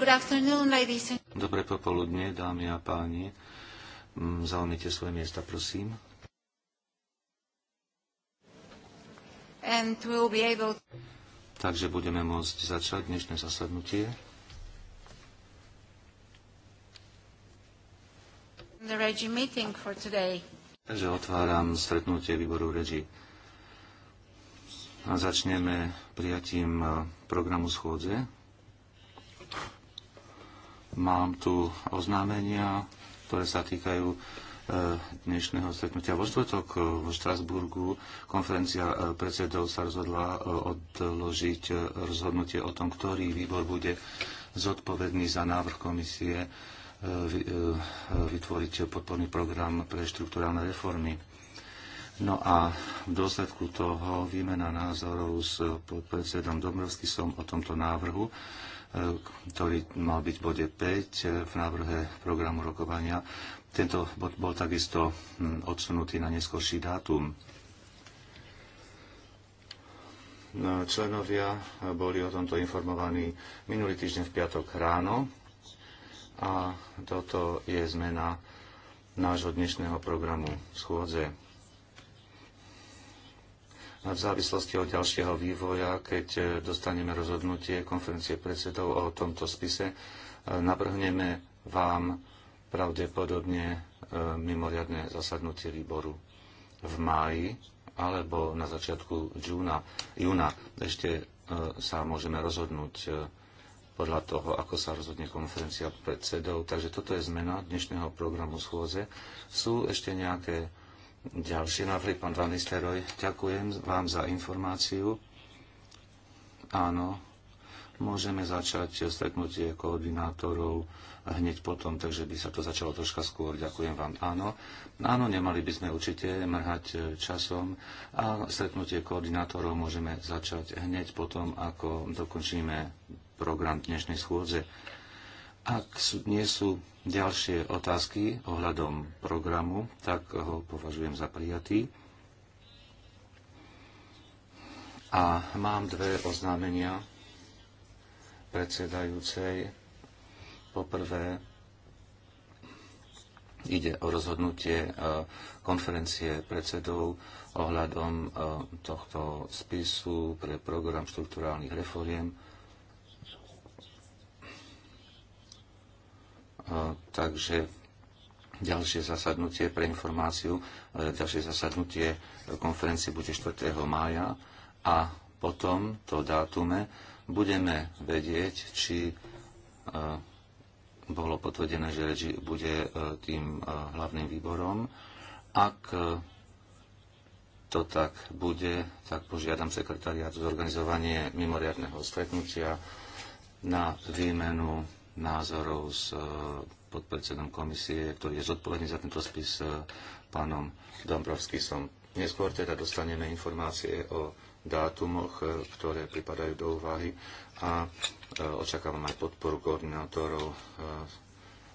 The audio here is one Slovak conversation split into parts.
Dobré popoludne, dámy a páni. Mm, zaujmite svoje miesta, prosím. We'll able... Takže budeme môcť začať dnešné zasadnutie. Takže otváram stretnutie výboru Regi. A začneme prijatím eh, programu schôdze. Mám tu oznámenia, ktoré sa týkajú e, dnešného stretnutia vo štvrtok e, v Štrasburgu. Konferencia e, predsedov sa rozhodla odložiť rozhodnutie o tom, ktorý výbor bude zodpovedný za návrh komisie vytvoriť podporný program pre štruktúrálne reformy. No a v dôsledku toho výmena názorov s podpredsedom som o tomto návrhu E, ktorý mal byť v bode 5 e, v návrhe programu rokovania. Tento bod bol takisto odsunutý na neskorší dátum. E, členovia boli o tomto informovaní minulý týždeň v piatok ráno a toto je zmena nášho dnešného programu schôdze v závislosti od ďalšieho vývoja, keď e, dostaneme rozhodnutie konferencie predsedov o tomto spise, e, nabrhneme vám pravdepodobne e, mimoriadne zasadnutie výboru v máji alebo na začiatku džúna, júna. Ešte sa môžeme rozhodnúť podľa toho, ako sa rozhodne konferencia predsedov. Takže toto je zmena dnešného programu schôze. Sú ešte nejaké ďalší návrh, pán Van Nistelrooy. Ďakujem vám za informáciu. Áno, môžeme začať stretnutie koordinátorov hneď potom, takže by sa to začalo troška skôr. Ďakujem vám. Áno, áno, nemali by sme určite mrhať časom a stretnutie koordinátorov môžeme začať hneď potom, ako dokončíme program dnešnej schôdze. Ak sú, nie sú ďalšie otázky ohľadom programu, tak ho považujem za prijatý. A mám dve oznámenia predsedajúcej. Poprvé ide o rozhodnutie e, konferencie predsedov ohľadom e, tohto spisu pre program štruktúrálnych reforiem takže ďalšie zasadnutie pre informáciu, e, ďalšie zasadnutie konferencie bude 4. mája a potom to dátume budeme vedieť, či e, bolo potvrdené, že reči bude e, tým hlavným výborom. Ak to tak bude, tak požiadam sekretariát zorganizovanie mimoriadného stretnutia na výmenu názorov s eh, podpredsedom komisie, ktorý je zodpovedný za tento spis, eh, pánom Dombrovskisom. Neskôr teda dostaneme informácie o dátumoch, eh, ktoré pripadajú do úvahy a očakávam aj podporu koordinátorov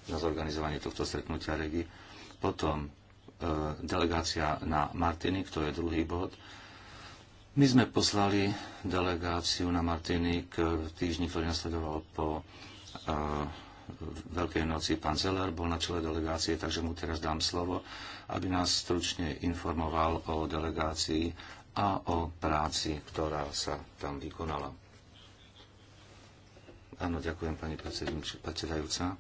na zorganizovanie tohto stretnutia regi. Potom delegácia na Martinik, to je druhý bod. My sme poslali delegáciu na Martinik v týždni, ktorý nasledoval po Veľkej noci pán Zeller bol na čele delegácie, takže mu teraz dám slovo, aby nás stručne informoval o delegácii a o práci, ktorá sa tam vykonala. Áno, ďakujem pani predsedajúca.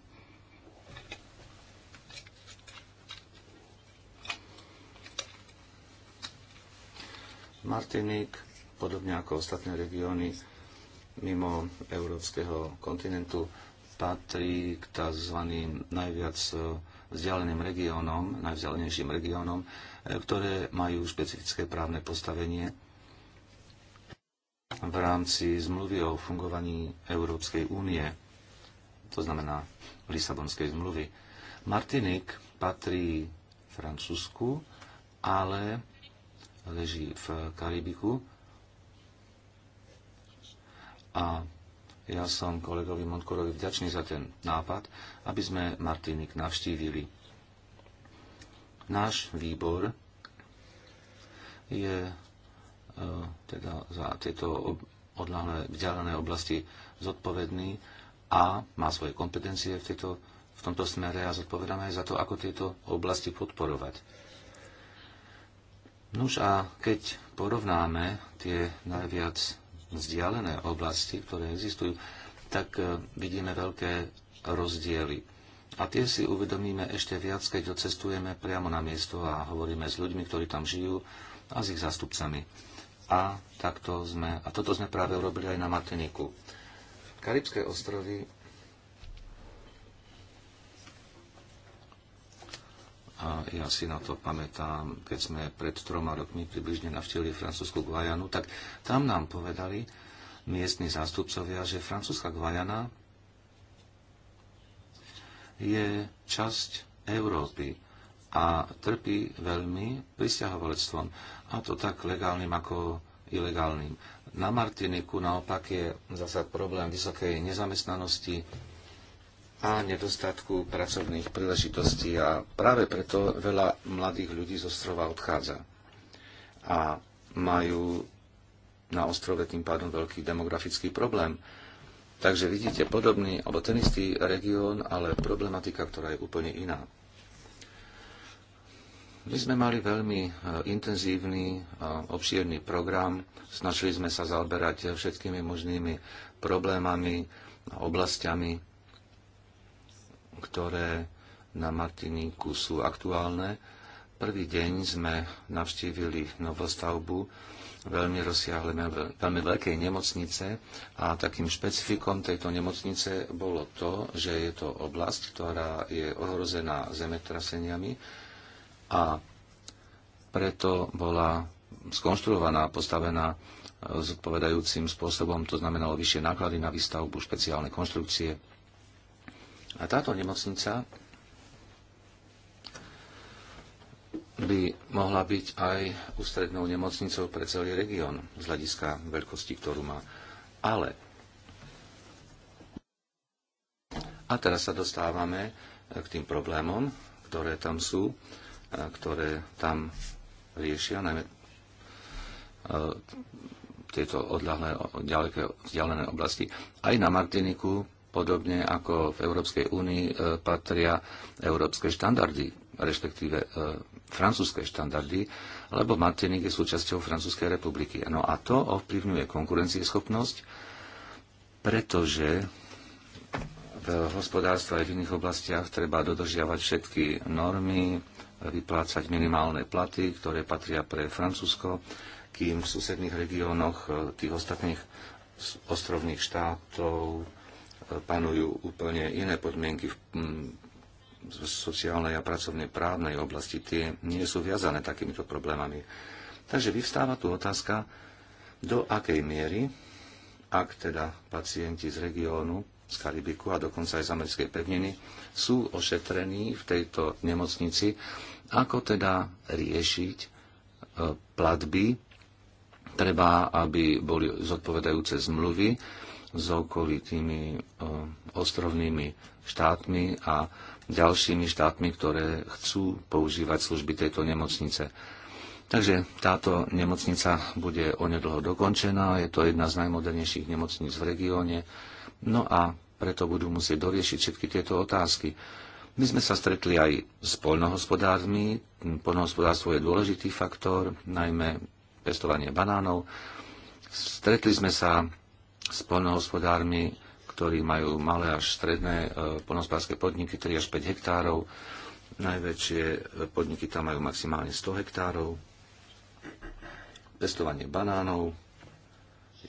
Martinik, podobne ako ostatné regióny mimo európskeho kontinentu, patrí k tzv. najviac e, vzdialeným regiónom, najvzdialenejším regiónom, e, ktoré majú špecifické právne postavenie v rámci zmluvy o fungovaní Európskej únie, to znamená Lisabonskej zmluvy. Martinik patrí Francúzsku, ale leží v Karibiku a ja som kolegovi Monkorovi vďačný za ten nápad, aby sme Martinik navštívili. Náš výbor je e, teda za tieto odláhle vzdialené oblasti zodpovedný a má svoje kompetencie v, tieto, v tomto smere a zodpovedáme aj za to, ako tieto oblasti podporovať. Nuž a keď porovnáme tie najviac vzdialené oblasti, ktoré existujú, tak e, vidíme veľké rozdiely. A tie si uvedomíme ešte viac, keď odcestujeme priamo na miesto a hovoríme s ľuďmi, ktorí tam žijú a s ich zástupcami. A, takto sme, a toto sme práve urobili aj na Martiniku. Karibské ostrovy a ja si na to pamätám, keď sme pred troma rokmi približne navštívili francúzsku Guajanu, tak tam nám povedali miestni zástupcovia, že francúzska Guajana je časť Európy a trpí veľmi pristahovalectvom, a to tak legálnym ako ilegálnym. Na Martiniku naopak je zasa problém vysokej nezamestnanosti, a nedostatku pracovných príležitostí a práve preto veľa mladých ľudí z ostrova odchádza a majú na ostrove tým pádom veľký demografický problém. Takže vidíte podobný, alebo ten istý región, ale problematika, ktorá je úplne iná. My sme mali veľmi e, intenzívny, obšírny program. Snažili sme sa zaoberať všetkými možnými problémami, oblastiami ktoré na Martiníku sú aktuálne. Prvý deň sme navštívili novostavbu veľmi rozsiahle, veľmi veľkej nemocnice a takým špecifikom tejto nemocnice bolo to, že je to oblasť, ktorá je ohrozená zemetraseniami a preto bola skonštruovaná, postavená e, zodpovedajúcim spôsobom, to znamenalo vyššie náklady na výstavbu, špeciálne konštrukcie a táto nemocnica by mohla byť aj ústrednou nemocnicou pre celý región z hľadiska veľkosti, ktorú má. Ale a teraz sa dostávame k tým problémom, ktoré tam sú, e, ktoré tam riešia, najmä e, tieto odľahlé, ďaleké, vzdialené oblasti. Aj na Martiniku podobne ako v Európskej únii e, patria európske štandardy, respektíve e, francúzske štandardy, lebo Martinik je súčasťou Francúzskej republiky. No a to ovplyvňuje konkurencieschopnosť, pretože v hospodárstve aj v iných oblastiach treba dodržiavať všetky normy, vyplácať minimálne platy, ktoré patria pre Francúzsko, kým v susedných regiónoch e, tých ostatných ostrovných štátov panujú úplne iné podmienky v sociálnej a pracovnej právnej oblasti. Tie nie sú viazané takýmito problémami. Takže vyvstáva tu otázka, do akej miery, ak teda pacienti z regiónu, z Karibiku a dokonca aj z americkej pevniny sú ošetrení v tejto nemocnici, ako teda riešiť e, platby. Treba, aby boli zodpovedajúce zmluvy s okolitými e, ostrovnými štátmi a ďalšími štátmi, ktoré chcú používať služby tejto nemocnice. Takže táto nemocnica bude onedlho dokončená, je to jedna z najmodernejších nemocníc v regióne, no a preto budú musieť doriešiť všetky tieto otázky. My sme sa stretli aj s poľnohospodármi. Poľnohospodárstvo je dôležitý faktor, najmä pestovanie banánov. Stretli sme sa s polnohospodármi, ktorí majú malé až stredné e, polnohospodárske podniky, 3 až 5 hektárov. Najväčšie e, podniky tam majú maximálne 100 hektárov. Pestovanie banánov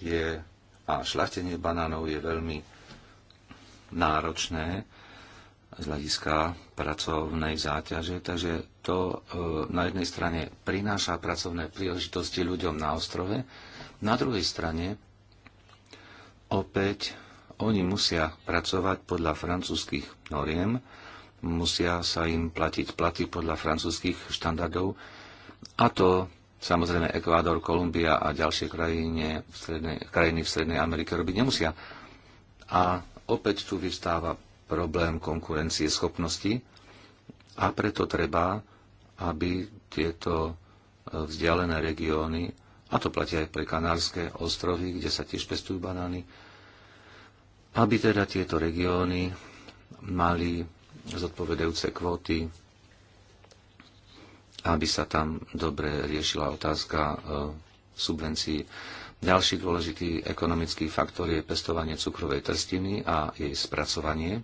je, a šľachtenie banánov je veľmi náročné z hľadiska pracovnej záťaže, takže to e, na jednej strane prináša pracovné príležitosti ľuďom na ostrove, na druhej strane Opäť oni musia pracovať podľa francúzskych noriem, musia sa im platiť platy podľa francúzskych štandardov a to samozrejme Ekvádor, Kolumbia a ďalšie krajine v strednej, krajiny v Strednej Amerike robiť nemusia. A opäť tu vystáva problém konkurencie schopnosti a preto treba, aby tieto vzdialené regióny a to platí aj pre Kanárske ostrovy, kde sa tiež pestujú banány, aby teda tieto regióny mali zodpovedajúce kvóty, aby sa tam dobre riešila otázka e, subvencií. Ďalší dôležitý ekonomický faktor je pestovanie cukrovej trstiny a jej spracovanie.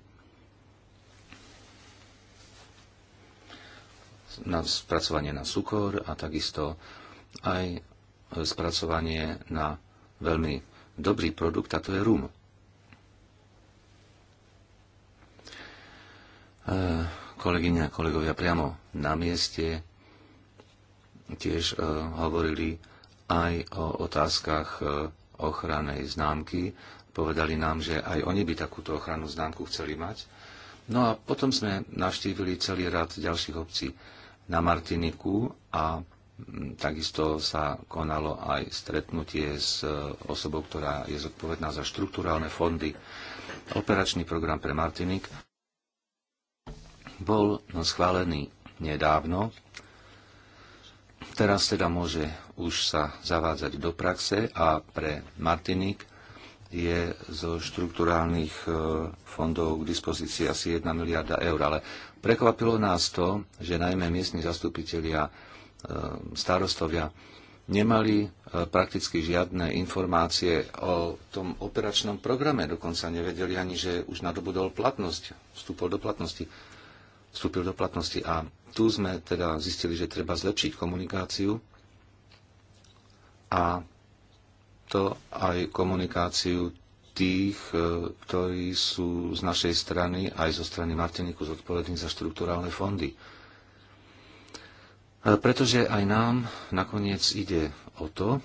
Na spracovanie na cukor a takisto aj spracovanie na veľmi dobrý produkt, a to je rum. E, kolegyne a kolegovia priamo na mieste tiež e, hovorili aj o otázkach e, ochranej známky. Povedali nám, že aj oni by takúto ochranu známku chceli mať. No a potom sme navštívili celý rad ďalších obcí na Martiniku a Takisto sa konalo aj stretnutie s e, osobou, ktorá je zodpovedná za štruktúrálne fondy. Operačný program pre Martinik bol schválený nedávno. Teraz teda môže už sa zavádzať do praxe a pre Martinik je zo štruktúrálnych e, fondov k dispozícii asi 1 miliarda eur. Ale prekvapilo nás to, že najmä miestni zastupitelia E, starostovia nemali e, prakticky žiadne informácie o tom operačnom programe. Dokonca nevedeli ani, že už nadobudol platnosť, vstúpil do platnosti. Vstúpil do platnosti. A tu sme teda zistili, že treba zlepšiť komunikáciu a to aj komunikáciu tých, e, ktorí sú z našej strany, aj zo strany Martiniku zodpovední za štruktúrálne fondy. Pretože aj nám nakoniec ide o to,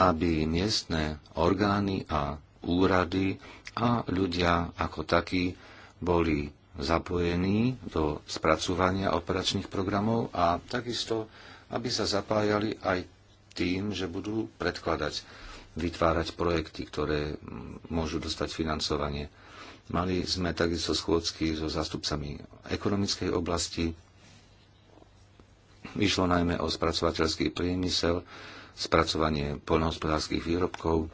aby miestne orgány a úrady a ľudia ako takí boli zapojení do spracovania operačných programov a takisto, aby sa zapájali aj tým, že budú predkladať, vytvárať projekty, ktoré môžu dostať financovanie. Mali sme takisto schôdzky so zástupcami ekonomickej oblasti, Išlo najmä o spracovateľský priemysel, spracovanie poľnohospodárskych výrobkov.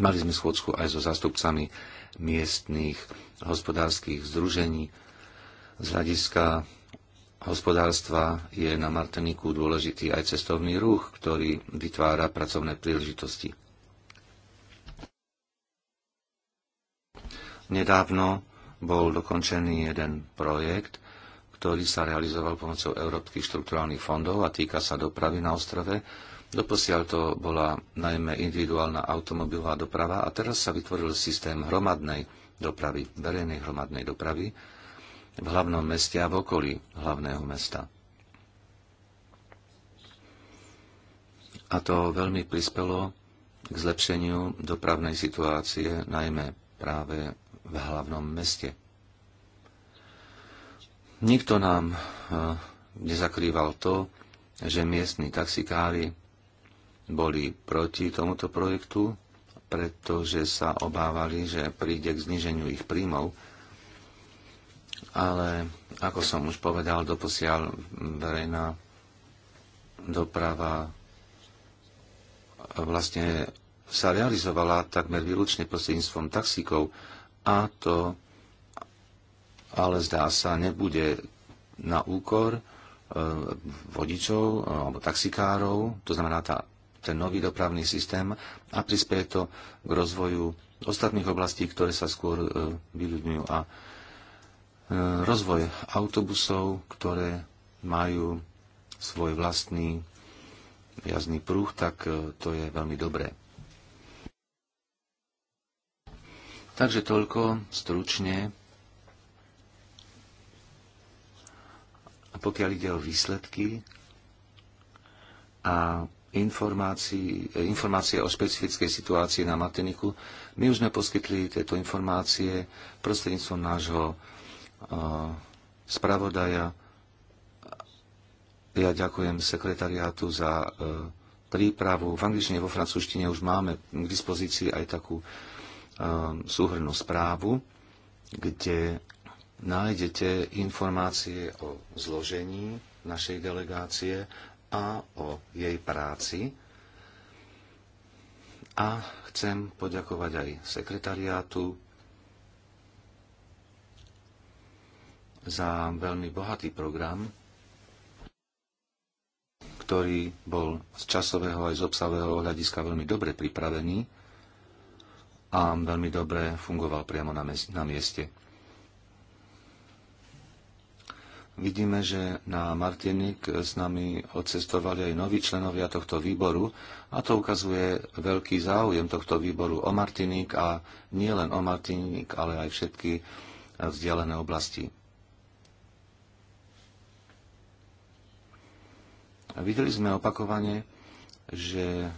Mali sme schôdzku aj so zastupcami miestných hospodárskych združení. Z hľadiska hospodárstva je na Marteniku dôležitý aj cestovný ruch, ktorý vytvára pracovné príležitosti. Nedávno bol dokončený jeden projekt, ktorý sa realizoval pomocou európskych štrukturálnych fondov a týka sa dopravy na ostrove. Doposiaľ to bola najmä individuálna automobilová doprava a teraz sa vytvoril systém hromadnej dopravy, verejnej hromadnej dopravy v hlavnom meste a v okolí hlavného mesta. A to veľmi prispelo k zlepšeniu dopravnej situácie, najmä práve v hlavnom meste. Nikto nám e, nezakrýval to, že miestni taxikári boli proti tomuto projektu, pretože sa obávali, že príde k zniženiu ich príjmov. Ale ako som už povedal, doposiaľ verejná doprava vlastne sa realizovala takmer výlučne prostredníctvom taxíkov a to ale zdá sa, nebude na úkor e, vodičov e, alebo taxikárov, to znamená tá, ten nový dopravný systém a prispieje to k rozvoju ostatných oblastí, ktoré sa skôr e, vyľudňujú a rozvoj autobusov, ktoré majú svoj vlastný jazdný pruh, tak to je veľmi dobré. Takže toľko stručne A pokiaľ ide o výsledky a eh, informácie o špecifickej situácii na mateniku, my už sme poskytli tieto informácie prostredníctvom nášho eh, spravodaja. Ja ďakujem sekretariátu za eh, prípravu. V angličtine vo francúzštine už máme k dispozícii aj takú súhrnú správu, kde nájdete informácie o zložení našej delegácie a o jej práci. A chcem poďakovať aj sekretariátu za veľmi bohatý program, ktorý bol z časového aj z obsahového hľadiska veľmi dobre pripravený a veľmi dobre fungoval priamo na, na mieste. Vidíme, že na Martinik s nami odcestovali aj noví členovia tohto výboru a to ukazuje veľký záujem tohto výboru o Martinik a nie len o Martinik, ale aj všetky vzdialené oblasti. videli sme opakovane, že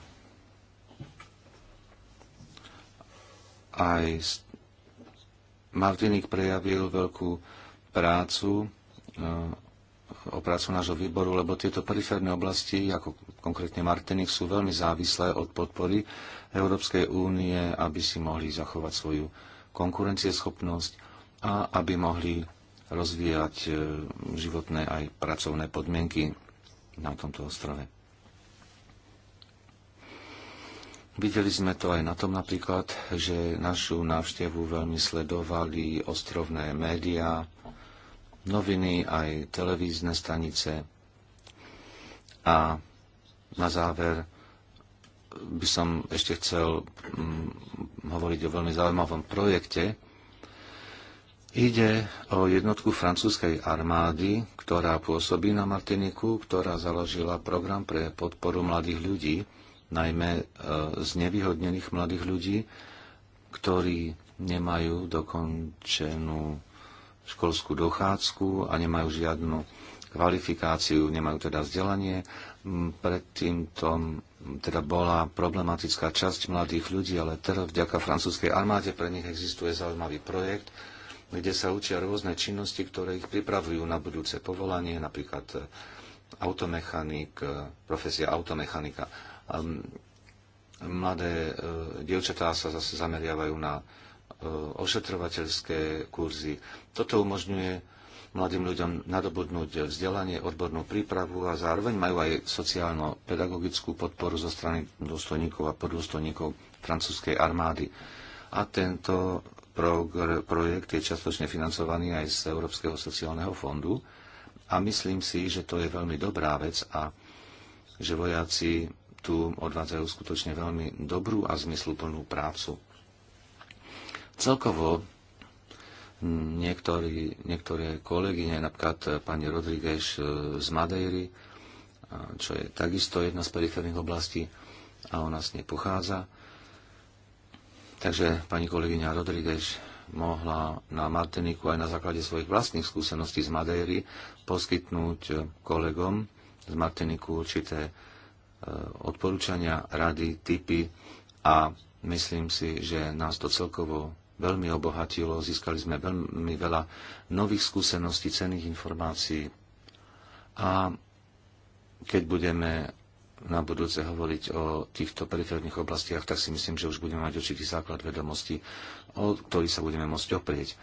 aj Martinik prejavil veľkú prácu o prácu nášho výboru, lebo tieto periférne oblasti, ako konkrétne Martinik, sú veľmi závislé od podpory Európskej únie, aby si mohli zachovať svoju konkurencieschopnosť a aby mohli rozvíjať e, životné aj pracovné podmienky na tomto ostrove. Videli sme to aj na tom napríklad, že našu návštevu veľmi sledovali ostrovné médiá, noviny, aj televízne stanice. A na záver by som ešte chcel mm, hovoriť o veľmi zaujímavom projekte. Ide o jednotku francúzskej armády, ktorá pôsobí na Martiniku, ktorá založila program pre podporu mladých ľudí, najmä e, znevýhodnených mladých ľudí, ktorí nemajú dokončenú školskú dochádzku a nemajú žiadnu kvalifikáciu, nemajú teda vzdelanie. Mm, predtým tom teda bola problematická časť mladých ľudí, ale teraz vďaka francúzskej armáde pre nich existuje zaujímavý projekt, kde sa učia rôzne činnosti, ktoré ich pripravujú na budúce povolanie, napríklad e, automechanik, e, profesia automechanika. Mladé e, dievčatá sa zase zameriavajú na E, ošetrovateľské kurzy. Toto umožňuje mladým ľuďom nadobudnúť vzdelanie, odbornú prípravu a zároveň majú aj sociálno-pedagogickú podporu zo strany dôstojníkov a podôstojníkov francúzskej armády. A tento projekt je častočne financovaný aj z Európskeho sociálneho fondu a myslím si, že to je veľmi dobrá vec a že vojaci tu odvádzajú skutočne veľmi dobrú a zmysluplnú prácu. Celkovo niektorí, niektoré kolegyne, napríklad pani Rodríguez eh, z Madejry, eh, čo je takisto jedna z periférnych oblastí a ona z nej pochádza. Takže pani kolegyňa Rodríguez mohla na Martiniku aj na základe svojich vlastných skúseností z Madejry poskytnúť eh, kolegom z Martiniku určité odporúčania, rady, typy a myslím si, že nás to celkovo veľmi obohatilo. Získali sme veľmi veľa nových skúseností, cenných informácií. A keď budeme na budúce hovoriť o týchto periférnych oblastiach, tak si myslím, že už budeme mať určitý základ vedomostí, o ktorý sa budeme môcť oprieť.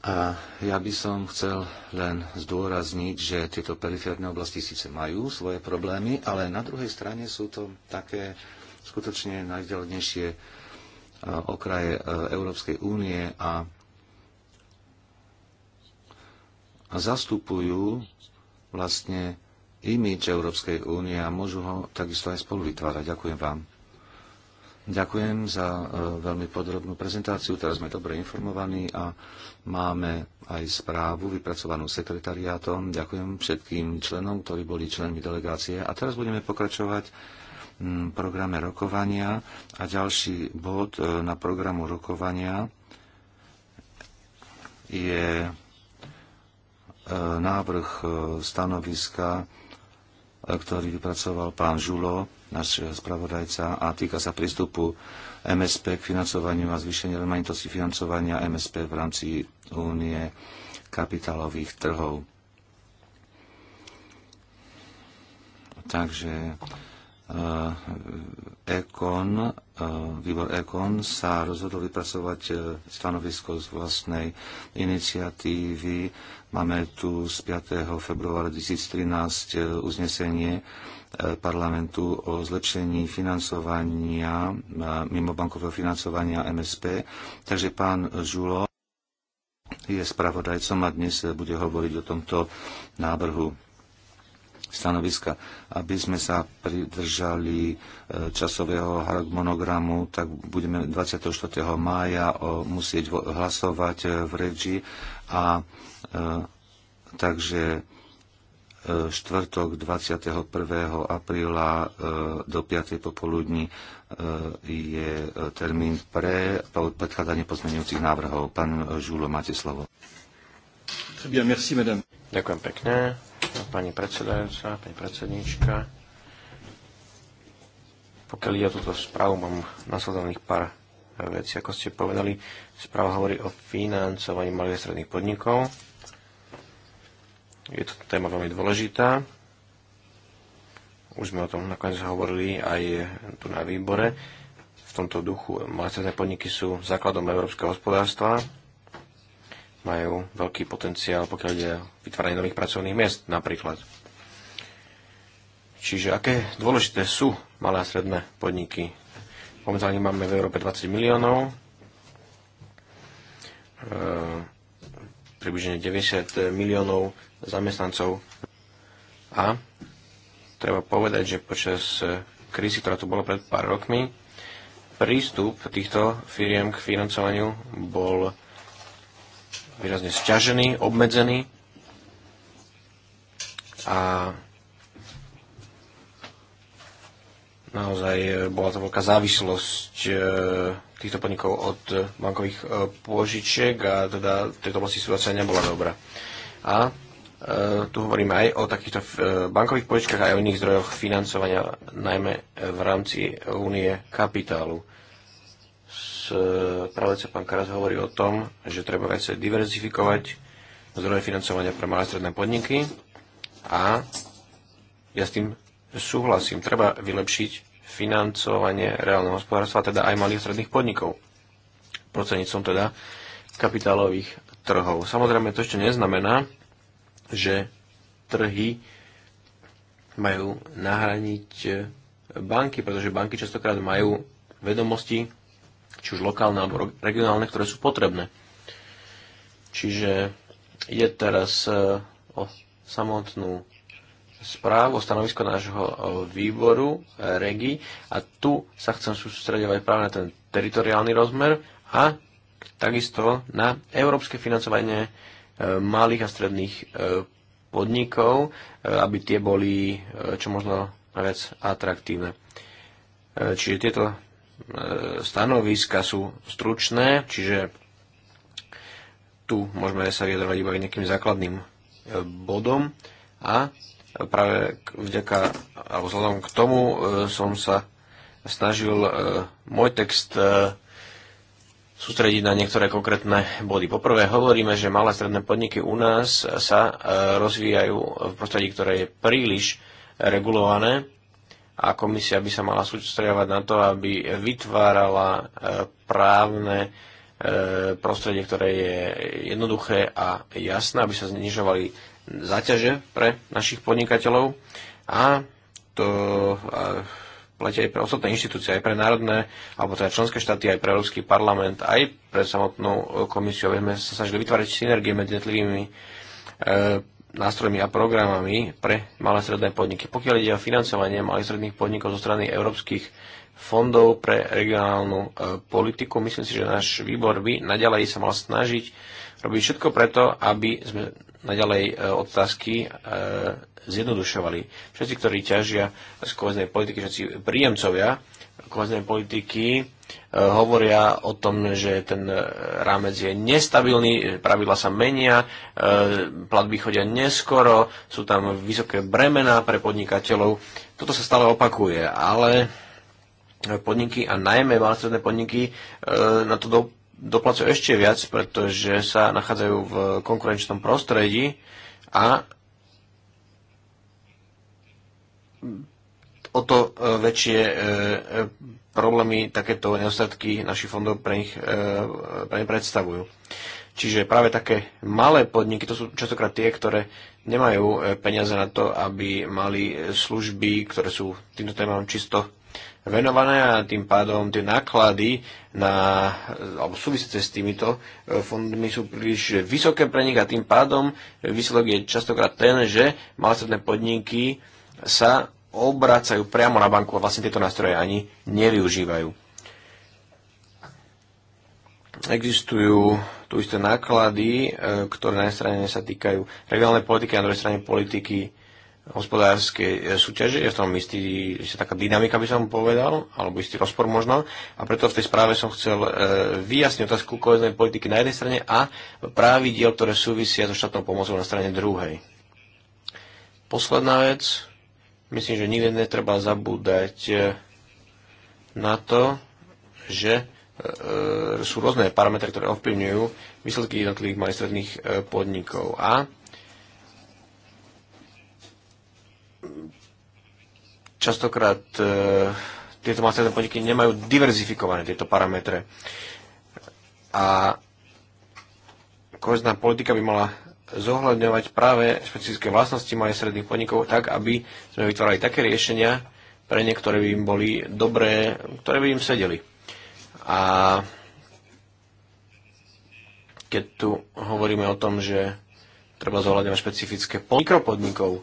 A ja by som chcel len zdôrazniť, že tieto periférne oblasti síce majú svoje problémy, ale na druhej strane sú to také skutočne najvzdialenejšie okraje e, Európskej únie a zastupujú vlastne imič Európskej únie a môžu ho takisto aj spolu vytvárať. Ďakujem vám. Ďakujem za e, veľmi podrobnú prezentáciu. Teraz sme dobre informovaní a máme aj správu vypracovanú sekretariátom. Ďakujem všetkým členom, ktorí boli členmi delegácie. A teraz budeme pokračovať programe rokovania a ďalší bod e, na programu rokovania je e, návrh e, stanoviska, ktorý vypracoval pán Žulo, náš spravodajca, a týka sa prístupu MSP k financovaniu a zvýšeniu rozmanitosti financovania MSP v rámci únie kapitálových trhov. Takže Ekon, eh, eh, výbor Ekon sa rozhodol vypracovať eh, stanovisko z vlastnej iniciatívy. Máme tu z 5. februára 2013 uznesenie parlamentu o zlepšení financovania, mimobankového financovania MSP. Takže pán Žulo je spravodajcom a dnes bude hovoriť o tomto návrhu stanoviska, aby sme sa pridržali e, časového harmonogramu, tak budeme 24. mája musieť hlasovať e, v reči a e, takže štvrtok 21. apríla do 5. popoludní je termín pre predkladanie pozmeňujúcich návrhov. Pán Žulo, máte slovo. Ďakujem pekne pani predsedajúca, pani predsedníčka, Pokiaľ ide ja o túto správu, mám nasledovných pár eh, vecí. Ako ste povedali, správa hovorí o financovaní malých a stredných podnikov. Je to téma veľmi dôležitá. Už sme o tom nakoniec hovorili aj tu na výbore. V tomto duchu malé stredné podniky sú základom európskeho hospodárstva majú veľký potenciál, pokiaľ ide vytváranie nových pracovných miest napríklad. Čiže aké dôležité sú malé a stredné podniky? Momentálne máme v Európe 20 miliónov, e, približne 90 miliónov zamestnancov a treba povedať, že počas krízy, ktorá tu bola pred pár rokmi, prístup týchto firiem k financovaniu bol výrazne sťažený, obmedzený a naozaj e, bola to veľká závislosť e, týchto podnikov od e, bankových pôžičiek a teda v tejto oblasti situácia nebola dobrá. A tu hovoríme aj o takýchto bankových pôžičkách aj o iných zdrojoch financovania, najmä v rámci únie kapitálu spravodajca pán Karas hovorí o tom, že treba viacej diverzifikovať zdroje financovania pre malé stredné podniky a ja s tým súhlasím. Treba vylepšiť financovanie reálneho hospodárstva, teda aj malých stredných podnikov, prostredníctvom teda kapitálových trhov. Samozrejme, to ešte neznamená, že trhy majú nahraniť banky, pretože banky častokrát majú vedomosti či už lokálne alebo regionálne, ktoré sú potrebné. Čiže je teraz e, o samotnú správu, o stanovisko nášho e, výboru e, REGI a tu sa chcem sústredovať práve na ten teritoriálny rozmer a takisto na európske financovanie malých a stredných podnikov, aby tie boli čo možno najviac atraktívne. Čiže tieto E, stanoviska sú stručné, čiže tu môžeme sa vyjadrovať iba nejakým základným e, bodom a práve vďaka, alebo vzhľadom k tomu e, som sa snažil môj text sústrediť na niektoré konkrétne body. Poprvé hovoríme, že malé stredné podniky u nás sa rozvíjajú v prostredí, ktoré je príliš regulované a komisia by sa mala sústredovať na to, aby vytvárala e, právne e, prostredie, ktoré je jednoduché a jasné, aby sa znižovali zaťaže pre našich podnikateľov a to e, platí aj pre ostatné inštitúcie, aj pre národné, alebo teda členské štáty, aj pre Európsky parlament, aj pre samotnú komisiu, vieme sme sa snažili vytvárať synergie medzi jednotlivými nástrojmi a programami pre malé a stredné podniky. Pokiaľ ide o financovanie malých a stredných podnikov zo strany európskych fondov pre regionálnu e, politiku, myslím si, že náš výbor by naďalej sa mal snažiť robiť všetko preto, aby sme naďalej e, otázky e, zjednodušovali. Všetci, ktorí ťažia z koheznej politiky, všetci príjemcovia koheznej politiky, E, hovoria o tom, že ten e, rámec je nestabilný, pravidla sa menia, e, platby chodia neskoro, sú tam vysoké bremená pre podnikateľov. Toto sa stále opakuje, ale podniky a najmä malostredné podniky na to doplacujú ešte viac, pretože sa nachádzajú v konkurenčnom prostredí a o to väčšie problémy takéto nedostatky našich fondov pre nich, e, pre nich predstavujú. Čiže práve také malé podniky, to sú častokrát tie, ktoré nemajú e, peniaze na to, aby mali služby, ktoré sú týmto témam čisto venované a tým pádom tie náklady na, alebo súvisiace s týmito e, fondmi sú príliš vysoké pre nich a tým pádom výsledok je častokrát ten, že malostredné podniky sa obracajú priamo na banku a vlastne tieto nástroje ani nevyužívajú. Existujú tu isté náklady, e, ktoré na jednej strane sa týkajú regionálnej politiky, a na druhej strane politiky hospodárskej e, súťaže. Je v tom istý, istý taká dynamika, by som povedal, alebo istý rozpor možno. A preto v tej správe som chcel e, vyjasniť otázku koheznej politiky na jednej strane a pravidiel, ktoré súvisia so štátnou pomocou na strane druhej. Posledná vec, Myslím, že nikdy netreba zabúdať e, na to, že e, e, sú rôzne parametre, ktoré ovplyvňujú výsledky jednotlivých malých podnikov. A častokrát tieto malé podniky nemajú diverzifikované tieto parametre. A kohezná politika by mala zohľadňovať práve špecifické vlastnosti malých stredných podnikov tak, aby sme vytvárali také riešenia pre niektoré by im boli dobré, ktoré by im sedeli. A keď tu hovoríme o tom, že treba zohľadňovať špecifické mikropodnikov, e,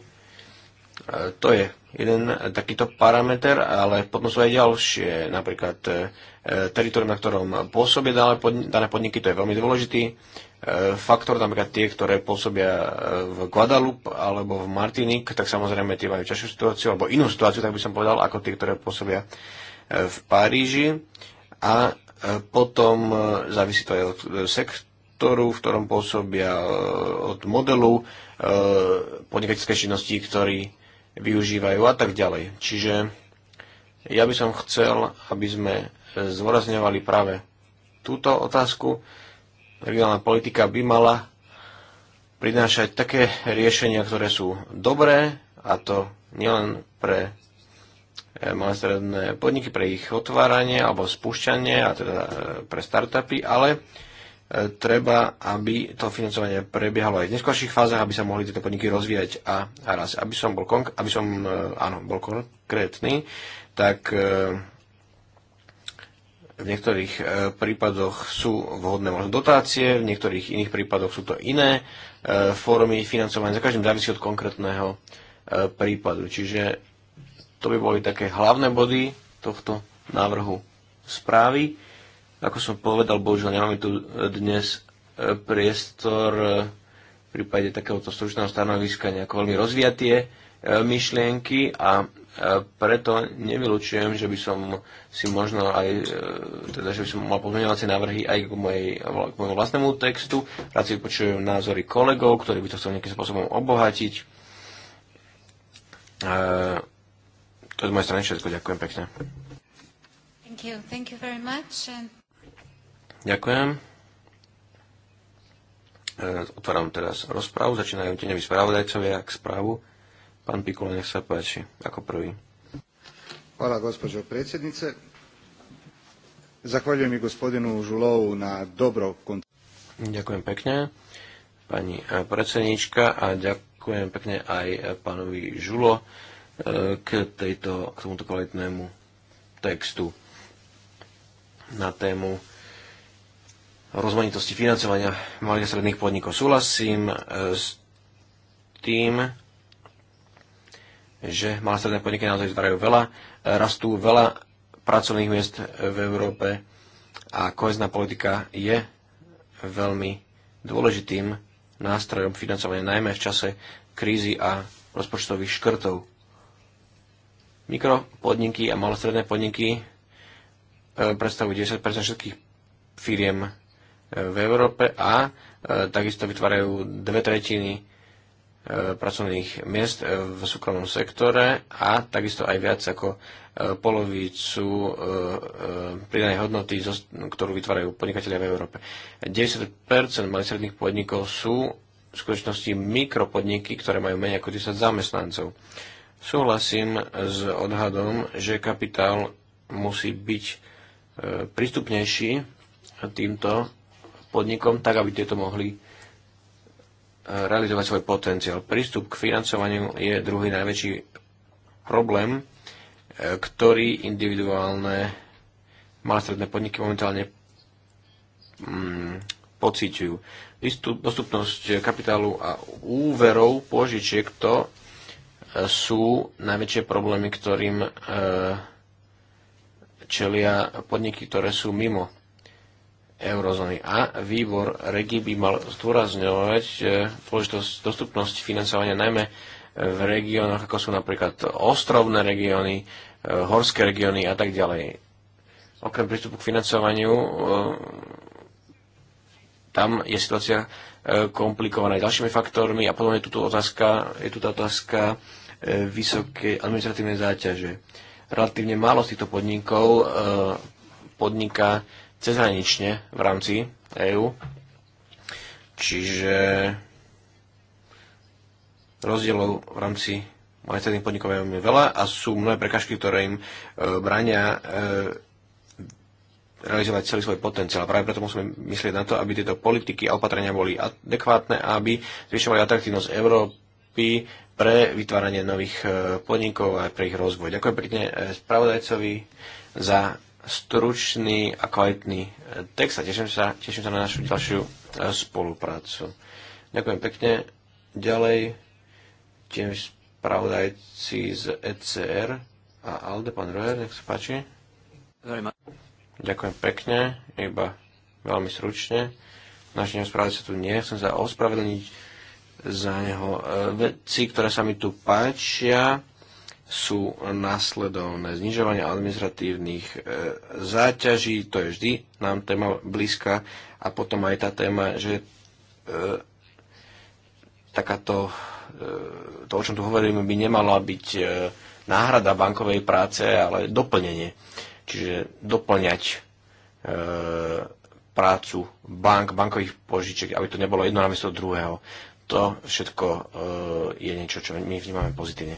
to je jeden takýto parameter, ale potom sú aj ďalšie, napríklad e, teritorium, na ktorom pôsobia dané podniky, to je veľmi dôležitý E, faktor, napríklad tie, ktoré pôsobia e, v Guadalupe alebo v Martinique, tak samozrejme tie majú ťažšiu situáciu, alebo inú situáciu, tak by som povedal, ako tie, ktoré pôsobia e, v Paríži. A potom závisí to aj od sektoru, v ktorom pôsobia, od modelu podnikateľskej činnosti, ktorý využívajú a tak ďalej. Čiže ja by som chcel, aby sme zvorazňovali práve túto otázku, regionálna politika by mala prinášať také riešenia, ktoré sú dobré, a to nielen pre eh, malé stredné podniky, pre ich otváranie alebo spúšťanie, a teda eh, pre startupy, ale eh, treba, aby to financovanie prebiehalo aj v neskôrších fázach, aby sa mohli tieto podniky rozvíjať a, a raz. Aby som bol, konk- aby som, áno, bol konkrétny, tak v niektorých e, prípadoch sú vhodné možno dotácie, v niektorých iných prípadoch sú to iné e, formy financovania, za každým závisí od konkrétneho e, prípadu. Čiže to by boli také hlavné body tohto návrhu správy. Ako som povedal, bohužiaľ nemáme tu dnes priestor v prípade takéhoto stručného stanoviska nejako veľmi rozviatie myšlienky a preto nevylučujem, že by som si možno aj, e, teda, že by som mal pozmeňovacie návrhy aj k, mojej, k môjmu vlastnému textu. Rád si vypočujem názory kolegov, ktorí by to chceli nejakým spôsobom obohatiť. E, to je z mojej strany všetko. Ďakujem pekne. Thank you. Thank you very much. And... Ďakujem. E, otváram teraz rozprávu, začínajú tie spravodajcovia k správu Pán Pikula, nech sa páči, ako prvý. Hvala, gospođo predsjednice. Zahvaljujem i gospodinu Žulovu na dobro Ďakujem pekne, pani e, predsednička, a ďakujem pekne aj e, pánovi Žulo e, k, tejto, k tomuto kvalitnému textu na tému rozmanitosti financovania malých a stredných podnikov. Súhlasím s tým, že malé stredné podniky naozaj zdrajú veľa, e, rastú veľa pracovných miest v Európe a kohezná politika je veľmi dôležitým nástrojom financovania, najmä v čase krízy a rozpočtových škrtov. Mikropodniky a malostredné podniky e, predstavujú 10 všetkých firiem e, v Európe a takisto vytvárajú dve tretiny E, pracovných miest e, v súkromnom sektore a takisto aj viac ako e, polovicu pridanej hodnoty, ktorú vytvárajú podnikatelia v Európe. 90% malých stredných podnikov sú v skutočnosti mikropodniky, ktoré majú menej ako 10 zamestnancov. Súhlasím s odhadom, že kapitál musí byť prístupnejší týmto podnikom, tak aby tieto mohli realizovať svoj potenciál. Prístup k financovaniu je druhý najväčší problém, e, ktorý individuálne malé podniky momentálne mm, pociťujú. Dostupnosť kapitálu a úverov, požičiek, to e, sú najväčšie problémy, ktorým e, čelia podniky, ktoré sú mimo eurozóny. A výbor REGI by mal zdôrazňovať dôležitosť dostupnosti financovania najmä v regiónoch, ako sú napríklad ostrovné regióny, e, horské regióny a tak ďalej. Okrem prístupu k financovaniu, e, tam je situácia e, komplikovaná ďalšími faktormi a potom je tu otázka, je tu tá otázka vysokej administratívnej záťaže. Relatívne málo z týchto podnikov podniká cezhranične v rámci EÚ. Čiže rozdielov v rámci monetárnych podnikov je veľa a sú mnohé prekažky, ktoré im e, brania e, realizovať celý svoj potenciál. Práve preto musíme myslieť na to, aby tieto politiky a opatrenia boli adekvátne a aby zvyšovali atraktívnosť Európy pre vytváranie nových e, podnikov a pre ich rozvoj. Ďakujem pekne e, spravodajcovi za stručný a kvalitný e, text a teším sa, teším sa na našu ďalšiu e, spoluprácu. Ďakujem pekne. Ďalej tiež spravodajci z ECR a Alde, pán Rojer, nech sa páči. Ďakujem pekne, iba veľmi stručne. Náš sa tu nie, chcem sa ospravedlniť za neho e, veci, ktoré sa mi tu páčia sú následovné. Znižovanie administratívnych e, záťaží, to je vždy nám téma blízka a potom aj tá téma, že e, takáto, e, to o čom tu hovoríme, by nemala byť e, náhrada bankovej práce, ale doplnenie. Čiže doplňať e, prácu bank, bankových požičiek, aby to nebolo jedno namiesto druhého. To všetko e, je niečo, čo my vnímame pozitívne.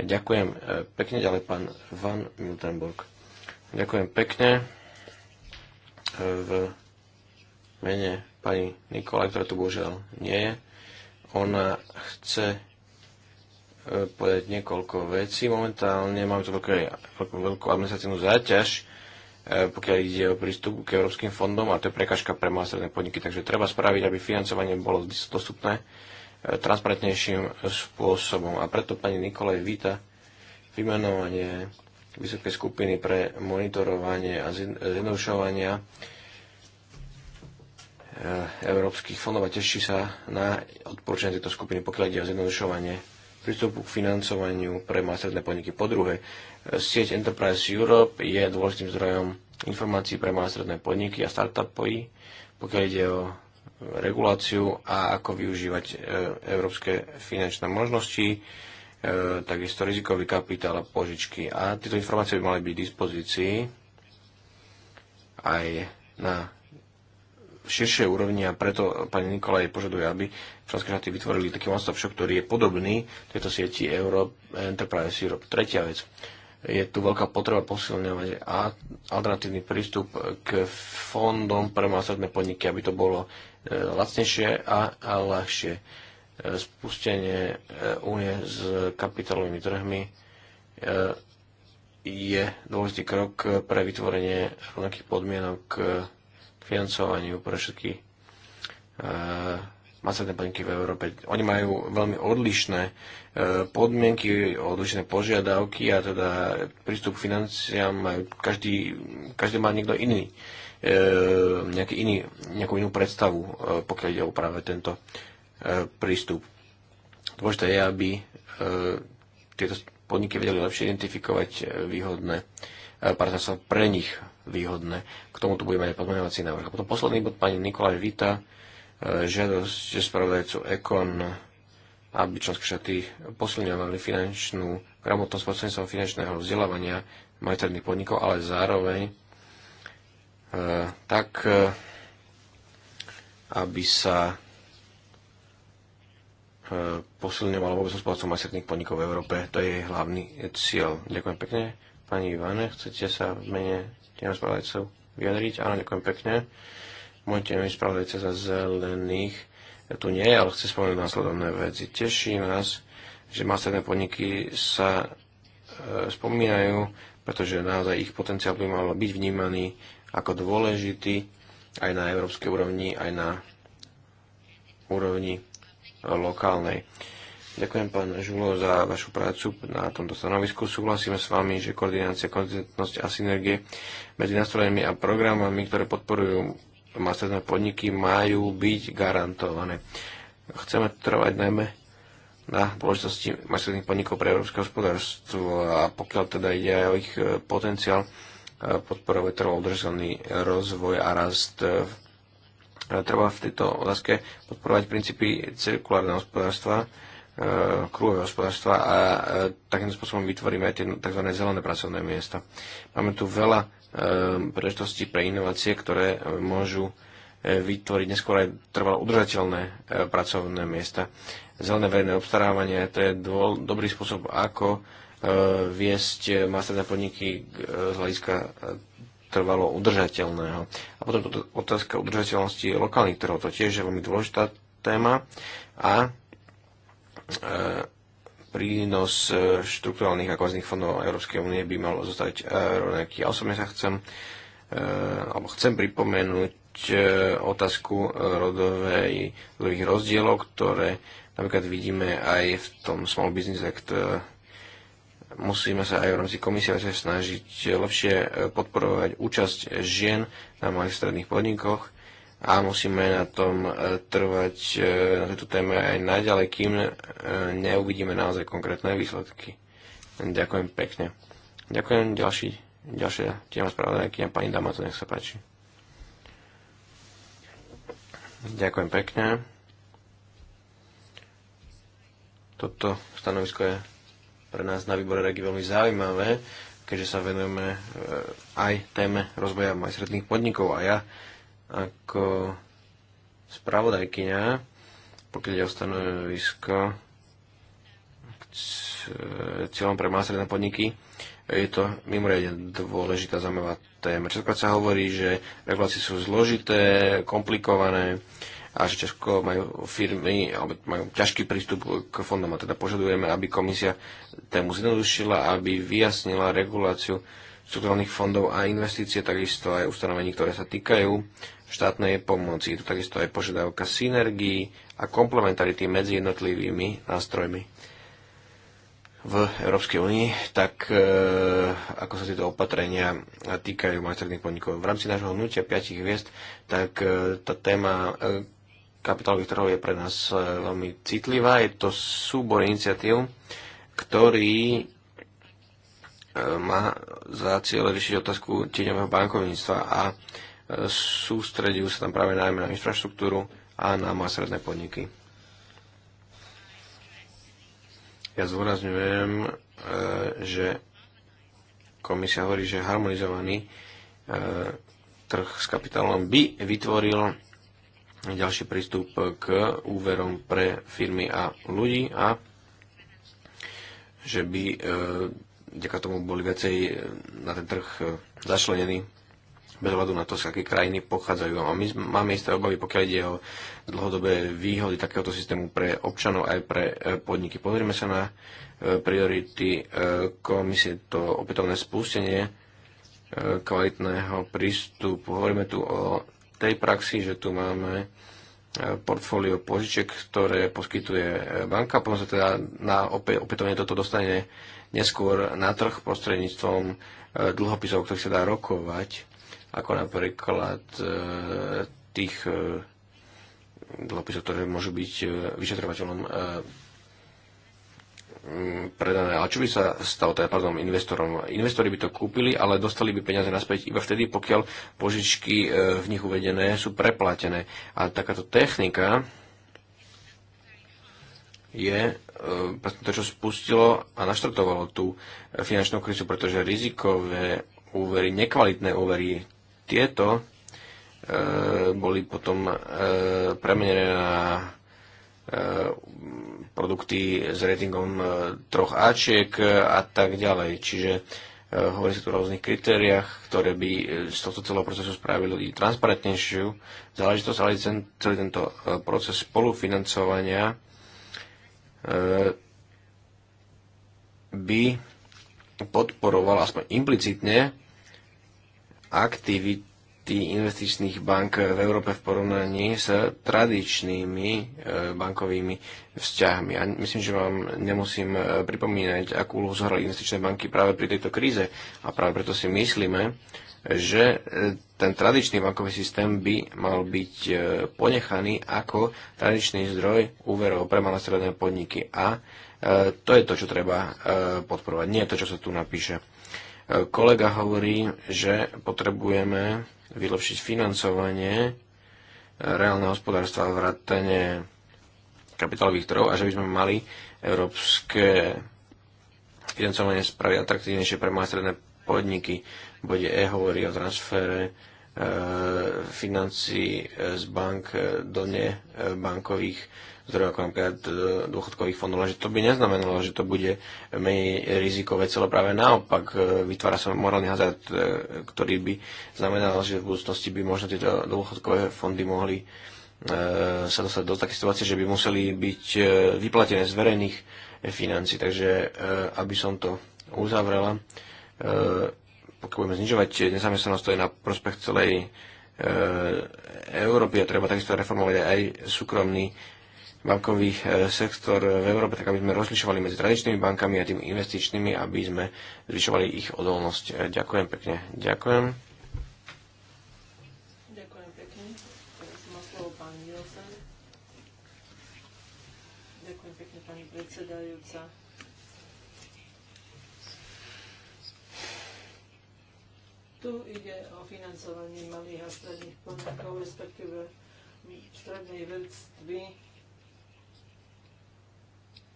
Ďakujem e, pekne, ďalej pán Van Miltenburg. Ďakujem pekne e, v mene pani Nikola, ktorá tu bohužiaľ nie je. Ona chce e, povedať niekoľko vecí. Momentálne máme tu veľké, veľkú, veľkú administratívnu záťaž, pokiaľ ide o prístup k európskym fondom a to je prekažka pre malé podniky, takže treba spraviť, aby financovanie bolo dostupné transparentnejším spôsobom. A preto pani Nikolaj víta vymenovanie vysokej skupiny pre monitorovanie a zjednodušovania e, európskych fondov a teší sa na odporúčanie tejto skupiny, pokiaľ ide o zjednodušovanie prístupu k financovaniu pre malé podniky. Po druhé, sieť Enterprise Europe je dôležitým zdrojom informácií pre malé podniky a startupy, pokiaľ ide o reguláciu a ako využívať e, európske finančné možnosti, e, takisto rizikový kapitál a požičky. A tieto informácie by mali byť v dispozícii aj na širšej úrovni a preto pani Nikolaj požaduje, aby členské štáty vytvorili taký one-stop shop, ktorý je podobný tejto sieti Europe, Enterprise Europe. Tretia vec je tu veľká potreba posilňovať alternatívny prístup k fondom pre malé podniky, aby to bolo E, lacnejšie a, a ľahšie. E, spustenie únie e, s kapitálovými trhmi je dôležitý krok pre vytvorenie rovnakých podmienok k financovaniu pre všetky masetné podniky v Európe. Oni majú veľmi odlišné podmienky, odlišné požiadavky a teda prístup k financiám majú každý, každý má niekto iný. E, nejaký iný, nejakú inú predstavu, e, pokiaľ ide o práve tento e, prístup. Dôležité je, aby tieto podniky vedeli lepšie identifikovať výhodné partnerstva pre nich výhodné. K tomuto budeme aj pozmeňovací návrh. A potom posledný bod pani Nikolaj Vita, žiadosť spravodajcu Ekon, aby členské štáty posilňovali finančnú gramotnosť prostredníctvom finančného vzdelávania majiteľných podnikov, ale zároveň Eh, tak, eh, aby sa eh, posilňoval vôbec spolacom aj podnikov v Európe. To je jej hlavný cieľ. Ďakujem pekne. Pani Ivane, chcete sa v mene tým spravodajcov vyjadriť? Áno, ďakujem pekne. Môj tým spravodajca za zelených tu nie je, ale chce spomenúť následovné veci. Teší nás, že masterné podniky sa e, spomínajú, pretože naozaj ich potenciál by mal byť vnímaný ako dôležitý aj na európskej úrovni, aj na úrovni lokálnej. Ďakujem, pán Žulo, za vašu prácu na tomto stanovisku. Súhlasíme s vami, že koordinácia, konzistentnosť a synergie medzi nastrojenými a programami, ktoré podporujú masterné podniky, majú byť garantované. Chceme trvať najmä na dôležitosti masterných podnikov pre európske hospodárstvo a pokiaľ teda ide aj o ich eh, potenciál podporovať trvalo udržateľný rozvoj a rast. E, treba v tejto otázke podporovať princípy cirkulárneho hospodárstva, e, kruhového hospodárstva a e, takýmto spôsobom vytvoríme aj tie tzv. zelené pracovné miesta. Máme tu veľa príležitostí pre inovácie, ktoré môžu vytvoriť neskôr aj trvalo udržateľné pracovné miesta. Zelené verejné obstarávanie to je dobrý spôsob, ako Eh, viesť masterné podniky eh, z hľadiska eh, trvalo udržateľného. A potom otázka udržateľnosti lokálnych trhov, to tiež je veľmi dôležitá téma a e, prínos štruktúrálnych a kvazných fondov Európskej únie by mal zostať rovnaký. Ja osobne sa chcem, e, alebo chcem pripomenúť e, otázku rodovej, druhých rozdielov, ktoré napríklad vidíme aj v tom Small Business Act musíme sa aj v rámci komisie snažiť lepšie e, podporovať účasť žien na malých stredných podnikoch a musíme na tom e, trvať e, na tejto téme aj naďalej, kým neuvidíme naozaj konkrétne výsledky. Ďakujem pekne. Ďakujem ďalší, ďalšia téma spravodajkyňa pani to nech sa páči. Ďakujem pekne. Toto stanovisko je pre nás na výbore regi veľmi zaujímavé, keďže sa venujeme e, aj téme rozvoja majstredných podnikov a ja ako spravodajkyňa, pokiaľ je o stanovisko e, cieľom pre majstredné podniky, je to mimoriadne dôležitá zaujímavá téma. Častokrát sa hovorí, že regulácie sú zložité, komplikované, a že ťažko majú firmy, alebo majú ťažký prístup k fondom a teda požadujeme, aby komisia tému zjednodušila, aby vyjasnila reguláciu štruktúrnych fondov a investície, takisto aj ustanovení, ktoré sa týkajú štátnej pomoci. Je to takisto aj požiadavka synergií a komplementarity medzi jednotlivými nástrojmi v Európskej únii, tak e, ako sa tieto opatrenia týkajú majstredných podnikov. V rámci nášho hnutia 5 hviezd, tak e, tá téma e, kapitálových trhov je pre nás e, veľmi citlivá. Je to súbor iniciatív, ktorý e, má za cieľ riešiť otázku tieňového bankovníctva a e, sústredujú sa tam práve najmä na infraštruktúru a na masredné podniky. Ja zúrazňujem, že komisia hovorí, že harmonizovaný trh s kapitálom by vytvoril ďalší prístup k úverom pre firmy a ľudí a že by e, vďaka tomu boli viacej e, na ten trh e, zašlenení bez hľadu na to, z aké krajiny pochádzajú. A my máme isté obavy, pokiaľ ide o dlhodobé výhody takéhoto systému pre občanov aj pre podniky. Pozrieme sa na priority komisie, to opätovné spustenie kvalitného prístupu. Hovoríme tu o tej praxi, že tu máme e, portfólio požičiek, ktoré poskytuje e, banka, potom sa teda na opätovne toto dostane neskôr na trh prostredníctvom e, dlhopisov, ktorých sa dá rokovať, ako napríklad tých dlhopisov, ktoré môžu byť vyšetrovateľom Mm, predané. Ale čo by sa stalo teda, pardon, investorom? Investori by to kúpili, ale dostali by peniaze naspäť iba vtedy, pokiaľ požičky e, v nich uvedené sú preplatené. A takáto technika je e, to, čo spustilo a naštartovalo tú e, finančnú krizu, pretože rizikové úvery, nekvalitné úvery, tieto e, boli potom e, premenené na E, produkty s ratingom e, troch Ačiek a tak ďalej. Čiže e, hovorí sa tu o rôznych kritériách, ktoré by z tohto celého procesu spravili transparentnejšiu záležitosť, ale celý tento proces spolufinancovania by podporoval aspoň implicitne aktivity aktivity investičných bank v Európe v porovnaní s tradičnými e, bankovými vzťahmi. A myslím, že vám nemusím e, pripomínať, akú úlohu zohrali investičné banky práve pri tejto kríze. A práve preto si myslíme, že e, ten tradičný bankový systém by mal byť ponechaný ako tradičný zdroj úverov pre malé stredné podniky. A to je to, čo treba podporovať, nie je to, čo sa tu napíše. Kolega hovorí, že potrebujeme vylepšiť financovanie e, reálneho hospodárstva vrátane kapitálových trhov a že by sme mali európske financovanie spraviť atraktívnejšie pre malé stredné podniky. Bode E hovorí o transfere e, financí e, z bank e, do nebankových zdrojov, ako napríklad e, dôchodkových fondov, že to by neznamenalo, že to bude menej rizikové, celé práve naopak e, vytvára sa morálny hazard, e, ktorý by znamenal, že v budúcnosti by možno tieto dôchodkové fondy mohli sa dostať do také situácie, že by museli byť vyplatené z verejných financí. Takže aby som to uzavrela, pokiaľ budeme znižovať nezamestnanosť, to je na prospech celej Európy a treba takisto reformovať aj súkromný bankový e, sektor v Európe, tak aby sme rozlišovali medzi tradičnými bankami a tými investičnými, aby sme zvyšovali ich odolnosť. E, ďakujem pekne. Ďakujem. pekne. pani Tu ide o financovanie malých a stredných podnikov, respektíve strednej vrstvy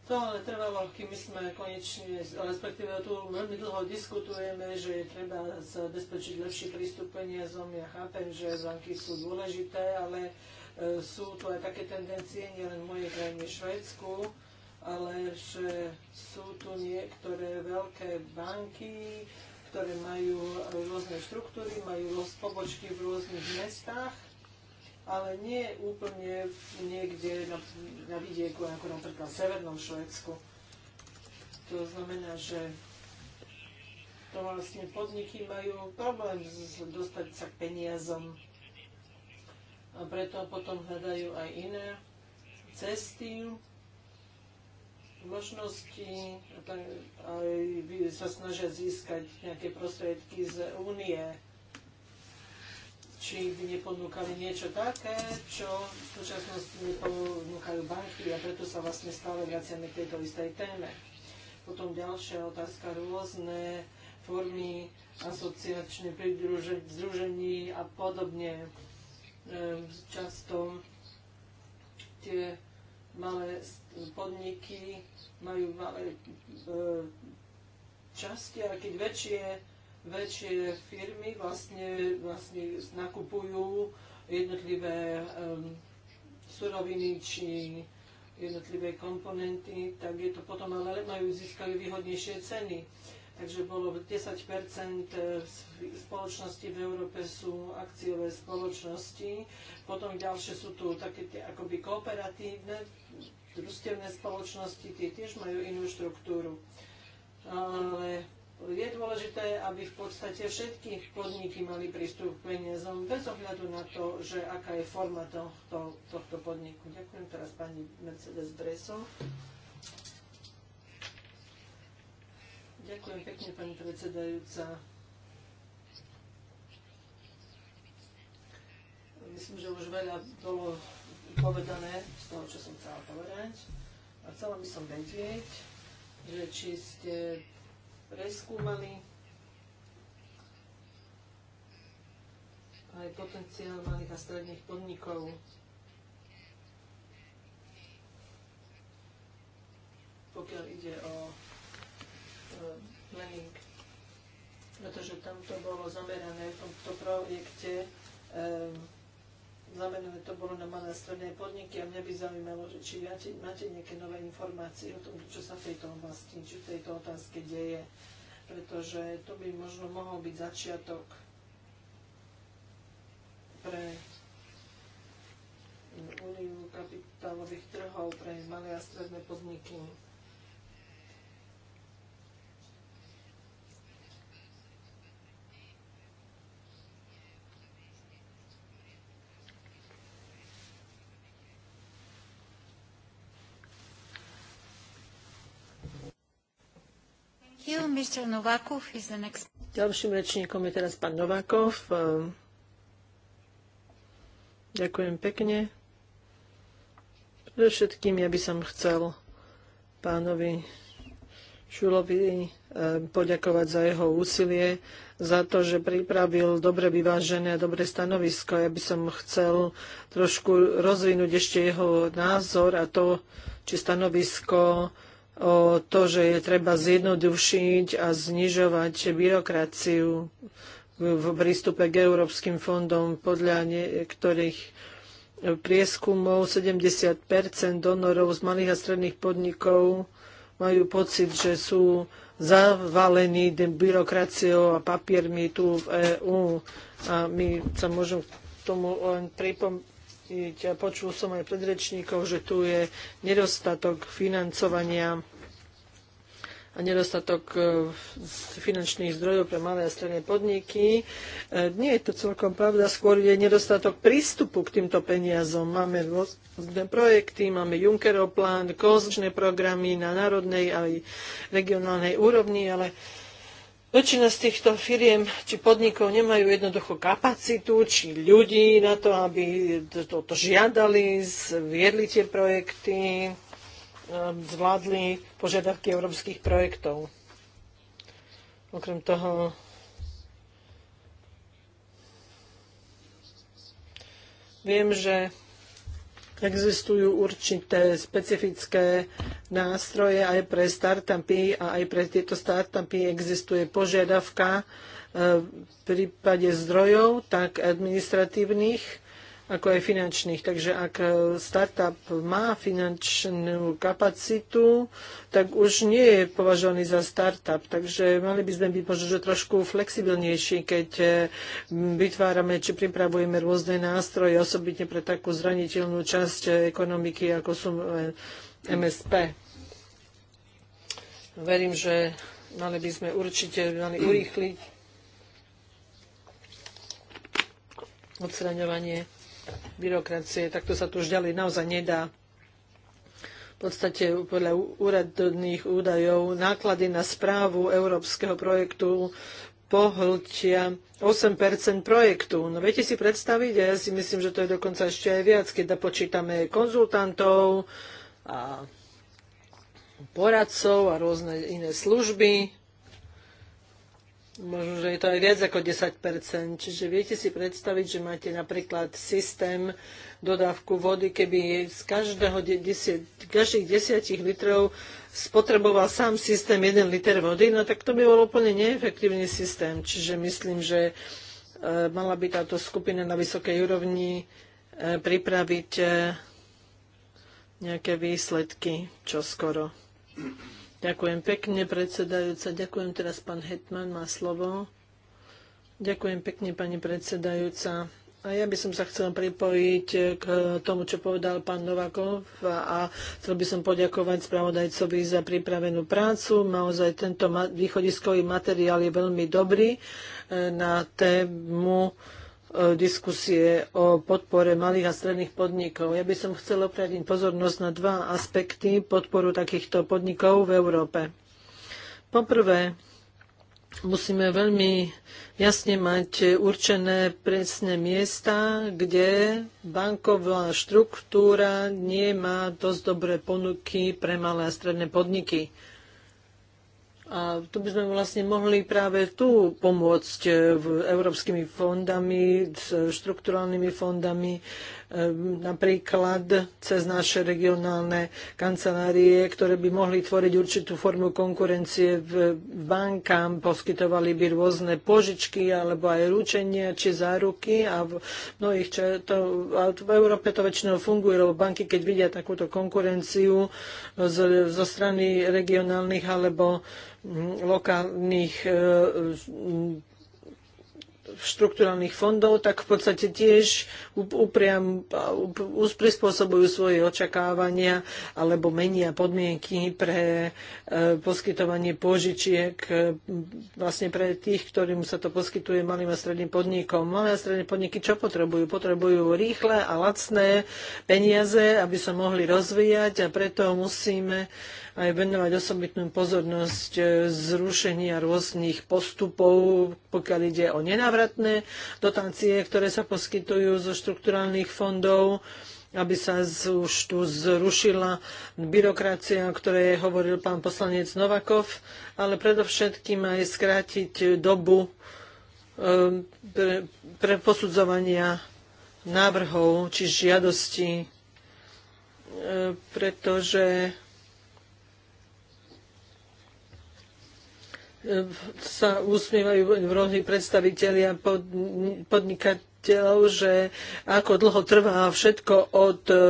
to ale trvalo, kým sme konečne, respektíve tu veľmi dlho diskutujeme, že je treba zabezpečiť lepší prístup peniazom. Ja chápem, že banky sú dôležité, ale e, sú tu aj také tendencie, nielen v mojej krajine Švedsku, ale že sú tu niektoré veľké banky, ktoré majú rôzne štruktúry, majú pobočky v rôznych mestách ale nie úplne niekde na, na vidieku, ako napríklad v Severnom Švedsku. To znamená, že to vlastne podniky majú problém z, dostať sa k peniazom a preto potom hľadajú aj iné cesty, možnosti, aj sa snažia získať nejaké prostriedky z únie či by neponúkali niečo také, čo v súčasnosti neponúkajú banky a preto sa vlastne stále vraciame k tejto istej téme. Potom ďalšia otázka, rôzne formy asociačné združení a podobne. Ehm, často tie malé podniky majú malé ehm, časti, ale keď väčšie väčšie firmy vlastne, vlastne nakupujú jednotlivé um, suroviny či jednotlivé komponenty, tak je to potom, ale majú získali výhodnejšie ceny. Takže bolo 10 eh, spoločnosti v Európe sú akciové spoločnosti. Potom ďalšie sú tu také tie akoby kooperatívne, družstevné spoločnosti, tie tiež majú inú štruktúru. Ale je dôležité, aby v podstate všetky podniky mali prístup k peniazom bez ohľadu na to, že aká je forma tohto, tohto podniku. Ďakujem teraz pani Mercedes Breso. Ďakujem pekne, pani predsedajúca. Myslím, že už veľa bolo povedané z toho, čo som chcela povedať. A chcela by som vedieť, že či ste preskúmali aj potenciál malých a stredných podnikov. Pokiaľ ide o e, planning, pretože tam to bolo zamerané v tomto projekte um, zamerané to bolo na malé a stredné podniky a mňa by zaujímalo, že či máte, máte nejaké nové informácie o tom, čo sa v tejto oblasti, či v tejto otázke deje, pretože to by možno mohol byť začiatok pre úniu kapitálových trhov pre malé a stredné podniky. Ďalším rečníkom je teraz pán Novákov. Ehm, ďakujem pekne. všetkým ja by som chcel pánovi Šulovi ehm, poďakovať za jeho úsilie, za to, že pripravil dobre vyvážené a dobre stanovisko. Ja by som chcel trošku rozvinúť ešte jeho názor a to, či stanovisko o to, že je treba zjednodušiť a znižovať byrokraciu v prístupe k európskym fondom podľa niektorých prieskumov 70 donorov z malých a stredných podnikov majú pocit, že sú zavalení byrokraciou a papiermi tu v EÚ. A my sa môžem tomu len pripom- ja počul som aj predrečníkov, že tu je nedostatok financovania a nedostatok e, finančných zdrojov pre malé a stredné podniky. E, nie je to celkom pravda, skôr je nedostatok prístupu k týmto peniazom. Máme rôzne projekty, máme Junckerov plán, kozčné programy na národnej aj regionálnej úrovni, ale Väčšina z týchto firiem či podnikov nemajú jednoducho kapacitu či ľudí na to, aby toto žiadali, zviedli tie projekty, ehm, zvládli požiadavky európskych projektov. Okrem toho viem, že Existujú určité specifické nástroje aj pre startupy a aj pre tieto startupy existuje požiadavka e, v prípade zdrojov, tak administratívnych, ako aj finančných. Takže ak e, startup má finančnú kapacitu, tak už nie je považovaný za startup. Takže mali by sme byť možno že trošku flexibilnejší, keď e, vytvárame či pripravujeme rôzne nástroje, osobitne pre takú zraniteľnú časť e, ekonomiky, ako sú MSP. Verím, že mali by sme určite mali urýchliť odstraňovanie byrokracie, tak to sa tu už ďalej naozaj nedá. V podstate podľa úradných údajov náklady na správu európskeho projektu pohltia 8 projektu. No viete si predstaviť, ja si myslím, že to je dokonca ešte aj viac, keď počítame konzultantov a poradcov a rôzne iné služby možno, že je to aj viac ako 10%. Čiže viete si predstaviť, že máte napríklad systém dodávku vody, keby z každého desiet, každých desiatich litrov spotreboval sám systém 1 liter vody, no tak to by bol úplne neefektívny systém. Čiže myslím, že e, mala by táto skupina na vysokej úrovni e, pripraviť e, nejaké výsledky čoskoro. skoro. Ďakujem pekne, predsedajúca. Ďakujem teraz, pán Hetman má slovo. Ďakujem pekne, pani predsedajúca. A ja by som sa chcel pripojiť k tomu, čo povedal pán Novakov a chcel by som poďakovať spravodajcovi za pripravenú prácu. Naozaj tento východiskový materiál je veľmi dobrý eh, na tému E, diskusie o podpore malých a stredných podnikov. Ja by som chcel opradiť pozornosť na dva aspekty podporu takýchto podnikov v Európe. Poprvé, musíme veľmi jasne mať určené presné miesta, kde banková štruktúra nemá dosť dobré ponuky pre malé a stredné podniky. A tu by sme vlastne mohli práve tu pomôcť e, európskymi fondami, štrukturálnymi fondami, Ehm, napríklad cez naše regionálne kancelárie, ktoré by mohli tvoriť určitú formu konkurencie v bankám, poskytovali by rôzne požičky alebo aj ručenia či záruky a v mnohých to, a v Európe to väčšinou funguje, lebo banky, keď vidia takúto konkurenciu e, z, zo strany regionálnych alebo mm, lokálnych e, štrukturálnych fondov, tak v podstate tiež upriam, prispôsobujú svoje očakávania alebo menia podmienky pre e, poskytovanie požičiek e, vlastne pre tých, ktorým sa to poskytuje malým a stredným podnikom. Malé a stredné podniky čo potrebujú? Potrebujú rýchle a lacné peniaze, aby sa mohli rozvíjať a preto musíme aj venovať osobitnú pozornosť e, zrušenia rôznych postupov, pokiaľ ide o nenávratné dotácie, ktoré sa poskytujú zo štrukturálnych fondov aby sa už tu zrušila byrokracia, o ktorej hovoril pán poslanec Novakov, ale predovšetkým aj skrátiť dobu e, pre, pre posudzovania návrhov či žiadostí, e, pretože sa usmievajú rôzni predstavitelia pod, podnikateľov, že ako dlho trvá všetko od, e,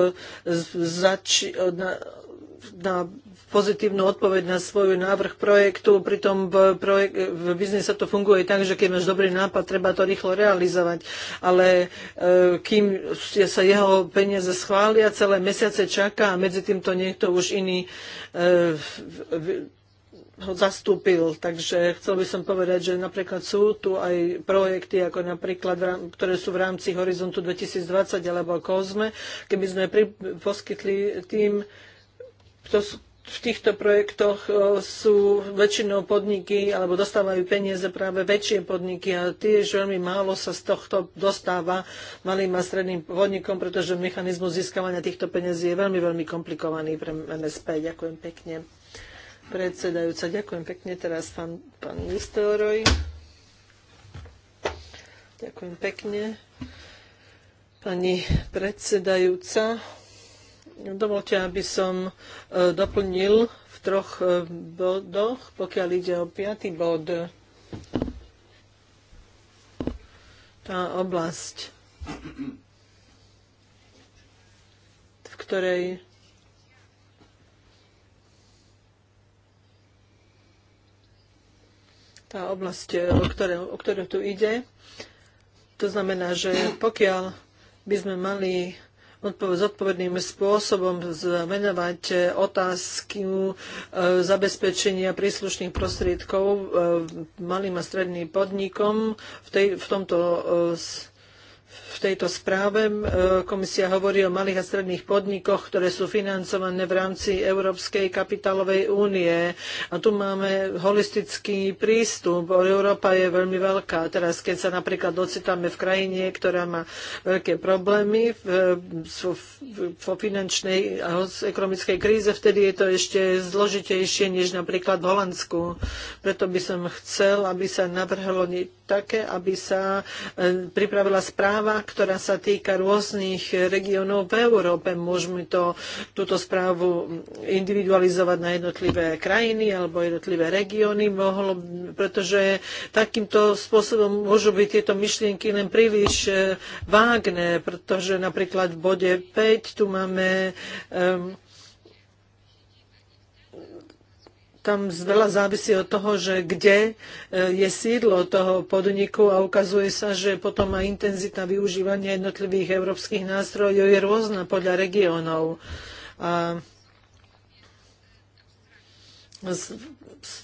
zač- od na, na pozitívnu odpoveď na svoj návrh projektu. Pritom v, projek- v biznise to funguje tak, že keď máš dobrý nápad, treba to rýchlo realizovať. Ale e, kým sa jeho peniaze schvália, celé mesiace čaká a medzi tým to niekto už iný e, v, v, ho zastúpil. Takže chcel by som povedať, že napríklad sú tu aj projekty, ako napríklad, ktoré sú v rámci Horizontu 2020 alebo COSME. Keby sme pri, poskytli tým, kto sú, v týchto projektoch e, sú väčšinou podniky, alebo dostávajú peniaze práve väčšie podniky a tiež veľmi málo sa z tohto dostáva malým a stredným podnikom, pretože mechanizmus získavania týchto peniazí je veľmi, veľmi komplikovaný pre MSP. Ďakujem pekne predsedajúca. Ďakujem pekne teraz pán, pán Nistelroj. Ďakujem pekne. Pani predsedajúca, dovolte, aby som e, doplnil v troch e, bodoch, pokiaľ ide o piatý bod, tá oblasť, v ktorej tá oblasť, e, o, ktoré, o ktorú tu ide. To znamená, že pokiaľ by sme mali zodpovedným spôsobom zmenovať e, otázky e, zabezpečenia príslušných prostriedkov malým a stredným podnikom v, tej, v tomto v v tejto správe e, komisia hovorí o malých a stredných podnikoch, ktoré sú financované v rámci Európskej kapitálovej únie. A tu máme holistický prístup. Európa je veľmi veľká. Teraz, keď sa napríklad ocitáme v krajine, ktorá má veľké problémy e, vo finančnej a ekonomickej kríze, vtedy je to ešte zložitejšie než napríklad v Holandsku. Preto by som chcel, aby sa navrhlo také, aby sa e, pripravila správa, ktorá sa týka rôznych regiónov v Európe. Môžeme to, túto správu individualizovať na jednotlivé krajiny alebo jednotlivé regióny, mohlo, pretože takýmto spôsobom môžu byť tieto myšlienky len príliš eh, vágne, pretože napríklad v bode 5 tu máme um, tam veľa závisí od toho, že kde e, je sídlo toho podniku a ukazuje sa, že potom aj intenzita využívania jednotlivých európskych nástrojov je rôzna podľa regiónov. A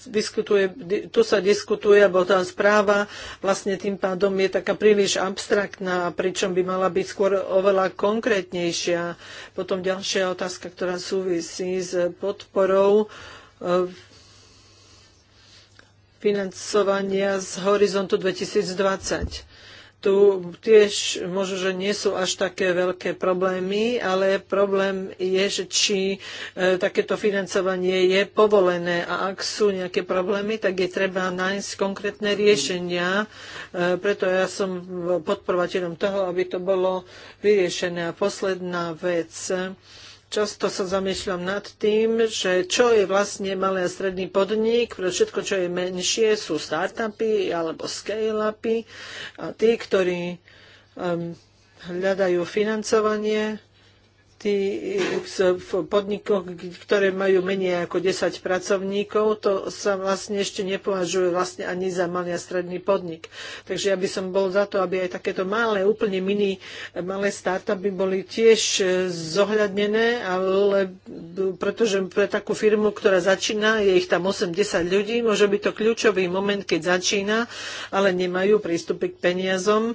diskutuje, tu sa diskutuje, bo tá správa vlastne tým pádom je taká príliš abstraktná, pričom by mala byť skôr oveľa konkrétnejšia. Potom ďalšia otázka, ktorá súvisí s podporou e, financovania z horizontu 2020 tu tiež možno, že nie sú až také veľké problémy, ale problém je, že či e, takéto financovanie je povolené a ak sú nejaké problémy, tak je treba nájsť konkrétne riešenia. E, preto ja som podporovateľom toho, aby to bolo vyriešené. A posledná vec. E, Často sa zamýšľam nad tým, že čo je vlastne malý a stredný podnik, pre všetko, čo je menšie, sú startupy alebo scale-upy a tí, ktorí um, hľadajú financovanie, tí v podnikoch, ktoré majú menej ako 10 pracovníkov, to sa vlastne ešte nepovažuje vlastne ani za malý a stredný podnik. Takže ja by som bol za to, aby aj takéto malé, úplne mini, malé startupy boli tiež e, zohľadnené, ale pretože pre takú firmu, ktorá začína, je ich tam 8 ľudí, môže byť to kľúčový moment, keď začína, ale nemajú prístupy k peniazom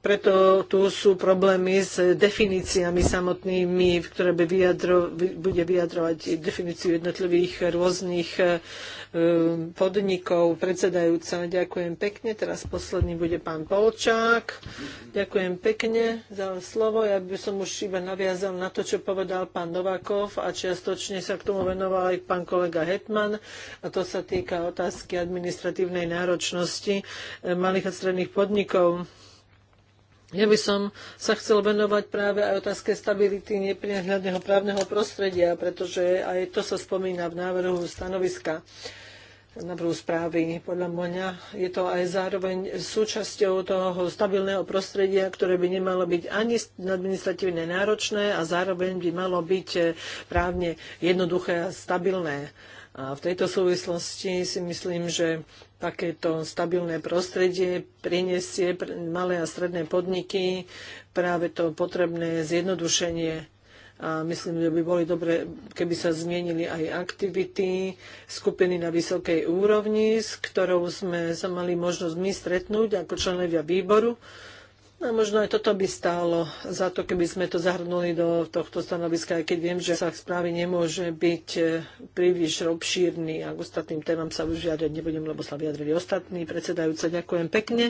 preto tu sú problémy s definíciami samotnými, ktoré by vyjadro, bude vyjadrovať definíciu jednotlivých rôznych e, podnikov. Predsedajúca, ďakujem pekne. Teraz posledný bude pán Polčák. Ďakujem pekne za slovo. Ja by som už iba naviazal na to, čo povedal pán Novakov a čiastočne sa k tomu venoval aj pán kolega Hetman. A to sa týka otázky administratívnej náročnosti e, malých a stredných podnikov ja by som sa chcel venovať práve aj otázke stability neprehľadného právneho prostredia, pretože aj to sa spomína v návrhu stanoviska návrhu správy. Podľa mňa je to aj zároveň súčasťou toho stabilného prostredia, ktoré by nemalo byť ani administratívne náročné a zároveň by malo byť právne jednoduché a stabilné. A v tejto súvislosti si myslím, že takéto stabilné prostredie prinesie malé a stredné podniky práve to potrebné zjednodušenie. A myslím, že by boli dobre, keby sa zmienili aj aktivity skupiny na vysokej úrovni, s ktorou sme sa mali možnosť my stretnúť ako členovia výboru No možno aj toto by stálo za to, keby sme to zahrnuli do tohto stanoviska, aj keď viem, že sa správy nemôže byť e, príliš obšírny a k ostatným témam sa už vyjadriť nebudem, lebo sa vyjadrili ostatní. Predsedajúca, ďakujem pekne.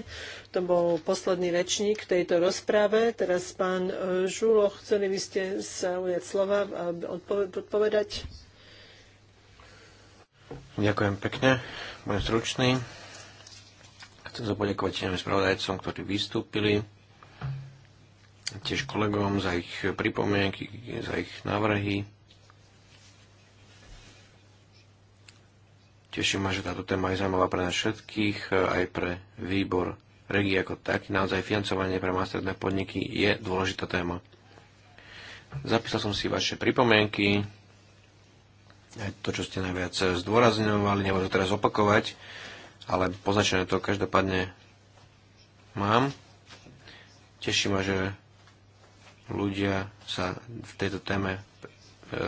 To bol posledný rečník v tejto rozprave. Teraz pán e, Žulo, chceli by ste sa ujať slova a odpovedať? Ďakujem pekne. Budem stručný. Chcem sa poďakovať tým spravodajcom, ktorí vystúpili tiež kolegom za ich pripomienky, za ich návrhy. Teším ma, že táto téma je zaujímavá pre nás všetkých, aj pre výbor regie ako taký. Naozaj financovanie pre masterné podniky je dôležitá téma. Zapísal som si vaše pripomienky, aj to, čo ste najviac zdôrazňovali, nebudem to teraz opakovať, ale poznačené to každopádne mám. Teším, ma, že ľudia sa v tejto téme e, e,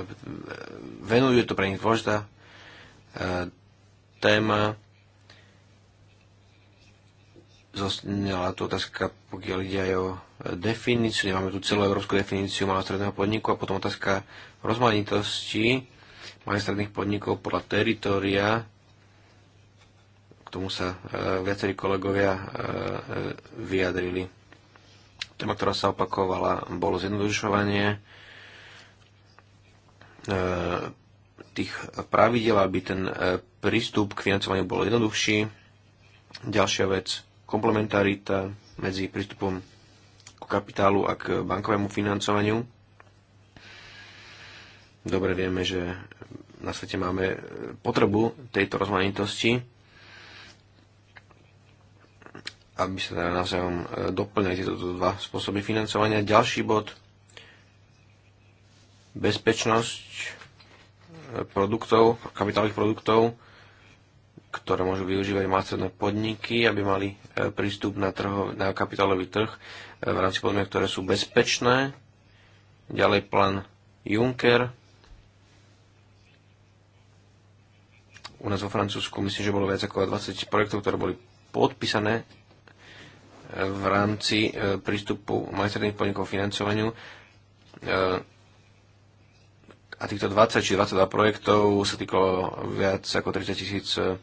venujú, je to pre nich dôležitá e, téma. Zostala tu otázka, pokiaľ ide aj o definíciu, nemáme tu celú európsku definíciu malého stredného podniku a potom otázka rozmanitosti malých stredných podnikov podľa teritoria. K tomu sa viacerí kolegovia vyjadrili. Téma, ktorá sa opakovala, bolo zjednodušovanie e, tých pravidel, aby ten e, prístup k financovaniu bol jednoduchší. Ďalšia vec, komplementarita medzi prístupom k kapitálu a k bankovému financovaniu. Dobre vieme, že na svete máme potrebu tejto rozmanitosti aby sa teda navzájom e, doplňali tieto dva spôsoby financovania. Ďalší bod, bezpečnosť e, produktov, kapitálových produktov, ktoré môžu využívať malcedné podniky, aby mali e, prístup na, trho, na kapitálový trh v rámci podmienok, ktoré sú bezpečné. Ďalej plán Juncker. U nás vo Francúzsku myslím, že bolo viac ako 20 projektov, ktoré boli podpísané v rámci e, prístupu majstredných podnikov k financovaniu e, a týchto 20 či 22 projektov sa týkalo viac ako 30 tisíc e,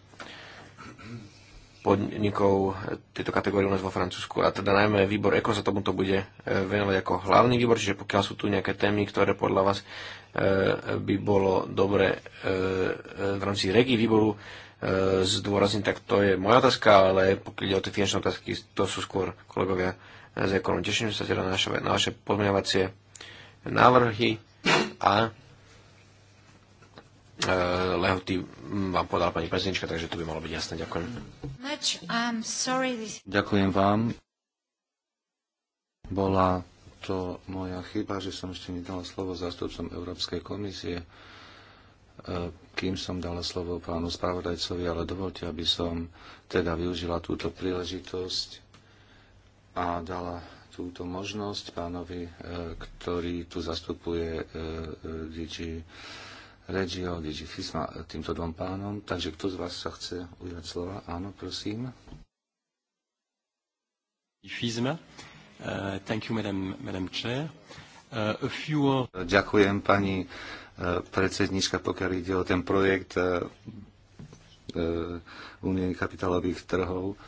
podnikov tejto kategórie u nás vo Francúzsku. A teda najmä výbor ECO sa tomuto bude venovať ako hlavný výbor, čiže pokiaľ sú tu nejaké témy, ktoré podľa vás by bolo dobre v rámci regii výboru e, zdôrazniť, tak to je moja otázka, ale pokiaľ ide o tie finančné otázky, to sú skôr kolegovia z ekonom. Teším sa teda na naše, na naše podmienovacie návrhy a e, lehoty vám podala pani prezidentka, takže to by malo byť jasné. Ďakujem. Um, Ďakujem vám. Bola to moja chyba, že som ešte nedala slovo zástupcom Európskej komisie kým som dala slovo pánu spravodajcovi, ale dovolte, aby som teda využila túto príležitosť a dala túto možnosť pánovi, e, ktorý tu zastupuje e, e, DG Regio, DG Fisma, týmto dvom pánom. Takže kto z vás sa chce ujať slova? Áno, prosím. Fisma. Uh, thank you, madam, madam chair. Uh, a few... Ďakujem, pani predsedníčka, pokiaľ ide o ten projekt únie e, e, kapitálových trhov.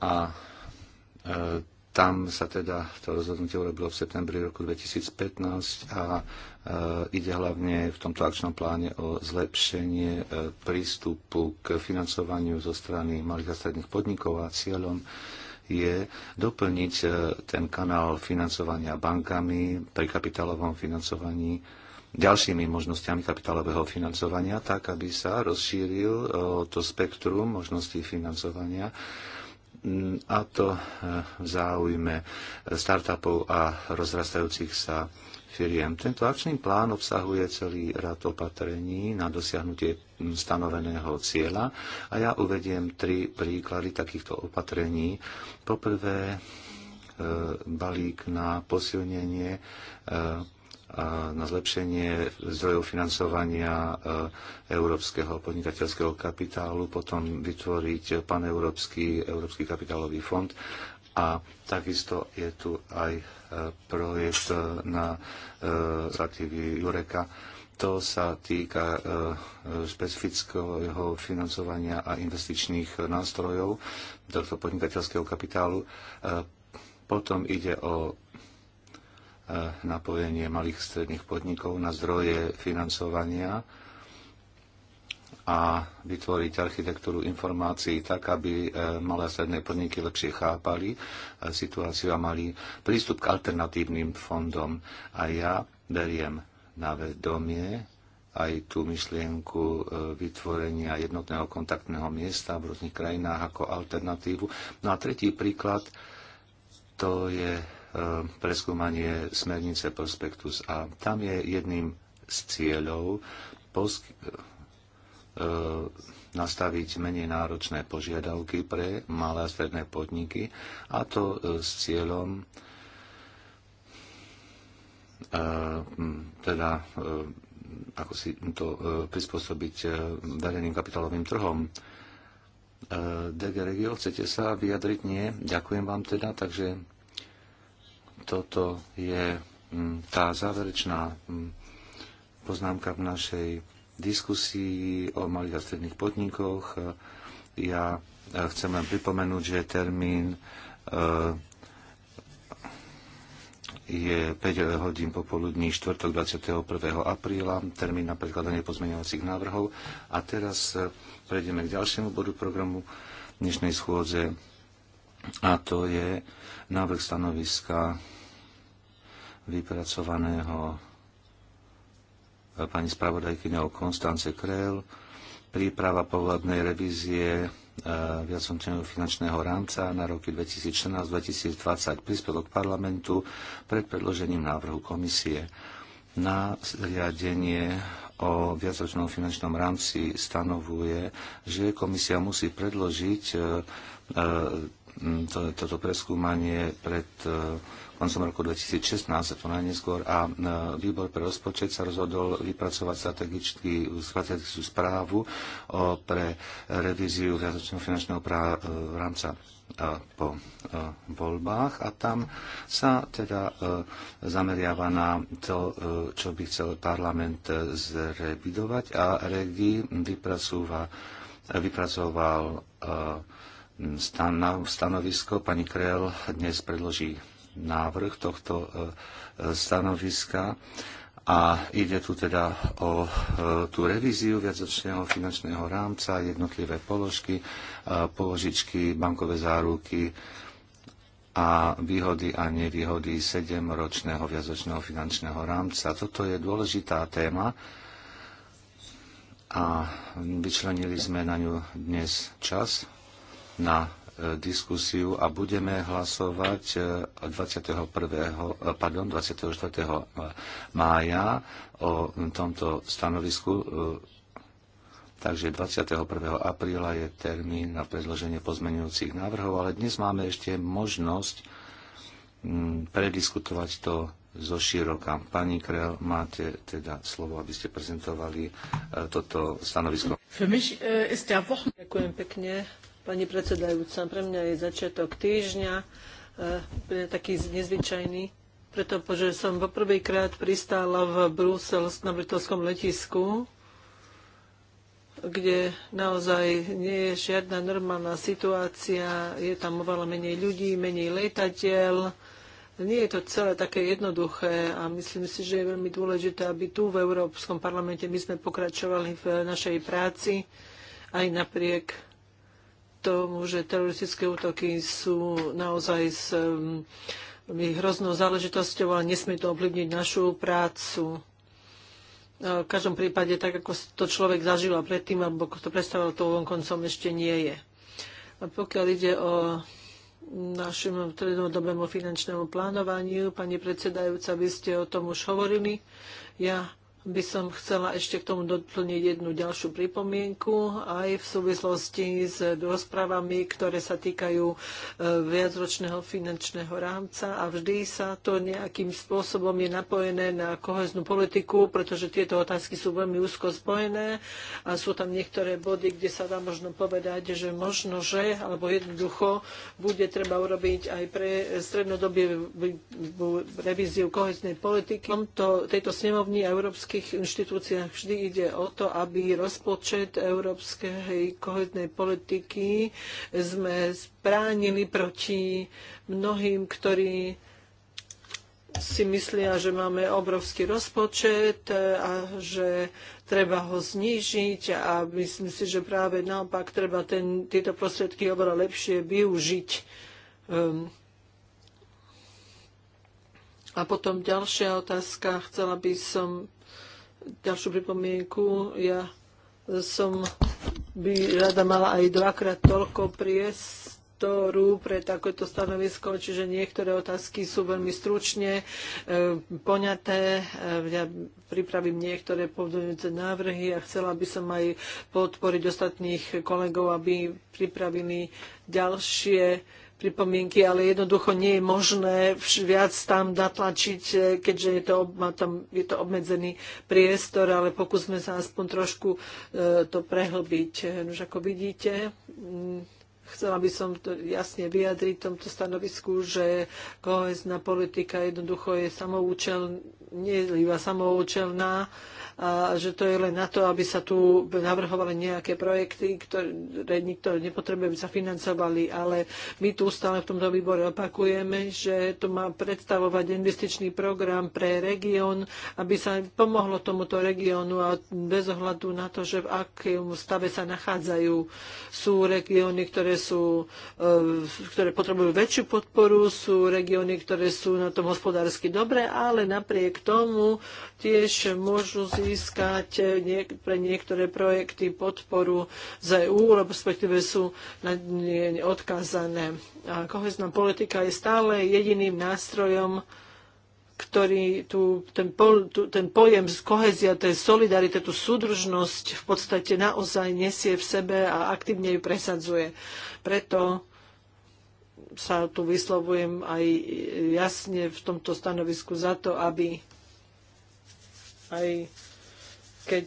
A e, tam sa teda to rozhodnutie urobilo v septembri roku 2015 a ide hlavne v tomto akčnom pláne o zlepšenie prístupu k financovaniu zo strany malých a stredných podnikov a cieľom je doplniť ten kanál financovania bankami pri kapitálovom financovaní ďalšími možnosťami kapitálového financovania, tak aby sa rozšíril to spektrum možností financovania a to e, v záujme startupov a rozrastajúcich sa firiem. Tento akčný plán obsahuje celý rad opatrení na dosiahnutie stanoveného cieľa a ja uvediem tri príklady takýchto opatrení. Poprvé, e, balík na posilnenie e, na zlepšenie zdrojov financovania e, európskeho podnikateľského kapitálu, potom vytvoriť paneurópsky európsky kapitálový fond a takisto je tu aj e, projekt e, na stratégii Jureka. To sa týka špecifického financovania a investičných nástrojov tohto podnikateľského kapitálu. Potom ide o E, napojenie malých stredných podnikov na zdroje financovania a vytvoriť architektúru informácií tak, aby e, malé a stredné podniky lepšie chápali e, situáciu a mali prístup k alternatívnym fondom. A ja beriem na vedomie aj tú myšlienku vytvorenia jednotného kontaktného miesta v rôznych krajinách ako alternatívu. No a tretí príklad, to je E, preskúmanie smernice Prospektus a tam je jedným z cieľov posk- e, e, nastaviť menej náročné požiadavky pre malé a stredné podniky a to s cieľom teda ako si to prispôsobiť verejným kapitálovým trhom. DG Regio, chcete sa vyjadriť? Nie. Ďakujem vám teda, takže toto je mm, tá záverečná mm, poznámka v našej diskusii o malých a stredných podnikoch. Ja e, chcem len pripomenúť, že termín e, je 5 hodín popoludní štvrtok 21. apríla, termín na predkladanie pozmeňovacích návrhov. A teraz e, prejdeme k ďalšiemu bodu programu dnešnej schôdze a to je návrh stanoviska vypracovaného pani spravodajkyňou Konstance Krell, príprava povladnej revízie e, viacomčeného finančného rámca na roky 2014-2020 príspevok parlamentu pred predložením návrhu komisie na zriadenie o viacročnom finančnom rámci stanovuje, že komisia musí predložiť e, e, Mm, to, toto preskúmanie pred eh, koncom roku 2016, to najneskôr, a eh, výbor pre rozpočet sa rozhodol vypracovať strategickú správu o, pre revíziu viacročného finančného prá, eh, rámca po voľbách a tam sa teda zameriava na to, čo by chcel parlament zrevidovať a regi vypracoval, vypracoval stanovisko. Pani Krel dnes predloží návrh tohto e, e, stanoviska a ide tu teda o e, tú revíziu viacročného finančného rámca, jednotlivé položky, položičky, bankové záruky a výhody a nevýhody 7-ročného viacročného finančného rámca. Toto je dôležitá téma a vyčlenili sme na ňu dnes čas na e, diskusiu a budeme hlasovať 21. E, e, pardon, 24. mája o tomto stanovisku. Takže 21. apríla je termín na predloženie pozmenujúcich návrhov, ale dnes máme ešte možnosť mm, prediskutovať to zo široka. Pani Krel, máte teda slovo, aby ste prezentovali toto stanovisko. Ďakujem pekne. Pani predsedajúca, pre mňa je začiatok týždňa, e, taký nezvyčajný, pretože som poprvýkrát pristála v Brusel na britovskom letisku, kde naozaj nie je žiadna normálna situácia, je tam oveľa menej ľudí, menej letateľ. nie je to celé také jednoduché a myslím si, že je veľmi dôležité, aby tu v Európskom parlamente my sme pokračovali v našej práci aj napriek tomu, že teroristické útoky sú naozaj s um, hroznou záležitosťou, ale nesmie to ovplyvniť našu prácu. V každom prípade, tak ako to človek zažila predtým, alebo to predstavoval, to koncom ešte nie je. A pokiaľ ide o našim trednodobému finančnému plánovaniu. Pani predsedajúca, vy ste o tom už hovorili. Ja by som chcela ešte k tomu doplniť jednu ďalšiu pripomienku aj v súvislosti s rozprávami, ktoré sa týkajú e, viacročného finančného rámca a vždy sa to nejakým spôsobom je napojené na koheznú politiku, pretože tieto otázky sú veľmi úzko spojené a sú tam niektoré body, kde sa dá možno povedať, že možno, že alebo jednoducho bude treba urobiť aj pre strednodobie revíziu koheznej politiky. V tomto, tejto snemovni a Európskej všetkých inštitúciách vždy ide o to, aby rozpočet európskej kohetnej politiky sme spránili proti mnohým, ktorí si myslia, že máme obrovský rozpočet a že treba ho znížiť a myslím si, že práve naopak treba ten, tieto prostriedky oveľa lepšie využiť. Um, a potom ďalšia otázka. Chcela by som ďalšiu pripomienku. Ja som by rada mala aj dvakrát toľko priestoru pre takéto stanovisko, čiže niektoré otázky sú veľmi stručne e, poňaté. E, ja pripravím niektoré podujúce návrhy a chcela by som aj podporiť ostatných kolegov, aby pripravili ďalšie pripomienky, ale jednoducho nie je možné viac tam natlačiť, e, keďže je to, tam, je to obmedzený priestor, ale pokúsme sa aspoň trošku e, to prehlbiť. E, Už ako vidíte, chcela by som to jasne vyjadriť v tomto stanovisku, že kohezná politika jednoducho je samoučel, nie je iba samoučelná, a že to je len na to, aby sa tu navrhovali nejaké projekty, ktoré nikto nepotrebuje, aby zafinancovali, ale my tu stále v tomto výbore opakujeme, že to má predstavovať investičný program pre región, aby sa pomohlo tomuto regiónu a bez ohľadu na to, že v akom stave sa nachádzajú, sú regióny, ktoré, sú, e, ktoré potrebujú väčšiu podporu, sú regióny, ktoré sú na tom hospodársky dobre, ale napriek tomu tiež môžu si získať eh, niek- pre niektoré projekty podporu z EÚ, lebo respektíve sú na- odkázané. A kohezná politika je stále jediným nástrojom, ktorý tu, ten, po, tu, ten pojem z kohezia, tej solidarity, tú súdržnosť v podstate naozaj nesie v sebe a aktívne ju presadzuje. Preto sa tu vyslovujem aj jasne v tomto stanovisku za to, aby aj keď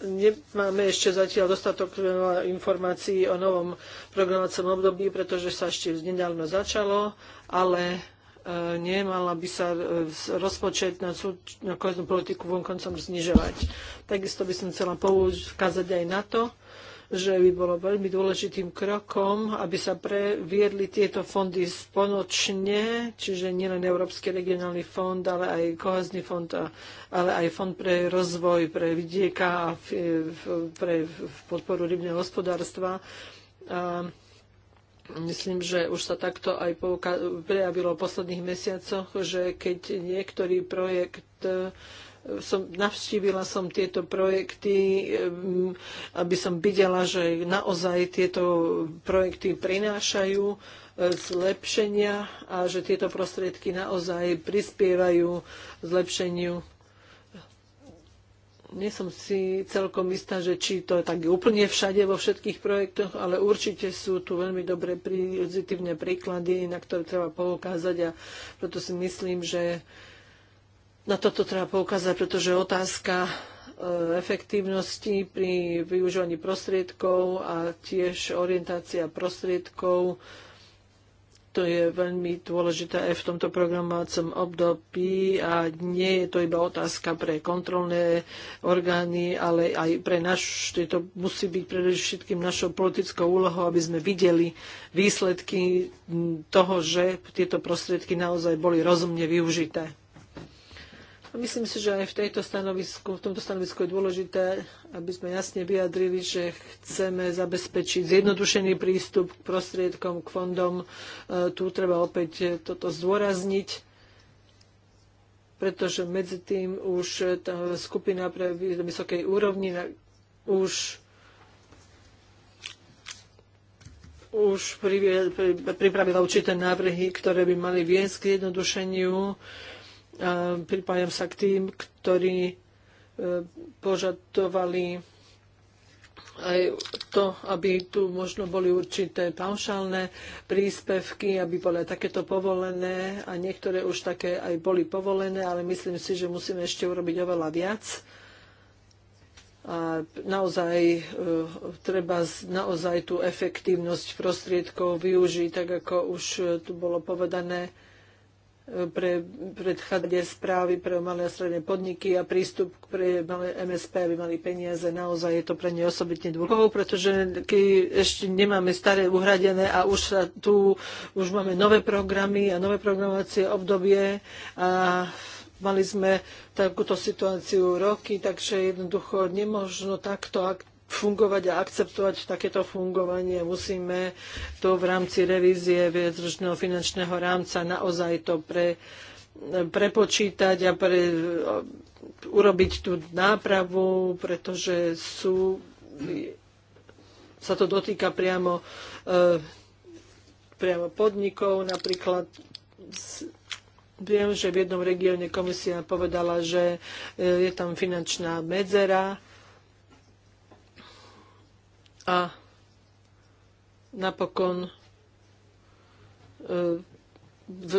nemáme ešte zatiaľ dostatok informácií o novom programovacom období, pretože sa ešte nedávno začalo, ale e, nemala by sa e, rozpočet na, súd, na koheznú politiku vonkoncom znižovať. Takisto by som chcela poukázať aj na to, že by bolo veľmi dôležitým krokom, aby sa previedli tieto fondy spoločne, čiže nielen Európsky regionálny fond, ale aj kohezný fond, ale aj fond pre rozvoj, pre vidieka a pre podporu rybného hospodárstva. A myslím, že už sa takto aj prejavilo v posledných mesiacoch, že keď niektorý projekt som, navštívila som tieto projekty, aby som videla, že naozaj tieto projekty prinášajú e, zlepšenia a že tieto prostriedky naozaj prispievajú zlepšeniu. Nie som si celkom istá, že či to je tak úplne všade vo všetkých projektoch, ale určite sú tu veľmi dobré pozitívne príklady, na ktoré treba poukázať a preto si myslím, že na toto treba poukázať, pretože otázka e, efektívnosti pri využívaní prostriedkov a tiež orientácia prostriedkov. To je veľmi dôležité aj v tomto programovacom období a nie je to iba otázka pre kontrolné orgány, ale aj pre náš, to musí byť predovšetkým našou politickou úlohou, aby sme videli výsledky toho, že tieto prostriedky naozaj boli rozumne využité. Myslím si, že aj v, tejto stanovisku, v tomto stanovisku je dôležité, aby sme jasne vyjadrili, že chceme zabezpečiť zjednodušený prístup k prostriedkom, k fondom. E, tu treba opäť toto zdôrazniť, pretože medzi tým už tá skupina pre vysokej úrovni už už pripravila určité návrhy, ktoré by mali viesť k jednodušeniu pripájam sa k tým, ktorí e, požadovali aj to, aby tu možno boli určité paušálne príspevky, aby boli takéto povolené a niektoré už také aj boli povolené, ale myslím si, že musíme ešte urobiť oveľa viac. A naozaj e, treba naozaj tú efektívnosť prostriedkov využiť, tak ako už tu bolo povedané pre predchádzanie správy pre malé a stredné podniky a prístup k pre malé MSP, aby mali peniaze. Naozaj je to pre ne osobitne dôležité, pretože keď ešte nemáme staré uhradené a už sa tu už máme nové programy a nové programovacie obdobie a Mali sme takúto situáciu roky, takže jednoducho nemožno takto ak fungovať a akceptovať takéto fungovanie. Musíme to v rámci revízie viedržného finančného rámca naozaj to pre, prepočítať a pre, urobiť tú nápravu, pretože sú, sa to dotýka priamo, e, priamo podnikov, napríklad Viem, že v jednom regióne komisia povedala, že e, je tam finančná medzera, a napokon e, v,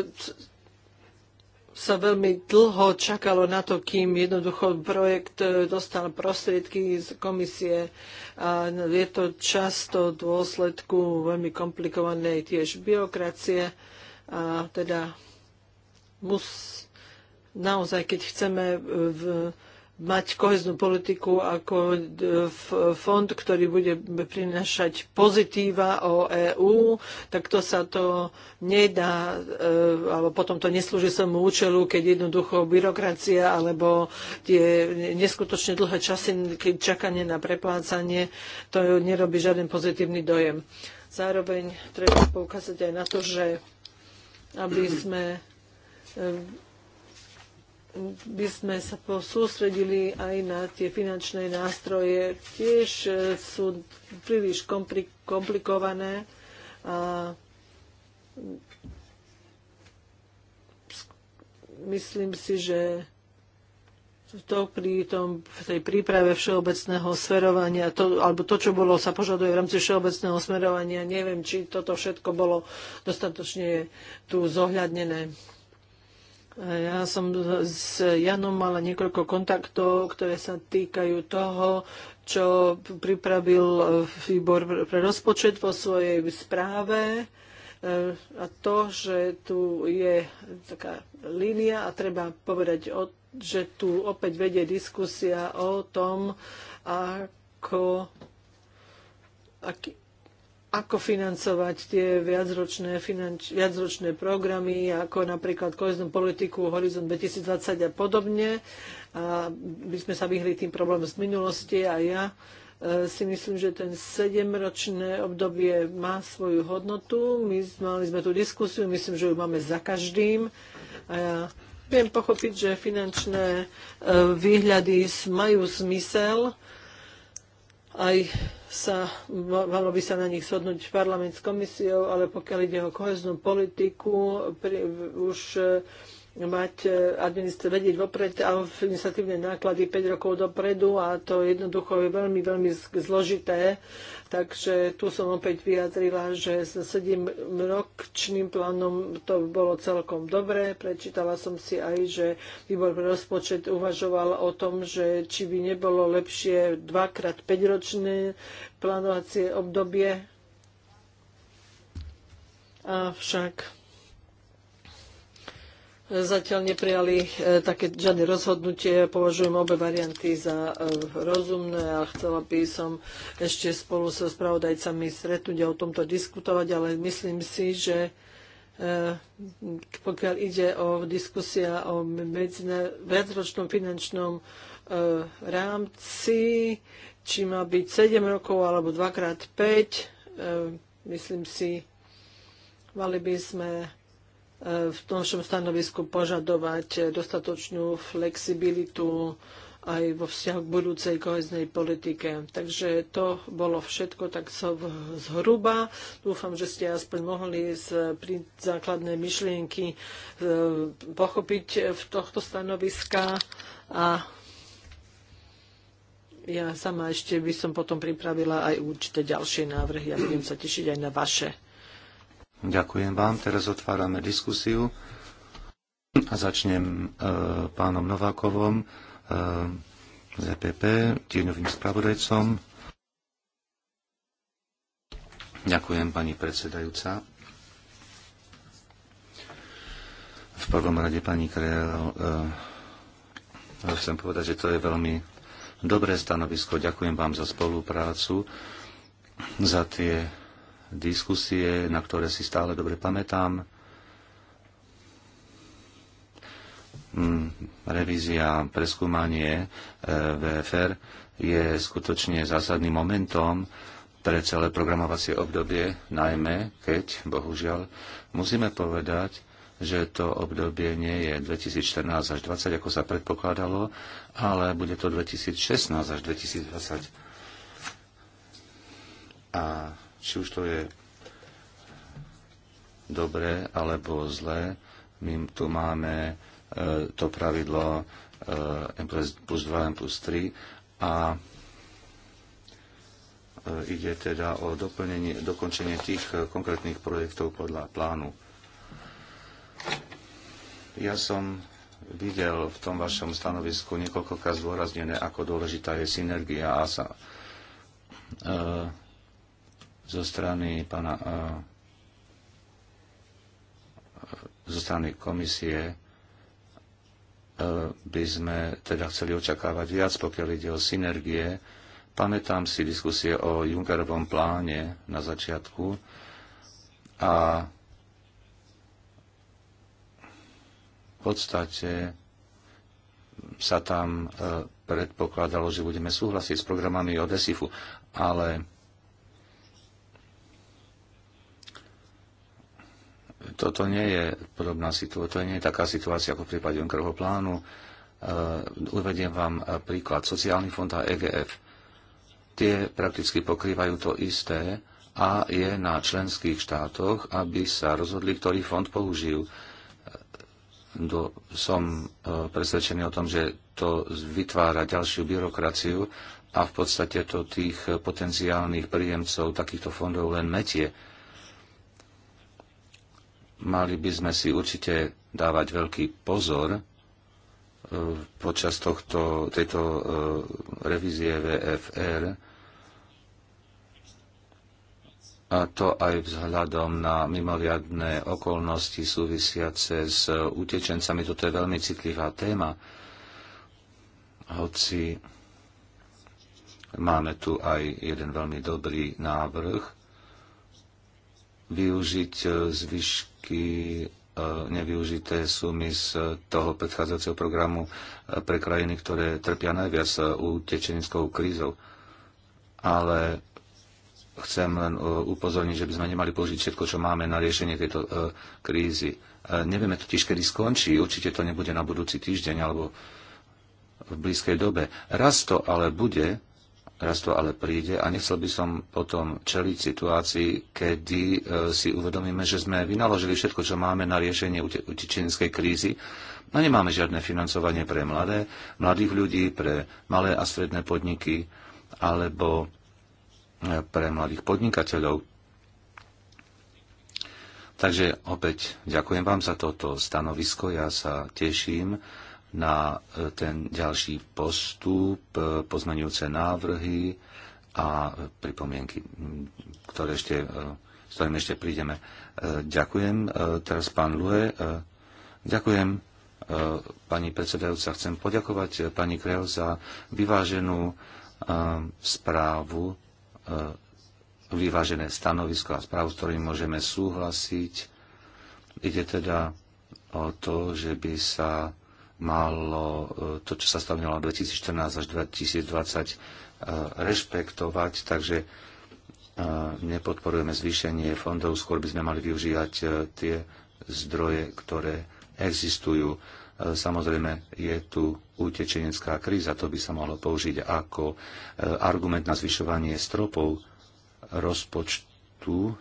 sa veľmi dlho čakalo na to, kým jednoducho projekt e, dostal prostriedky z komisie. A je to často v dôsledku veľmi komplikovanej tiež byrokracie. A teda mus, naozaj, keď chceme v, mať koheznú politiku ako e, fond, ktorý bude prinašať pozitíva o EÚ, tak to sa to nedá, e, alebo potom to neslúži svojmu účelu, keď jednoducho byrokracia alebo tie neskutočne dlhé časy, keď čakanie na preplácanie, to nerobí žiaden pozitívny dojem. Zároveň treba poukázať aj na to, že aby sme e, by sme sa sústredili aj na tie finančné nástroje. Tiež e, sú príliš komplikované a myslím si, že to pri tom, v tej príprave všeobecného smerovania, to, alebo to, čo bolo, sa požaduje v rámci všeobecného smerovania, neviem, či toto všetko bolo dostatočne tu zohľadnené. Ja som s Janom mala niekoľko kontaktov, ktoré sa týkajú toho, čo pripravil výbor pre rozpočet vo svojej správe e, a to, že tu je taká línia a treba povedať, že tu opäť vedie diskusia o tom, ako aký, ako financovať tie viacročné, finanč, viacročné programy, ako napríklad koheznú politiku Horizon 2020 a podobne. A by sme sa vyhli tým problémom z minulosti a ja e, si myslím, že ten sedemročné obdobie má svoju hodnotu. My mali sme tú diskusiu, myslím, že ju máme za každým. A ja viem pochopiť, že finančné e, výhľady majú zmysel aj sa, malo by sa na nich shodnúť parlament s komisiou, ale pokiaľ ide o koheznú politiku, pri, už mať e, vedieť vopred a administratívne náklady 5 rokov dopredu a to jednoducho je veľmi, veľmi zložité. Takže tu som opäť vyjadrila, že s 7-ročným plánom to bolo celkom dobré. Prečítala som si aj, že výbor pre rozpočet uvažoval o tom, že či by nebolo lepšie dvakrát 5-ročné plánovacie obdobie. Avšak zatiaľ neprijali e, také žiadne rozhodnutie. Považujem obe varianty za e, rozumné a chcela by som ešte spolu so spravodajcami stretnúť a o tomto diskutovať, ale myslím si, že e, pokiaľ ide o diskusia o viacročnom finančnom rámci, či má byť 7 rokov alebo 2x5, myslím si, mali by sme v našom stanovisku požadovať dostatočnú flexibilitu aj vo vzťahu k budúcej koheznej politike. Takže to bolo všetko tak zhruba. Dúfam, že ste aspoň mohli z základné myšlienky e, pochopiť v tohto stanoviska a ja sama ešte by som potom pripravila aj určité ďalšie návrhy a budem sa tešiť aj na vaše. Ďakujem vám. Teraz otvárame diskusiu a začnem e, pánom Novákovom e, z EPP, tieňovým spravodajcom. Ďakujem, pani predsedajúca. V prvom rade, pani Krejl, e, chcem povedať, že to je veľmi dobré stanovisko. Ďakujem vám za spoluprácu, za tie diskusie, na ktoré si stále dobre pamätám. Mm, revízia, preskúmanie e, VFR je skutočne zásadným momentom pre celé programovacie obdobie, najmä keď, bohužiaľ, musíme povedať, že to obdobie nie je 2014 až 2020, ako sa predpokladalo, ale bude to 2016 až 2020. A či už to je dobré alebo zlé. My tu máme e, to pravidlo e, M plus 2, M plus 3 a e, ide teda o doplnenie, dokončenie tých konkrétnych projektov podľa plánu. Ja som videl v tom vašom stanovisku niekoľkokrát zdôraznené, ako dôležitá je synergia a sa, e, zo strany pana e, e, zo strany komisie e, by sme teda chceli očakávať viac, pokiaľ ide o synergie. Pamätám si diskusie o Junckerovom pláne na začiatku a v podstate sa tam predpokladalo, že budeme súhlasiť s programami od ESIFu, ale toto nie je podobná situácia, to nie je taká situácia ako v prípade Junckerovho plánu. E, uvediem vám e, príklad. Sociálny fond a EGF. Tie prakticky pokrývajú to isté a je na členských štátoch, aby sa rozhodli, ktorý fond použijú. E, do, som presvedčený o tom, že to vytvára ďalšiu byrokraciu a v podstate to tých potenciálnych príjemcov takýchto fondov len metie Mali by sme si určite dávať veľký pozor e, počas tohto, tejto e, revízie VFR a to aj vzhľadom na mimoriadné okolnosti súvisiace s utečencami. Toto je veľmi citlivá téma, hoci máme tu aj jeden veľmi dobrý návrh, využiť e, zvyšky e, nevyužité sumy z toho predchádzajúceho programu e, pre krajiny, ktoré trpia najviac utečenickou krízou. Ale chcem len upozorniť, že by sme nemali použiť všetko, čo máme na riešenie tejto krízy. Nevieme totiž, kedy skončí. Určite to nebude na budúci týždeň alebo v blízkej dobe. Raz to ale bude raz to ale príde a nechcel by som potom čeliť situácii, kedy e, si uvedomíme, že sme vynaložili všetko, čo máme na riešenie utečenskej krízy a no, nemáme žiadne financovanie pre mladé, mladých ľudí, pre malé a stredné podniky alebo e, pre mladých podnikateľov. Takže opäť ďakujem vám za toto stanovisko. Ja sa teším na e, ten ďalší postup, e, poznaniúce návrhy a pripomienky, ktoré ešte, e, s ktorým ešte prídeme. Ďakujem. Teraz pán Lue. Ďakujem. Pani predsedajúca, chcem poďakovať pani Kreo za vyváženú správu, vyvážené stanovisko a správu, s ktorým môžeme súhlasiť. Ide teda o to, že by sa malo e, to, čo sa stanovilo 2014 až 2020, e, rešpektovať, takže e, nepodporujeme zvýšenie fondov, skôr by sme mali využívať tie zdroje, ktoré existujú. Samozrejme, je tu utečenecká kríza, to by sa mohlo použiť ako argument na zvyšovanie stropov rozpočtu,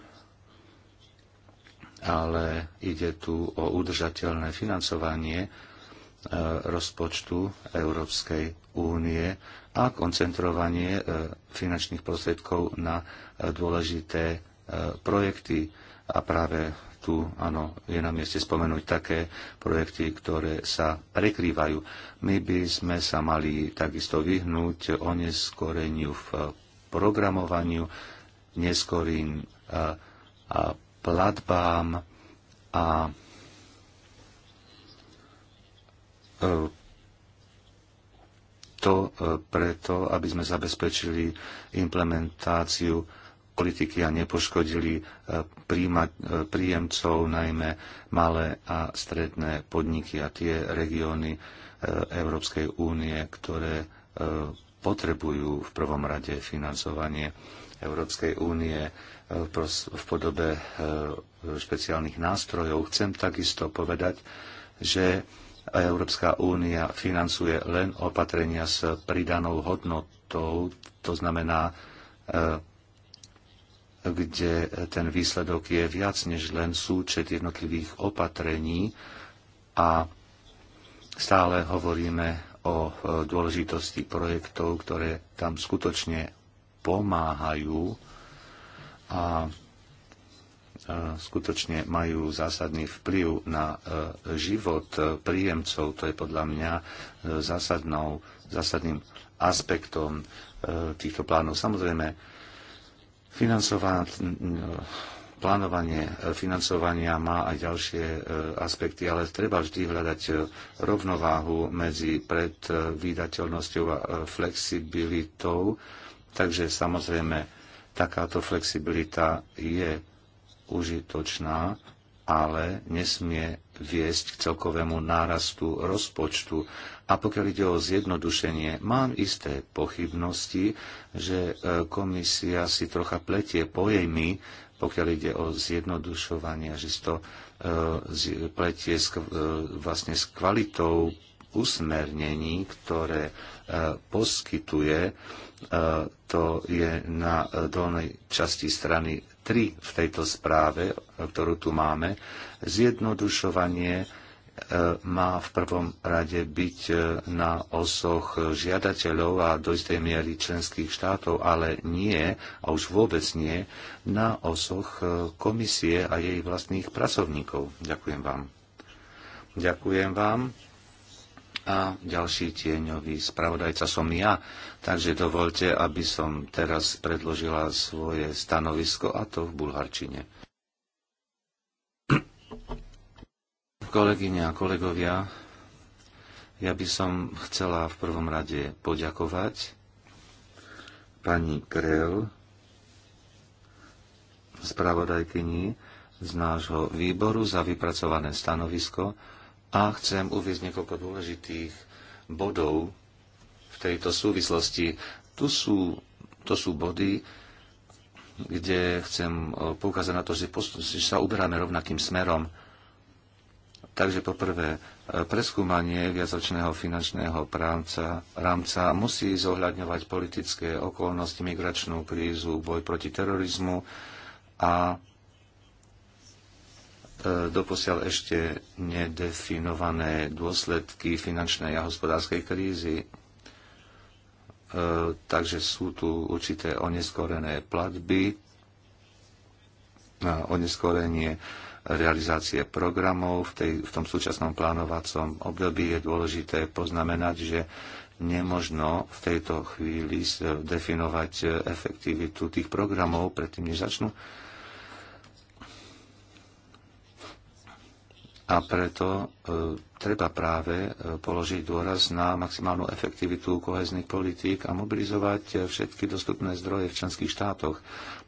ale ide tu o udržateľné financovanie E, rozpočtu Európskej únie a koncentrovanie e, finančných prostriedkov na e, dôležité projekty. A práve tu áno, je na mieste spomenúť také projekty, ktoré sa prekrývajú. My by sme sa mali takisto vyhnúť oneskoreniu v programovaniu, neskorým platbám a E, to e, preto, aby sme zabezpečili implementáciu politiky a nepoškodili e, príjemcov, najmä malé a stredné podniky a tie regióny Európskej únie, ktoré potrebujú v prvom rade financovanie Európskej únie v podobe špeciálnych nástrojov. Chcem takisto povedať, že Európska únia financuje len opatrenia s pridanou hodnotou, to znamená, e, kde ten výsledok je viac než len súčet jednotlivých opatrení a stále hovoríme o e, dôležitosti projektov, ktoré tam skutočne pomáhajú a skutočne majú zásadný vplyv na e, život e, príjemcov. To je podľa mňa e, zásadnou, zásadným aspektom týchto plánov. Samozrejme, plánovanie financovania má aj ďalšie aspekty, ale treba vždy hľadať rovnováhu medzi predvídateľnosťou a flexibilitou. Takže samozrejme, takáto flexibilita je užitočná, ale nesmie viesť k celkovému nárastu rozpočtu. A pokiaľ ide o zjednodušenie, mám isté pochybnosti, že e, komisia si trocha pletie pojmy, pokiaľ ide o zjednodušovanie, že si to e, pletie e, vlastne s kvalitou usmernení, ktoré poskytuje, to je na dolnej časti strany 3 v tejto správe, ktorú tu máme. Zjednodušovanie e, má v prvom rade byť e, na osoch žiadateľov a do istej miery členských štátov, ale nie, a už vôbec nie, na osoch e, komisie a jej vlastných pracovníkov. Ďakujem vám. Ďakujem vám a ďalší tieňový spravodajca som ja. Takže dovolte, aby som teraz predložila svoje stanovisko a to v bulharčine. Kolegyne a kolegovia, ja by som chcela v prvom rade poďakovať pani Krel, spravodajkyni z nášho výboru za vypracované stanovisko, a chcem uvieť niekoľko dôležitých bodov v tejto súvislosti. Tu sú, to sú body, kde chcem e, poukázať na to, že, sa uberáme rovnakým smerom. Takže poprvé, e, preskúmanie viacročného finančného rámca, rámca musí zohľadňovať politické okolnosti, migračnú krízu, boj proti terorizmu a E, doposiaľ ešte nedefinované dôsledky finančnej a hospodárskej krízy. E, takže sú tu určité oneskorené platby, oneskorenie realizácie programov v, tej, v tom súčasnom plánovacom období je dôležité poznamenať, že nemožno v tejto chvíli definovať efektivitu tých programov predtým, než začnú A preto e, treba práve e, položiť dôraz na maximálnu efektivitu kohezných politík a mobilizovať e, všetky dostupné zdroje v členských štátoch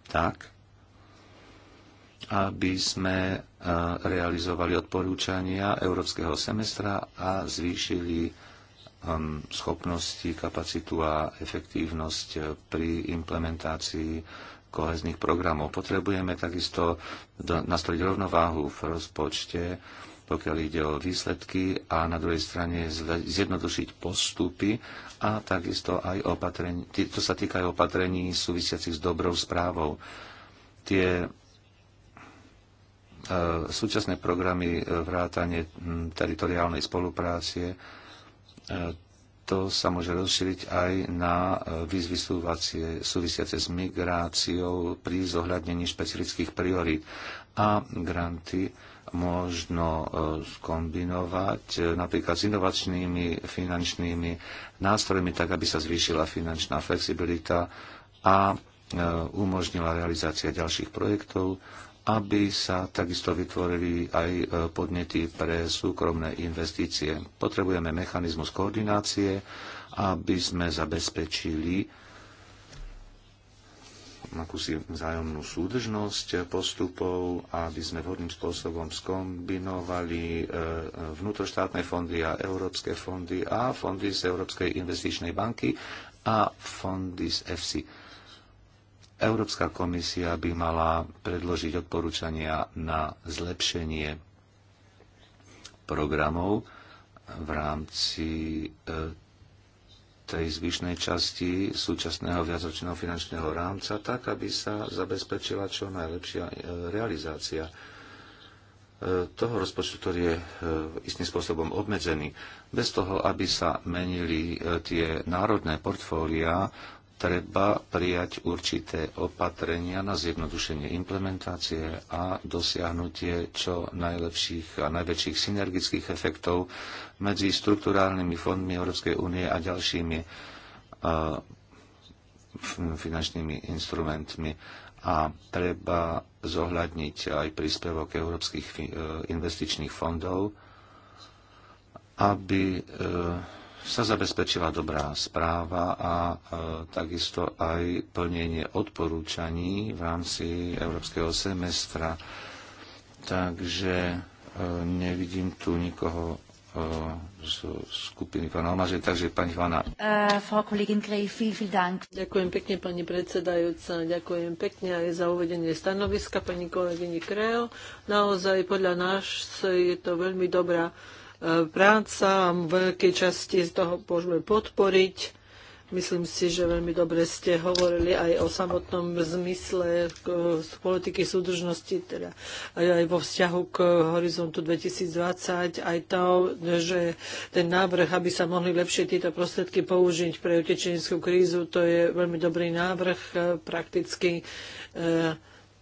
tak, aby sme e, realizovali odporúčania európskeho semestra a zvýšili schopnosti, kapacitu a efektívnosť pri implementácii kohezných programov. Potrebujeme takisto nastaviť rovnováhu v rozpočte pokiaľ ide o výsledky a na druhej strane zjednodušiť postupy a takisto aj opatrení, to sa týka aj opatrení súvisiacich s dobrou správou. Tie e, súčasné programy vrátanie teritoriálnej spolupráce, e, to sa môže rozšíriť aj na e, výzvy súvisiace s migráciou pri zohľadnení špecifických priorít a granty možno e, skombinovať e, napríklad s inovačnými finančnými nástrojmi, tak aby sa zvýšila finančná flexibilita a e, umožnila realizácia ďalších projektov, aby sa takisto vytvorili aj podnety pre súkromné investície. Potrebujeme mechanizmus koordinácie, aby sme zabezpečili akúsi vzájomnú súdržnosť postupov, aby sme vhodným spôsobom skombinovali e, vnútroštátne fondy a európske fondy a fondy z Európskej investičnej banky a fondy z EFSI. Európska komisia by mala predložiť odporúčania na zlepšenie programov v rámci e, tej zvyšnej časti súčasného viacročného finančného rámca, tak aby sa zabezpečila čo najlepšia e, realizácia e, toho rozpočtu, ktorý je e, istým spôsobom obmedzený, bez toho, aby sa menili tie národné portfólia treba prijať určité opatrenia na zjednodušenie implementácie a dosiahnutie čo najlepších a najväčších synergických efektov medzi štruktúrálnymi fondmi Európskej únie a ďalšími finančnými instrumentmi. A treba zohľadniť aj príspevok európskych e, investičných fondov, aby e, sa zabezpečila dobrá správa a e, takisto aj plnenie odporúčaní v rámci európskeho semestra. Takže e, nevidím tu nikoho e, z skupiny pána Almaže, takže pani Hvana. E, ďakujem pekne, pani predsedajúca, ďakujem pekne aj za uvedenie stanoviska pani kolegyni Kreo. Naozaj podľa nás je to veľmi dobrá práca a v veľkej časti z toho môžeme podporiť. Myslím si, že veľmi dobre ste hovorili aj o samotnom zmysle politiky súdržnosti, teda aj vo vzťahu k horizontu 2020, aj to, že ten návrh, aby sa mohli lepšie tieto prostriedky použiť pre utečeneckú krízu, to je veľmi dobrý návrh. E, prakticky e,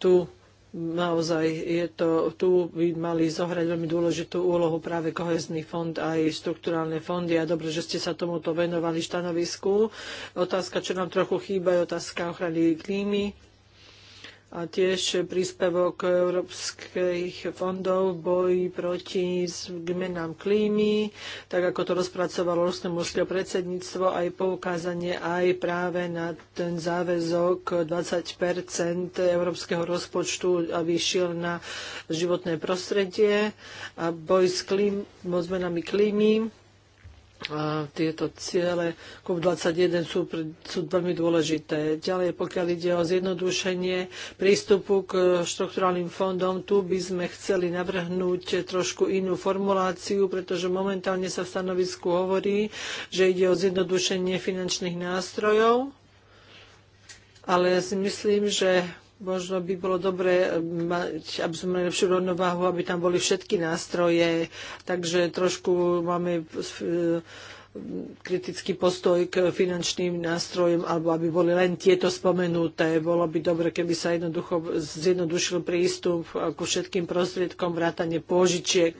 tu naozaj je to, tu by mali zohrať veľmi dôležitú úlohu práve kohezný fond aj štrukturálne fondy a dobre, že ste sa tomuto venovali stanovisku. Otázka, čo nám trochu chýba, je otázka ochrany klímy a tiež príspevok európskych fondov v boji proti zmenám klímy, tak ako to rozpracovalo Rusko-Morské predsedníctvo, aj poukázanie aj práve na ten záväzok 20 európskeho rozpočtu, aby šiel na životné prostredie a boj s klím, zmenami klímy a tieto ciele COP21 sú, sú veľmi dôležité. Ďalej, pokiaľ ide o zjednodušenie prístupu k štrukturálnym fondom, tu by sme chceli navrhnúť trošku inú formuláciu, pretože momentálne sa v stanovisku hovorí, že ide o zjednodušenie finančných nástrojov ale si myslím, že možno by bolo dobré eh, mať, aby sme mali lepšiu rovnováhu, aby tam boli všetky nástroje, takže trošku máme eh, kritický postoj k finančným nástrojom, alebo aby boli len tieto spomenuté. Bolo by dobre, keby sa jednoducho zjednodušil prístup eh, ku všetkým prostriedkom vrátane pôžičiek.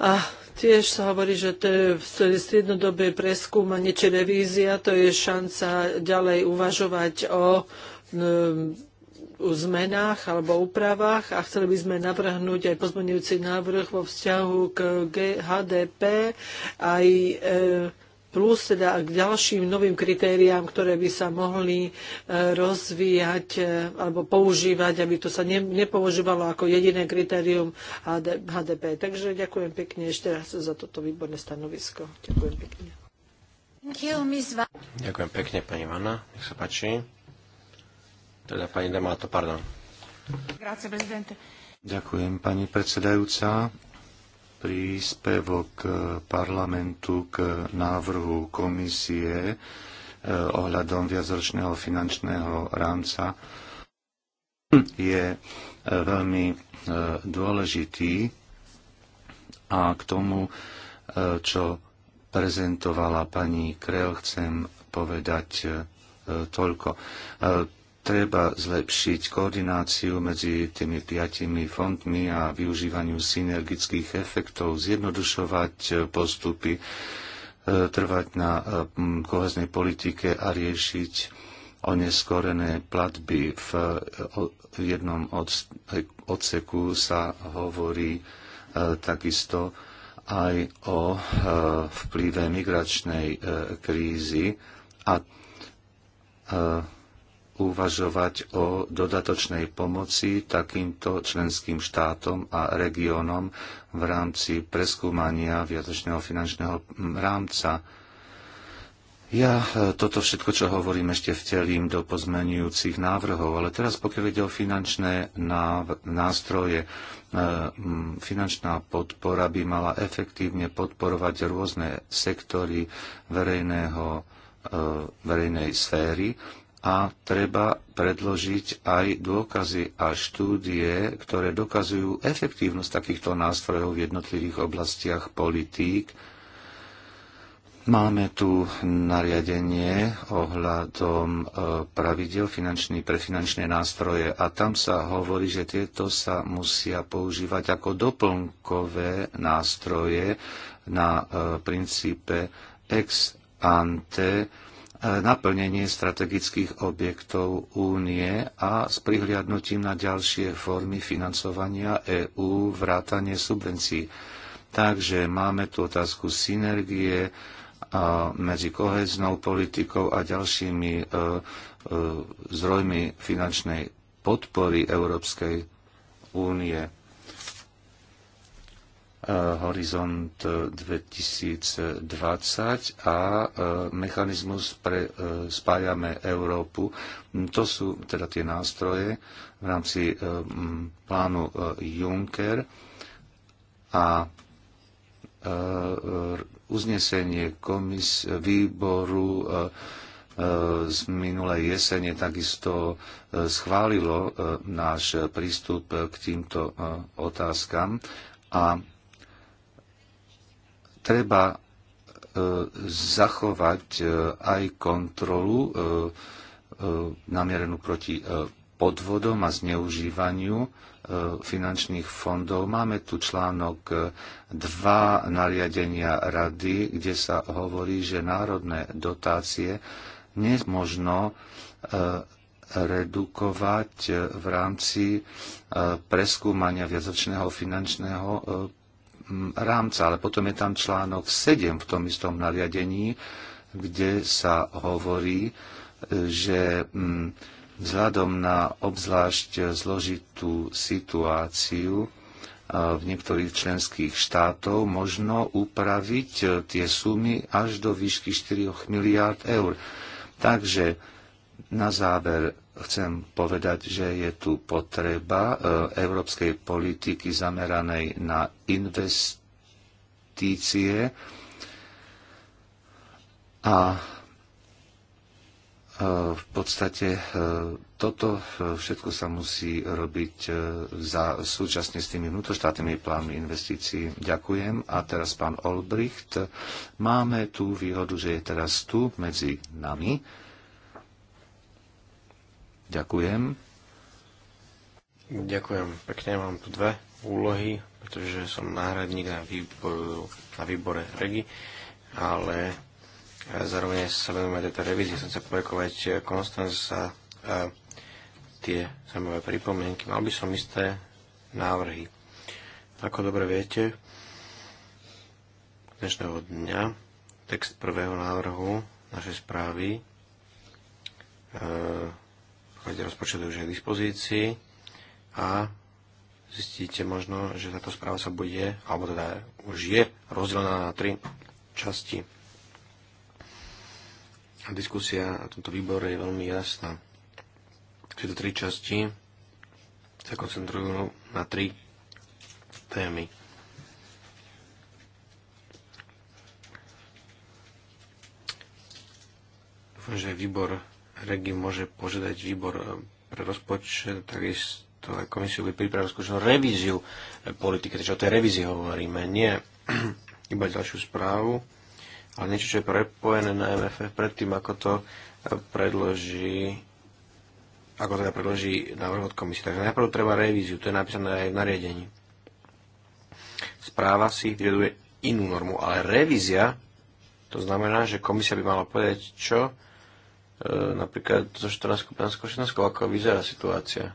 A Tiež sa hovorí, že to je strednodobé preskúmanie či revízia, to je šanca ďalej uvažovať o mm, o zmenách alebo úpravách a chceli by sme navrhnúť aj pozmenujúci návrh vo vzťahu k HDP aj e, plus teda k ďalším novým kritériám, ktoré by sa mohli e, rozvíjať e, alebo používať, aby to sa nepoužívalo ako jediné kritérium HDP. Takže ďakujem pekne ešte raz za toto výborné stanovisko. Ďakujem pekne. Ďakujem pekne, pani Vana. Nech sa páči. Teda pani Demato, pardon. Grazie, Ďakujem, pani predsedajúca príspevok parlamentu k návrhu komisie eh, ohľadom viacročného finančného rámca je eh, veľmi eh, dôležitý a k tomu, čo prezentovala pani Krel, chcem povedať toľko treba zlepšiť koordináciu medzi tými piatimi fondmi a využívaniu synergických efektov, zjednodušovať e, postupy, e, trvať na e, koheznej politike a riešiť oneskorené platby. V jednom odseku sa hovorí takisto aj o vplyve migračnej krízy a uvažovať o dodatočnej pomoci takýmto členským štátom a regiónom v rámci preskúmania viatočného finančného rámca. Ja e, toto všetko, čo hovorím, ešte vtelím do pozmenujúcich návrhov, ale teraz pokiaľ ide o finančné nástroje, e, finančná podpora by mala efektívne podporovať rôzne sektory verejného, e, verejnej sféry a treba predložiť aj dôkazy a štúdie, ktoré dokazujú efektívnosť takýchto nástrojov v jednotlivých oblastiach politík. Máme tu nariadenie ohľadom e, pravidel finančný, pre finančné nástroje a tam sa hovorí, že tieto sa musia používať ako doplnkové nástroje na e, princípe ex ante naplnenie strategických objektov únie a s prihliadnutím na ďalšie formy financovania EÚ, vrátanie subvencií. Takže máme tu otázku synergie a medzi koheznou politikou a ďalšími e, e, zdrojmi finančnej podpory Európskej únie. E, horizont 2020 a e, mechanizmus pre e, spájame Európu. To sú teda tie nástroje v rámci plánu Juncker a uznesenie komis výboru z minulej jesene takisto schválilo náš prístup k týmto otázkam a treba e, zachovať e, aj kontrolu e, namierenú proti podvodom a zneužívaniu finančných fondov. Máme tu článok 2 nariadenia rady, kde sa hovorí, že národné dotácie nemožno redukovať v rámci preskúmania viacročného finančného rámca, ale potom je tam článok 7 v tom istom nariadení, kde sa hovorí, e, že vzhľadom na obzvlášť zložitú situáciu e, v niektorých členských štátov možno upraviť e, tie sumy až do výšky 4 miliárd eur. Takže na záver chcem povedať, že je tu potreba e, európskej politiky zameranej na investície a e, v podstate e, toto všetko sa musí robiť za, súčasne s tými vnútroštátnymi plánmi investícií. Ďakujem. A teraz pán Olbricht. Máme tú výhodu, že je teraz tu medzi nami Ďakujem. Ďakujem pekne, mám tu dve úlohy, pretože som náhradník na, výboru, na výbore REGI, ale zároveň sa venujem aj tejto revízii. Chcem sa poďakovať Konstanc za e, tie zaujímavé pripomienky. Mal by som isté návrhy. Ako dobre viete, dnešného dňa text prvého návrhu našej správy e, máte rozpočet už je k dispozícii a zistíte možno, že táto správa sa bude, alebo teda už je rozdelená na tri časti. A diskusia na tomto výbore je veľmi jasná. Tieto tri časti sa koncentrujú na tri témy. Dúfam, že výbor regi môže požiadať výbor eh, pre rozpočet, takisto aj komisiu by pripravil skutočnú revíziu eh, politiky, takže o tej revízii hovoríme, nie iba ďalšiu správu, ale niečo, čo je prepojené na MFF predtým, ako to eh, predloží ako teda predloží návrh od komisie. Takže najprv treba revíziu, to je napísané aj v nariadení. Správa si vyžaduje inú normu, ale revízia, to znamená, že komisia by mala povedať, čo E, napríklad zo 14, 15, 16, ako vyzerá situácia.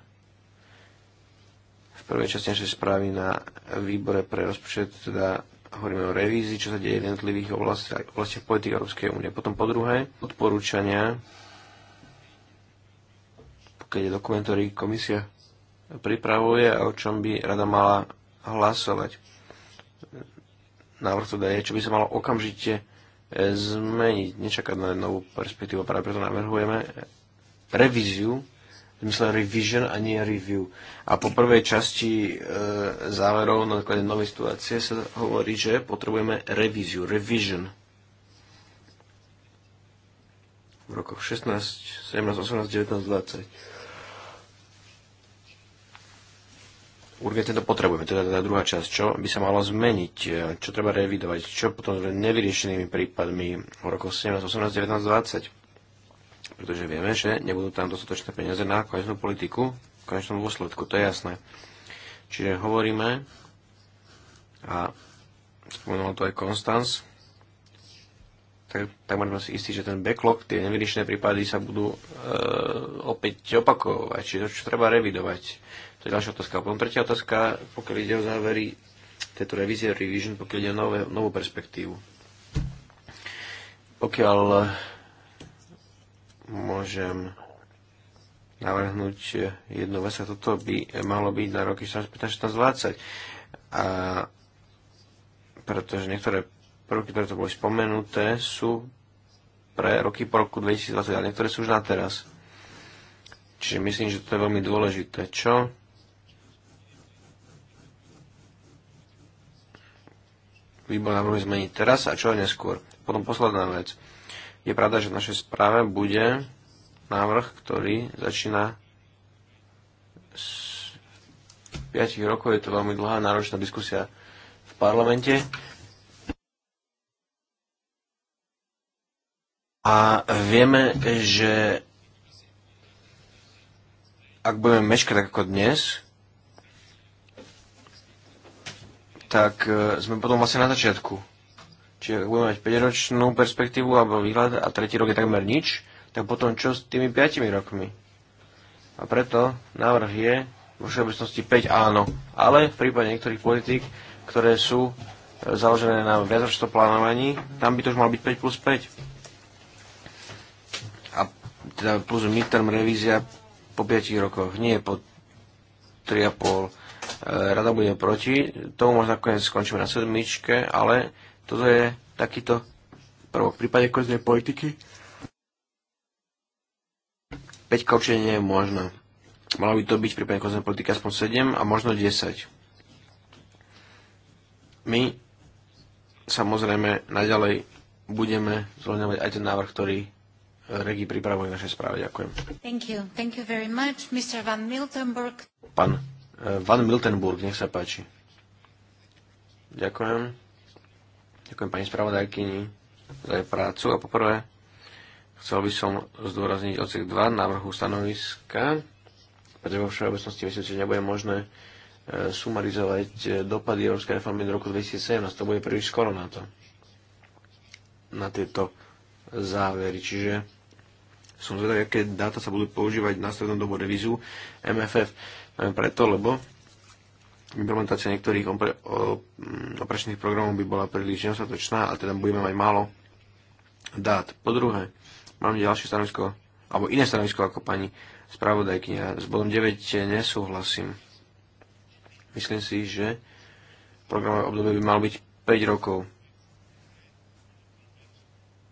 V prvej časti našej správy na výbore pre rozpočet teda hovoríme o revízii, čo sa deje v jednotlivých oblastiach, oblastiach politik Európskej únie. Potom po druhé, odporúčania, pokiaľ je dokument, ktorý komisia pripravuje a o čom by rada mala hlasovať. Návrh teda je, čo by sa malo okamžite zmeniť, nečakať na novú perspektívu. Práve preto navrhujeme revíziu, v zmysle revision a nie review. A po prvej časti e, záverov na základe novej situácie sa hovorí, že potrebujeme revíziu, revision. V rokoch 16, 17, 18, 19, 20. urgentne to potrebujeme. Teda tá druhá časť, čo by sa malo zmeniť, e, čo treba revidovať, čo potom s nevyriešenými prípadmi v rokoch 17, 18, 19, 20. Pretože vieme, že nebudú tam dostatočné peniaze na konečnú politiku v konečnom dôsledku, to je jasné. Čiže hovoríme, a spomenul to aj Konstanz, tak, tak môžeme si istí, že ten backlog, tie nevyriešené prípady sa budú e, opäť opakovať, čiže to, čo treba revidovať. To je ďalšia otázka. A potom tretia otázka, pokiaľ ide o závery tejto revízie Revision, pokiaľ ide o nové, novú perspektívu. Pokiaľ môžem navrhnúť jednu vec, a toto by malo byť na roky 2020 A pretože niektoré prvky, ktoré to boli spomenuté, sú pre roky po roku 2020, a niektoré sú už na teraz. Čiže myslím, že to je veľmi dôležité. Čo by bol navrhnutý zmeniť teraz a čo neskôr. Potom posledná vec. Je pravda, že v našej správe bude návrh, ktorý začína s 5 rokov. Je to veľmi dlhá, náročná diskusia v parlamente. A vieme, že ak budeme meškať tak ako dnes, tak e, sme potom vlastne na začiatku. Čiže ak budeme mať 5-ročnú perspektívu alebo výhľad a tretí rok je takmer nič, tak potom čo s tými 5 rokmi? A preto návrh je vo všeobecnosti 5 áno, ale v prípade niektorých politík, ktoré sú e, založené na viacročnom plánovaní, tam by to už mal byť 5 plus 5. A teda plus midterm revízia po 5 rokoch, nie po 3,5 rada bude proti, tomu možno nakoniec skončíme na sedmičke, ale toto je takýto prvok. V prípade koznej politiky Peťka určite nie je možná. Malo by to byť v prípade koznej politiky aspoň 7 a možno 10. My samozrejme naďalej budeme zvoľňovať aj ten návrh, ktorý eh, Regi pripravuje naše správy Ďakujem. Thank you. Thank you very much, Mr. Van Miltenburg. Pán Van Miltenburg, nech sa páči. Ďakujem. Ďakujem pani spravodajkyni za jej prácu. A poprvé, chcel by som zdôrazniť odsek 2 návrhu stanoviska, pretože vo všeobecnosti myslím, že nebude možné e, sumarizovať e, dopady európskej reformy do roku 2017. To bude príliš skoro na to. Na tieto závery. Čiže som zvedavý, aké dáta sa budú používať v následnom dobu revizu MFF Najmä preto, lebo implementácia niektorých opre, mm, operačných programov by bola príliš nedostatočná a teda budeme mať málo dát. Po druhé, mám ďalšie stanovisko, alebo iné stanovisko ako pani spravodajkynia. S bodom 9 nesúhlasím. Myslím si, že programové obdobie by malo byť 5 rokov.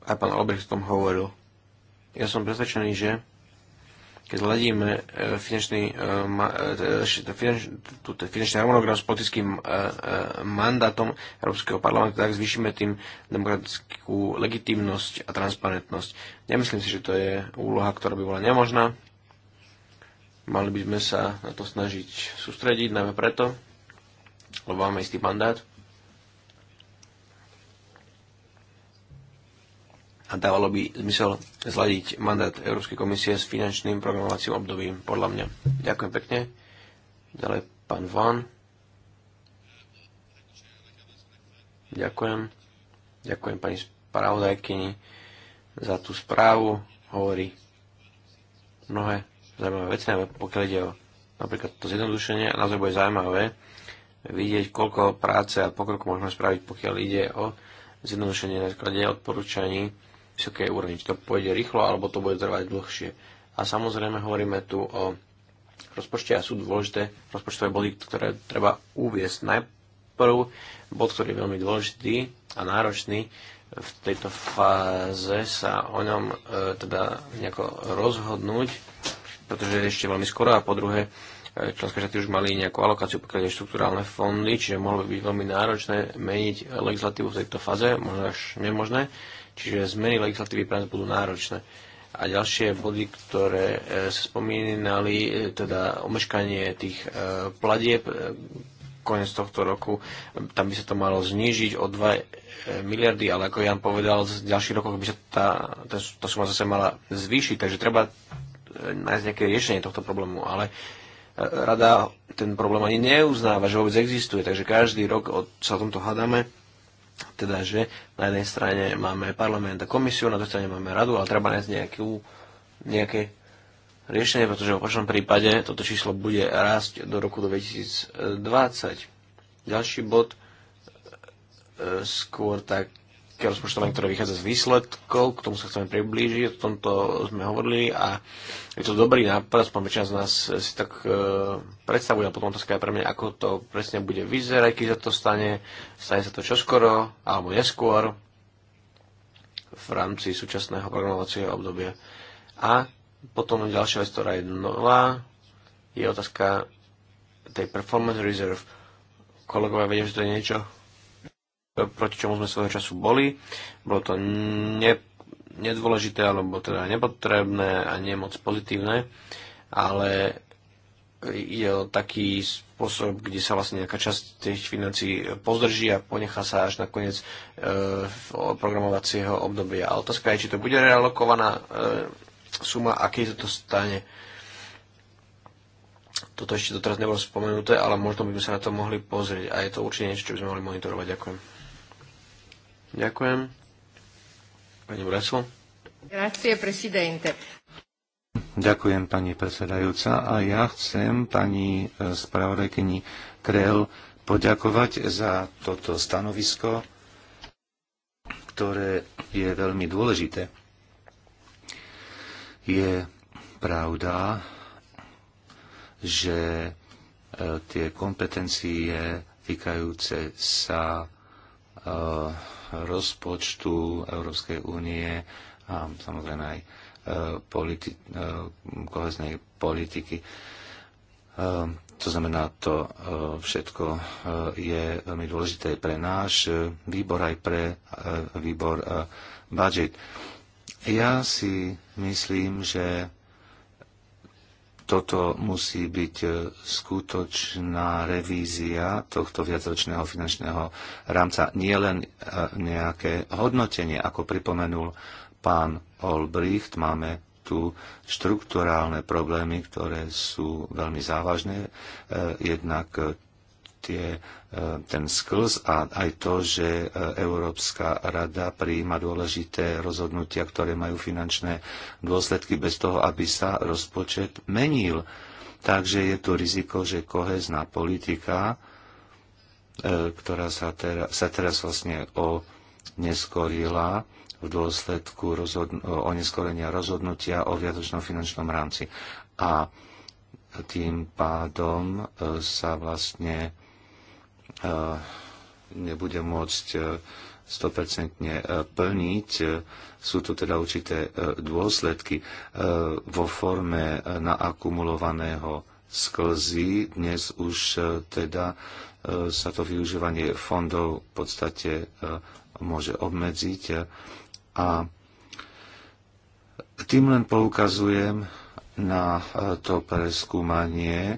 Aj pán Albrecht o tom hovoril. Ja som presvedčený, že keď hľadíme finančný, finančný harmonogram s politickým e, e, mandátom Európskeho parlamentu, tak zvýšime tým demokratickú legitimnosť a transparentnosť. Nemyslím si, že to je úloha, ktorá by bola nemožná. Mali by sme sa na to snažiť sústrediť, najmä preto, lebo máme istý mandát. a dávalo by zmysel zladiť mandát Európskej komisie s finančným programovacím obdobím, podľa mňa. Ďakujem pekne. Ďalej pán Van. Ďakujem. Ďakujem pani spravodajkyni za tú správu. Hovorí mnohé zaujímavé veci, pokiaľ ide o napríklad to zjednodušenie a naozaj bude zaujímavé vidieť, koľko práce a pokroku môžeme spraviť, pokiaľ ide o zjednodušenie na základe odporúčaní vysokej úrovni. Či to pôjde rýchlo, alebo to bude trvať dlhšie. A samozrejme hovoríme tu o rozpočte a sú dôležité rozpočtové body, ktoré treba uviesť. Najprv bod, ktorý je veľmi dôležitý a náročný, v tejto fáze sa o ňom e, teda nejako rozhodnúť, pretože je ešte veľmi skoro a po druhé e, členské štáty už mali nejakú alokáciu, pokiaľ je štruktúrálne fondy, čiže mohlo by byť veľmi náročné meniť legislatívu v tejto fáze, možno až nemožné. Čiže zmeny legislatívy pre nás budú náročné. A ďalšie body, ktoré e, sa spomínali, e, teda omeškanie tých e, platieb, koniec tohto roku, tam by sa to malo znížiť o 2 miliardy, ale ako Jan povedal, v ďalších rokoch by sa tá, tá suma zase mala zvýšiť, takže treba nájsť nejaké riešenie tohto problému, ale rada ten problém ani neuznáva, že vôbec existuje, takže každý rok od, sa o tomto hádame teda, že na jednej strane máme parlament a komisiu, na druhej strane máme radu, ale treba nájsť nejakú, nejaké riešenie, pretože v opačnom prípade toto číslo bude rásť do roku 2020. Ďalší bod, e, skôr tak politike rozpočtovanie, ktoré vychádza z výsledkov, k tomu sa chceme priblížiť, o tomto sme hovorili a je to dobrý nápad, aspoň väčšina z nás si tak e, predstavuje a potom otázka je pre mňa, ako to presne bude vyzerať, keď sa to stane, stane sa to čoskoro alebo neskôr v rámci súčasného programovacieho obdobia. A potom ďalšia vec, ktorá je nová, je otázka tej performance reserve. Kolegovia vedia, že to je niečo, proti čomu sme svojho času boli. Bolo to ne, nedôležité, alebo teda nepotrebné a nemoc pozitívne, ale je o taký spôsob, kde sa vlastne nejaká časť tých financí pozdrží a ponechá sa až na koniec e, programovacieho obdobia. A otázka je, či to bude realokovaná e, suma a keď sa to stane. Toto ešte doteraz nebolo spomenuté, ale možno by sme sa na to mohli pozrieť a je to určite niečo, čo by sme mohli monitorovať. Ďakujem. Ďakujem. Pani Bracel. Grazie, presidente. Ďakujem, pani predsedajúca. A ja chcem pani e, spravodajkyni Krell poďakovať za toto stanovisko, ktoré je veľmi dôležité. Je pravda, že e, tie kompetencie týkajúce sa e, rozpočtu Európskej únie a samozrejme aj e, politi- e, koheznej politiky. E, to znamená, to všetko je veľmi dôležité pre náš výbor aj pre výbor budget. Ja si myslím, že toto musí byť e, skutočná revízia tohto viacročného finančného rámca, nie len e, nejaké hodnotenie, ako pripomenul pán Olbricht, máme tu štrukturálne problémy, ktoré sú veľmi závažné. E, jednak tie, e, ten sklz a aj to, že e, Európska rada prijíma dôležité rozhodnutia, ktoré majú finančné dôsledky bez toho, aby sa rozpočet menil. Takže je tu riziko, že kohezná politika, e, ktorá sa teraz, sa teraz vlastne oneskorila, v dôsledku rozhodn- oneskorenia rozhodnutia o viatočnom finančnom rámci. A tým pádom sa vlastne nebude môcť 100% e, e, plniť. E, sú tu teda určité dôsledky vo forme naakumulovaného sklzy. Dnes už teda sa to využívanie fondov v podstate môže obmedziť a tým len poukazujem na to preskúmanie,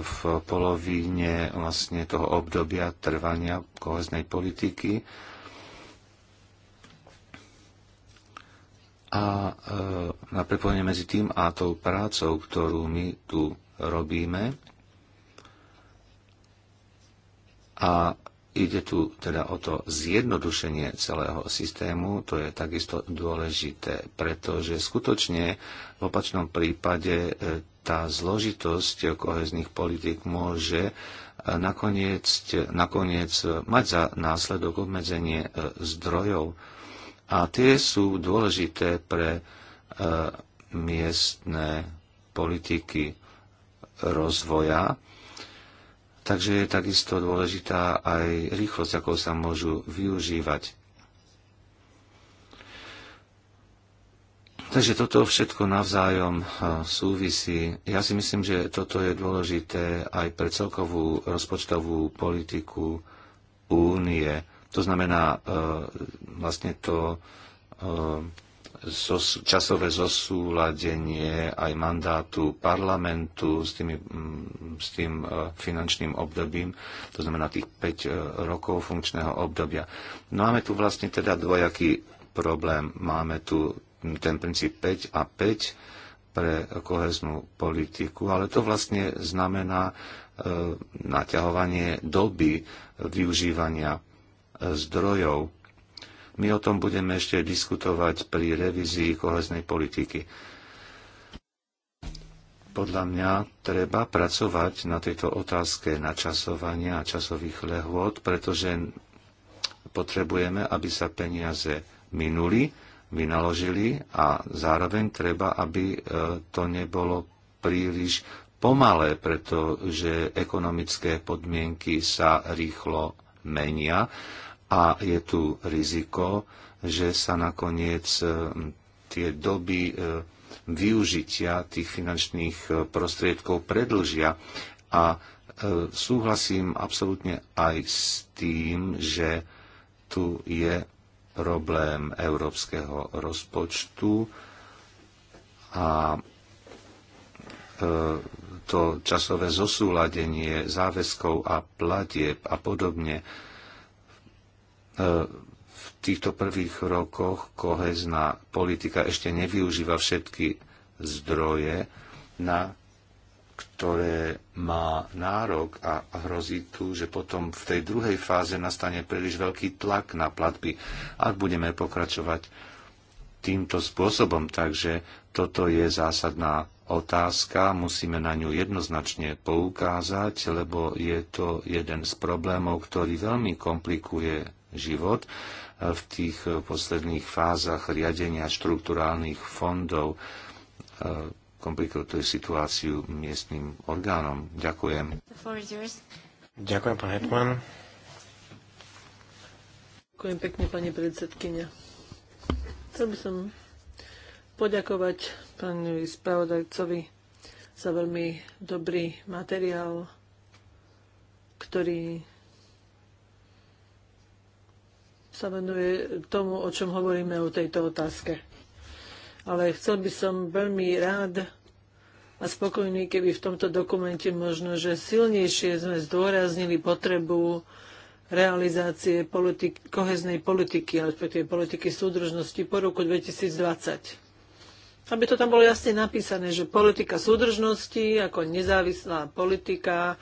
v polovine vlastne toho obdobia trvania koheznej politiky. A e, na prepojenie medzi tým a tou prácou, ktorú my tu robíme, a ide tu teda o to zjednodušenie celého systému, to je takisto dôležité, pretože skutočne v opačnom prípade e, tá zložitosť kohezných politik môže eh, nakoniec, nakoniec eh, mať za následok obmedzenie eh, zdrojov. A tie sú dôležité pre miestne politiky rozvoja. Takže je takisto dôležitá aj rýchlosť, ako sa môžu využívať Takže toto všetko navzájom e, súvisí. Ja si myslím, že toto je dôležité aj pre celkovú rozpočtovú politiku únie. To znamená e, vlastne to e, časové zosúladenie aj mandátu parlamentu s, tými, s tým finančným obdobím, to znamená tých 5 rokov funkčného obdobia. No máme tu vlastne teda dvojaký problém. Máme tu ten princíp 5 a 5 pre koheznú politiku, ale to vlastne znamená e, naťahovanie doby využívania e, zdrojov. My o tom budeme ešte diskutovať pri revízii koheznej politiky. Podľa mňa treba pracovať na tejto otázke načasovania a časových lehôd, pretože potrebujeme, aby sa peniaze minuli vynaložili a zároveň treba, aby e, to nebolo príliš pomalé, pretože ekonomické podmienky sa rýchlo menia a je tu riziko, že sa nakoniec e, tie doby e, využitia tých finančných prostriedkov predlžia. A súhlasím absolútne aj s tým, že tu je problém európskeho rozpočtu a e, to časové zosúladenie záväzkov a platieb a podobne. E, v týchto prvých rokoch kohezná politika ešte nevyužíva všetky zdroje na ktoré má nárok a hrozí tu, že potom v tej druhej fáze nastane príliš veľký tlak na platby, ak budeme pokračovať týmto spôsobom. Takže toto je zásadná otázka, musíme na ňu jednoznačne poukázať, lebo je to jeden z problémov, ktorý veľmi komplikuje život e, v tých posledných fázach riadenia štruktúrálnych fondov e, komplikuje situáciu miestnym orgánom. Ďakujem. Ďakujem, pán Hetman. Ďakujem pekne, pani predsedkynia. Chcel by som poďakovať pánovi spravodajcovi za veľmi dobrý materiál, ktorý sa venuje tomu, o čom hovoríme o tejto otázke. Ale chcel by som veľmi rád a spokojní, keby v tomto dokumente možno, že silnejšie sme zdôraznili potrebu realizácie politik, koheznej politiky, respektíve politiky súdržnosti po roku 2020. Aby to tam bolo jasne napísané, že politika súdržnosti ako nezávislá politika,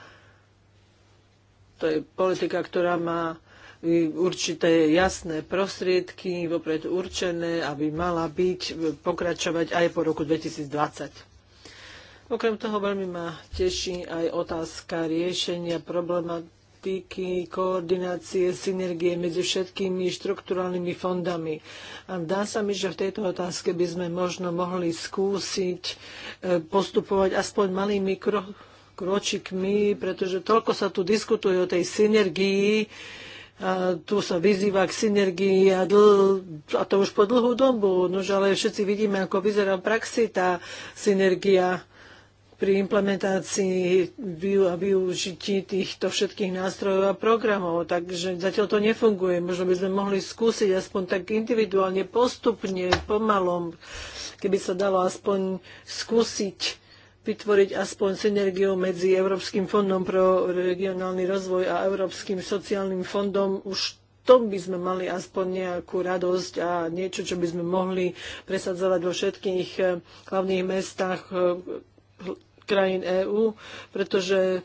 to je politika, ktorá má určité jasné prostriedky vopred určené, aby mala byť, pokračovať aj po roku 2020. Okrem toho veľmi ma teší aj otázka riešenia problematiky koordinácie, synergie medzi všetkými štrukturálnymi fondami. A dá sa mi, že v tejto otázke by sme možno mohli skúsiť e, postupovať aspoň malými kro- kročikmi, pretože toľko sa tu diskutuje o tej synergii, a tu sa vyzýva k synergii a, dl, a to už po dlhú dobu. Nož ale všetci vidíme, ako vyzerá v praxi tá synergia pri implementácii a využití týchto všetkých nástrojov a programov. Takže zatiaľ to nefunguje. Možno by sme mohli skúsiť aspoň tak individuálne, postupne, pomalom, keby sa dalo aspoň skúsiť vytvoriť aspoň synergiu medzi Európskym fondom pro regionálny rozvoj a Európskym sociálnym fondom. Už to by sme mali aspoň nejakú radosť a niečo, čo by sme mohli presadzovať vo všetkých eh, hlavných mestách eh, krajín EÚ, pretože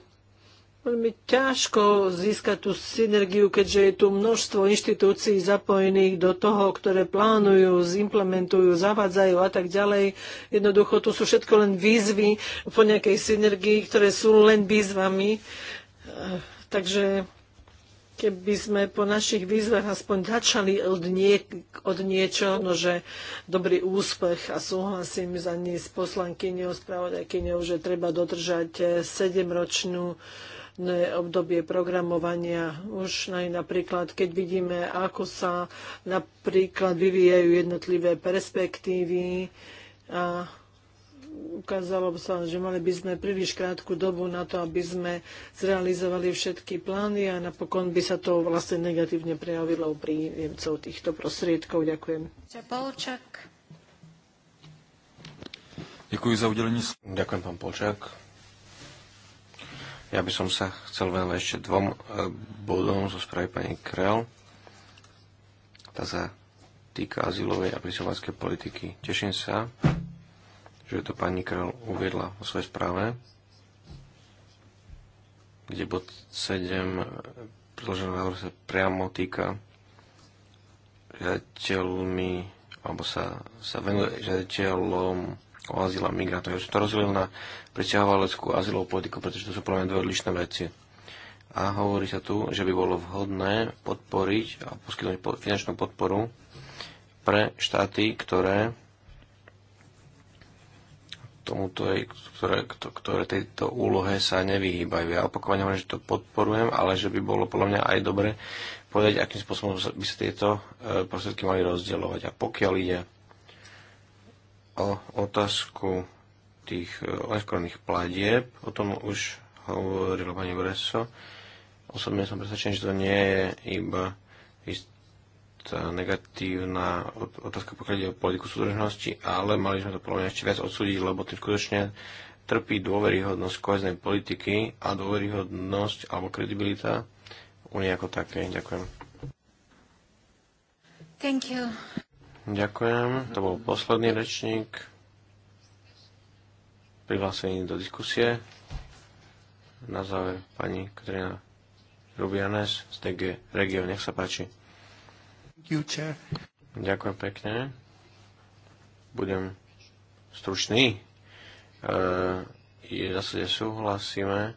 veľmi ťažko získať tú synergiu, keďže je tu množstvo inštitúcií zapojených do toho, ktoré plánujú, zimplementujú, zavádzajú a tak ďalej. Jednoducho tu sú všetko len výzvy po nejakej synergii, ktoré sú len výzvami. Eh, takže keby sme po našich výzvach aspoň začali od, nie, od niečo, no že dobrý úspech a súhlasím za ní s poslankyňou, spravodajkyňou, že treba dodržať eh, sedemročnú obdobie programovania. Už aj napríklad, keď vidíme, ako sa napríklad vyvíjajú jednotlivé perspektívy a ukázalo sa, že mali by sme príliš krátku dobu na to, aby sme zrealizovali všetky plány a napokon by sa to vlastne negatívne prejavilo u príjemcov týchto prostriedkov. Ďakujem. Polčak. Ďakujem za udelenie. Ďakujem, pán Polčák. Ja by som sa chcel venovať ešte dvom e, bodom zo správy pani Krel. Tá sa týka azylovej a prisťovateľskej politiky. Teším sa, že to pani Král uviedla vo svojej správe, kde bod 7 predloženého návrhu sa priamo týka žiadateľmi alebo sa, sa venuje žiadateľom o azyl a migrátov. Ja som to rozdelil na priťahovaleckú azylovú politiku, pretože to sú podľa mňa dve odlišné veci. A hovorí sa tu, že by bolo vhodné podporiť a poskytnúť finančnú podporu pre štáty, ktoré tomuto, ktoré, ktoré tejto úlohe sa nevyhýbajú. Ja opakovane hovorím, že to podporujem, ale že by bolo podľa mňa aj dobre povedať, akým spôsobom by sa tieto e, prostriedky mali rozdielovať. A pokiaľ ide o otázku tých e, oneskorných pladieb, o tom už hovorila pani Breso, osobne som presvedčený, že to nie je iba ist- tá negatívna otázka pokiaľ ide o politiku súdržnosti, ale mali sme to podľa ešte viac odsúdiť, lebo tým skutočne trpí dôveryhodnosť koheznej politiky a dôveryhodnosť alebo kredibilita u ako také. Ďakujem. Thank you. Ďakujem. To bol posledný rečník prihlásený do diskusie. Na záver pani Katrina Rubianes z DG Regio. Nech sa páči. Ďakujem pekne. Budem stručný. E, zase súhlasíme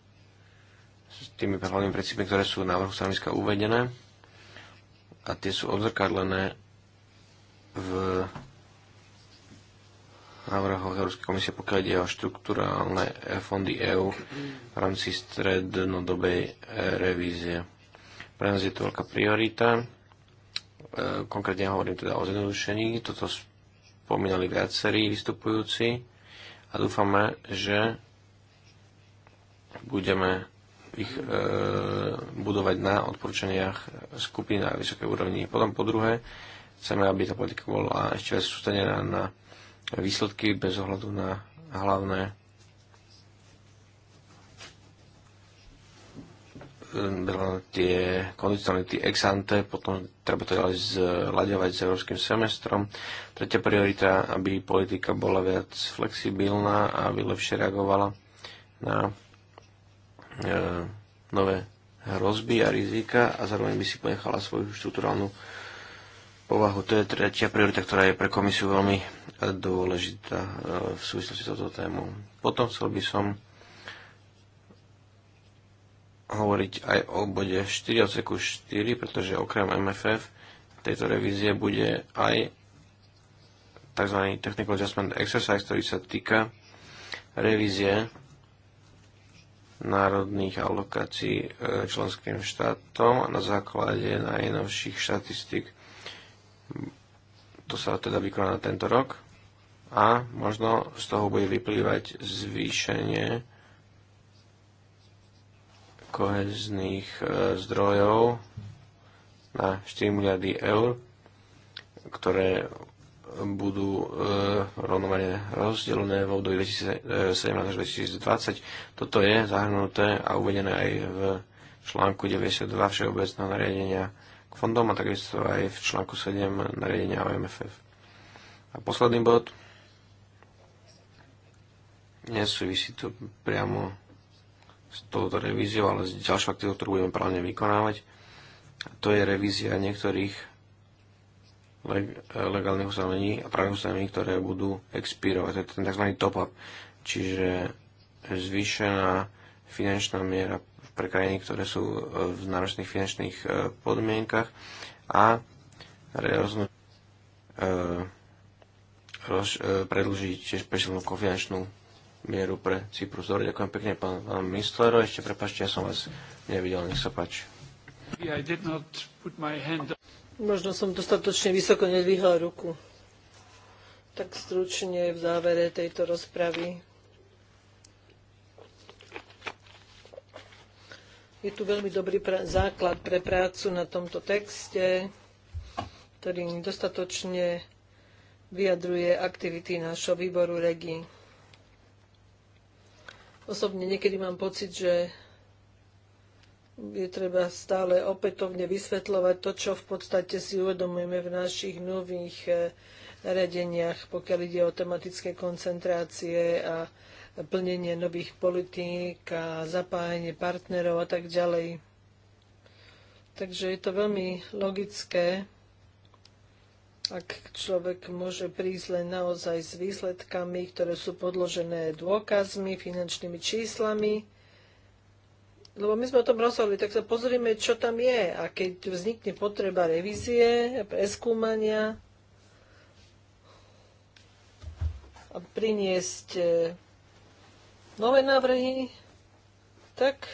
s tými hlavnými princípmi, ktoré sú v návrhu stanoviska uvedené a tie sú odzrkadlené v návrhoch Európskej komisie, pokiaľ ide o štruktúrálne fondy EÚ v rámci strednodobej revízie. Pre nás je to veľká priorita E, konkrétne hovorím teda o zjednodušení, toto spomínali viacerí vystupujúci a dúfame, že budeme ich e, budovať na odporúčaniach skupín na vysokej úrovni. Potom po druhé, chceme, aby tá politika bola ešte viac sústredená na výsledky bez ohľadu na hlavné tie kondicionality ex ante, potom treba to ďalej zľaďovať s európskym semestrom. Tretia priorita, aby politika bola viac flexibilná a aby lepšie reagovala na e, nové hrozby a rizika a zároveň by si ponechala svoju štruktúrálnu povahu. To je tretia priorita, ktorá je pre komisiu veľmi dôležitá e, v súvislosti s touto témou. Potom chcel by som hovoriť aj o bode 4 odseku 4, pretože okrem MFF tejto revízie bude aj tzv. Technical Adjustment Exercise, ktorý sa týka revízie národných alokácií e, členským štátom a na základe najnovších štatistik. To sa teda vykoná tento rok a možno z toho bude vyplývať zvýšenie kohezných e, zdrojov na 4 miliardy eur, ktoré budú e, rovnomerne rozdelené v období 2017 až 2020. Toto je zahrnuté a uvedené aj v článku 92 Všeobecného nariadenia k fondom a takisto aj v článku 7 nariadenia o MFF. A posledný bod nesúvisí to priamo s touto revíziou, ale ďalšou aktivitou, ktorú budeme právne vykonávať, to je revízia niektorých leg- legálnych ustanovení a právnych ustanovení, ktoré budú expirovať. To je ten tzv. top-up, čiže zvýšená finančná miera pre krajiny, ktoré sú v náročných finančných e, podmienkach a rozhodnúť e, roz, e, predlžiť tiež pešilnú kofinančnú mieru pre Cyprus. Dobre, ďakujem pekne, pán, pán Mistlero. Ešte prepašte, ja som vás nevidel, nech sa páči. Možno som dostatočne vysoko nedvihla ruku. Tak stručne v závere tejto rozpravy. Je tu veľmi dobrý základ pre prácu na tomto texte, ktorý dostatočne vyjadruje aktivity nášho výboru regii. Osobne niekedy mám pocit, že je treba stále opätovne vysvetľovať to, čo v podstate si uvedomujeme v našich nových nariadeniach, eh, pokiaľ ide o tematické koncentrácie a plnenie nových politík a zapájanie partnerov a tak ďalej. Takže je to veľmi logické, ak človek môže prísť len naozaj s výsledkami, ktoré sú podložené dôkazmi, finančnými číslami. Lebo my sme o tom rozhodli, tak sa pozrieme, čo tam je. A keď vznikne potreba revízie, preskúmania a priniesť eh, nové návrhy, tak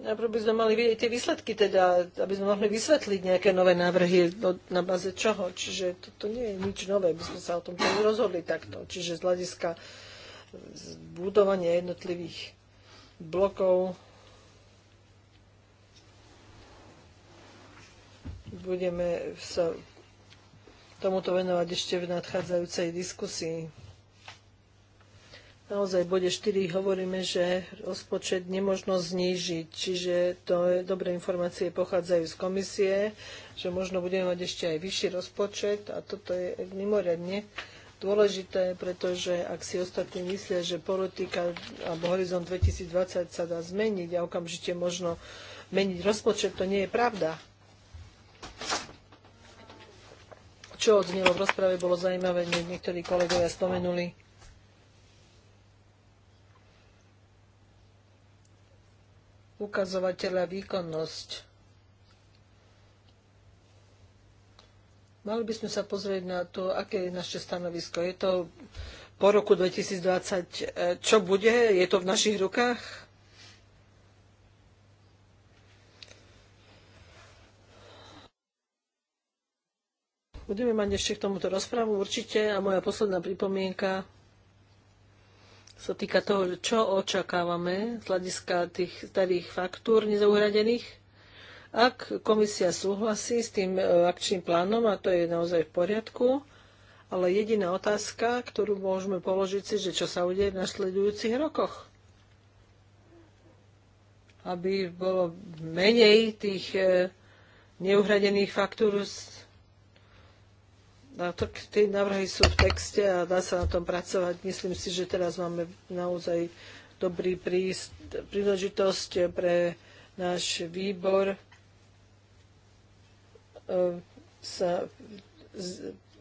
Najprv by sme mali vidieť tie výsledky, teda, aby sme mohli vysvetliť nejaké nové návrhy, do, no, na baze čoho. Čiže toto nie je nič nové, by sme sa o tom rozhodli takto. Čiže z hľadiska budovania jednotlivých blokov budeme sa tomuto venovať ešte v nadchádzajúcej diskusii naozaj v bode 4 hovoríme, že rozpočet nemožno znížiť, čiže to je, dobré informácie pochádzajú z komisie, že možno budeme mať ešte aj vyšší rozpočet a toto je mimoriadne dôležité, pretože ak si ostatní myslia, že politika alebo horizont 2020 sa dá zmeniť a okamžite možno meniť rozpočet, to nie je pravda. Čo odznelo v rozprave, bolo zaujímavé, niektorí kolegovia spomenuli ukazovateľa výkonnosť. Mali by sme sa pozrieť na to, aké je naše stanovisko. Je to po roku 2020, e, čo bude? Je to v našich rukách? Budeme mať ešte k tomuto rozprávu určite a moja posledná pripomienka sa týka toho, čo očakávame z hľadiska tých starých faktúr nezauhradených. Ak komisia súhlasí s tým e, akčným plánom, a to je naozaj v poriadku, ale jediná otázka, ktorú môžeme položiť si, že čo sa udeje v nasledujúcich rokoch. Aby bolo menej tých e, neuhradených faktúr tie návrhy sú v texte a dá sa na tom pracovať. Myslím si, že teraz máme naozaj dobrý príst, príležitosť pre náš výbor e, sa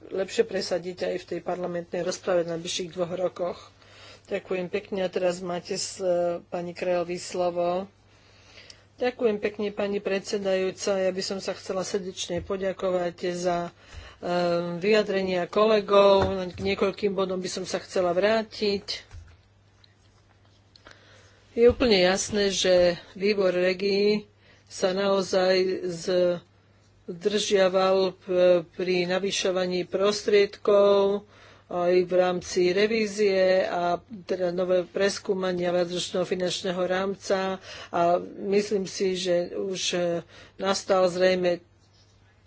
lepšie presadiť aj v tej parlamentnej rozprave na bližších dvoch rokoch. Ďakujem pekne a teraz máte s e, pani Krajový slovo. Ďakujem pekne, pani predsedajúca. Ja by som sa chcela srdečne poďakovať za Ehm, vyjadrenia kolegov. K niekoľkým bodom by som sa chcela vrátiť. Je úplne jasné, že výbor regií sa naozaj zdržiaval pri navyšovaní prostriedkov aj v rámci revízie a teda nové preskúmania viacročného finančného rámca a myslím si, že už e, nastal zrejme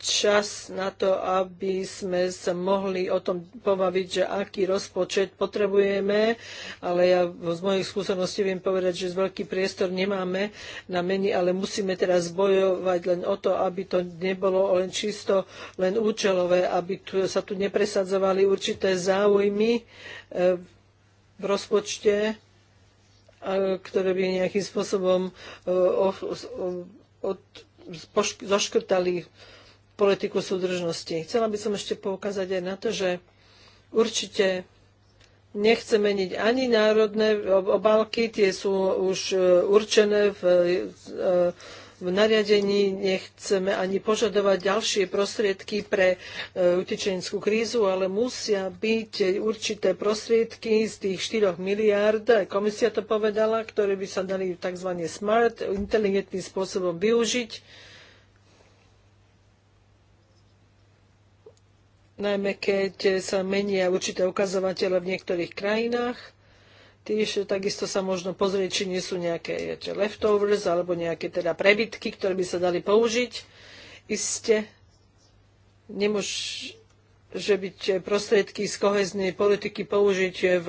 čas na to, aby sme sa mohli o tom pobaviť, že aký rozpočet potrebujeme, ale ja z mojich skúseností viem povedať, že veľký priestor nemáme na meni, ale musíme teraz bojovať len o to, aby to nebolo len čisto len účelové, aby tu, sa tu nepresadzovali určité záujmy e, v rozpočte, ktoré by nejakým spôsobom e, od, od, od, zaškrtali politiku súdržnosti. Chcela by som ešte poukázať aj na to, že určite nechce meniť ani národné obálky, tie sú už e, určené v, e, v nariadení, nechceme ani požadovať ďalšie prostriedky pre e, utečenskú krízu, ale musia byť určité prostriedky z tých 4 miliárd, komisia to povedala, ktoré by sa dali tzv. smart, inteligentným spôsobom využiť najmä keď sa menia určité ukazovatele v niektorých krajinách. Tiež takisto sa možno pozrieť, či nie sú nejaké leftovers alebo nejaké teda prebytky, ktoré by sa dali použiť. Isté nemôže že byť prostriedky z koheznej politiky použiť v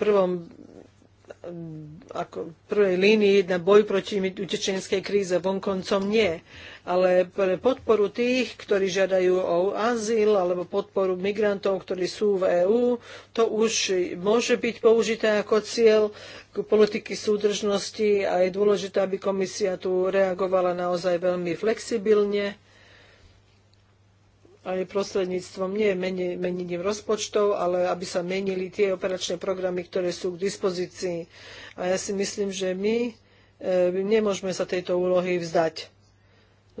prvom ako prvej línii na boj proti utečenskej kríze, vonkoncom nie. Ale pre podporu tých, ktorí žiadajú o azyl alebo podporu migrantov, ktorí sú v EÚ, to už môže byť použité ako cieľ politiky súdržnosti a je dôležité, aby komisia tu reagovala naozaj veľmi flexibilne aj prostredníctvom nie menej, menením rozpočtov, ale aby sa menili tie operačné programy, ktoré sú k dispozícii. A ja si myslím, že my e, nemôžeme sa tejto úlohy vzdať.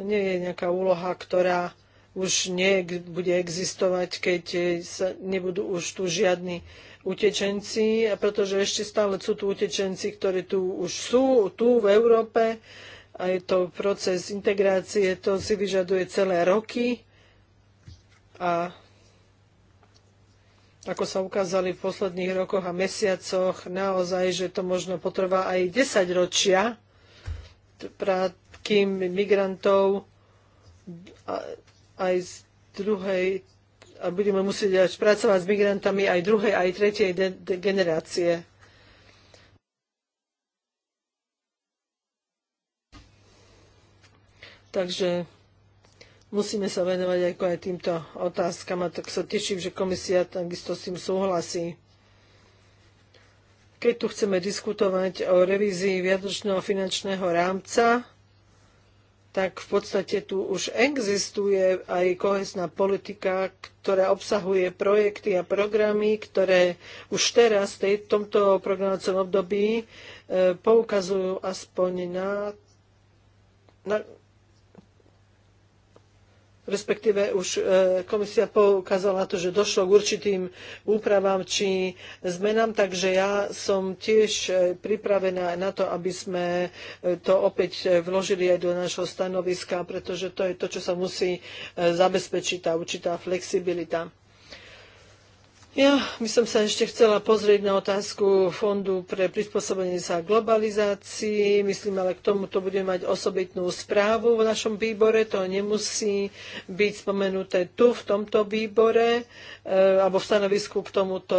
To nie je nejaká úloha, ktorá už nie bude existovať, keď e, sa nebudú už tu žiadni utečenci, a pretože ešte stále sú tu utečenci, ktorí tu už sú, tu v Európe, a je to proces integrácie, to si vyžaduje celé roky a ako sa ukázali v posledných rokoch a mesiacoch, naozaj, že to možno potrvá aj 10 ročia, kým migrantov aj z druhej a budeme musieť až pracovať s migrantami aj druhej, aj tretej de- de- generácie. Takže musíme sa venovať aj týmto otázkam a tak sa teším, že komisia takisto s tým súhlasí. Keď tu chceme diskutovať o revízii viadočného finančného rámca, tak v podstate tu už existuje aj kohesná politika, ktorá obsahuje projekty a programy, ktoré už teraz v tomto programovacom období e, poukazujú aspoň na, na respektíve už e, komisia poukázala na to, že došlo k určitým úpravám či zmenám, takže ja som tiež e, pripravená na to, aby sme e, to opäť vložili aj do nášho stanoviska, pretože to je to, čo sa musí zabezpečiť, tá určitá flexibilita. Ja by som sa ešte chcela pozrieť na otázku Fondu pre prispôsobenie sa globalizácii. Myslím, ale k tomuto budeme mať osobitnú správu v našom výbore. To nemusí byť spomenuté tu, v tomto výbore, e, alebo v stanovisku k tomuto,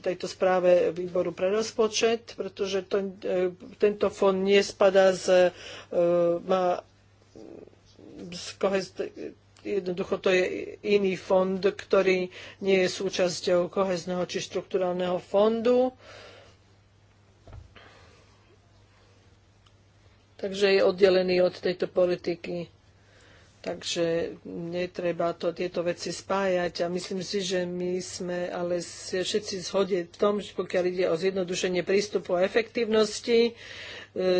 e, tejto správe výboru pre rozpočet, pretože to, e, tento fond nespada z, má, z kohest, Jednoducho to je iný fond, ktorý nie je súčasťou kohezného či štruktúrálneho fondu. Takže je oddelený od tejto politiky. Takže netreba to, tieto veci spájať a myslím si, že my sme ale všetci zhode v tom, že pokiaľ ide o zjednodušenie prístupu a efektívnosti, e,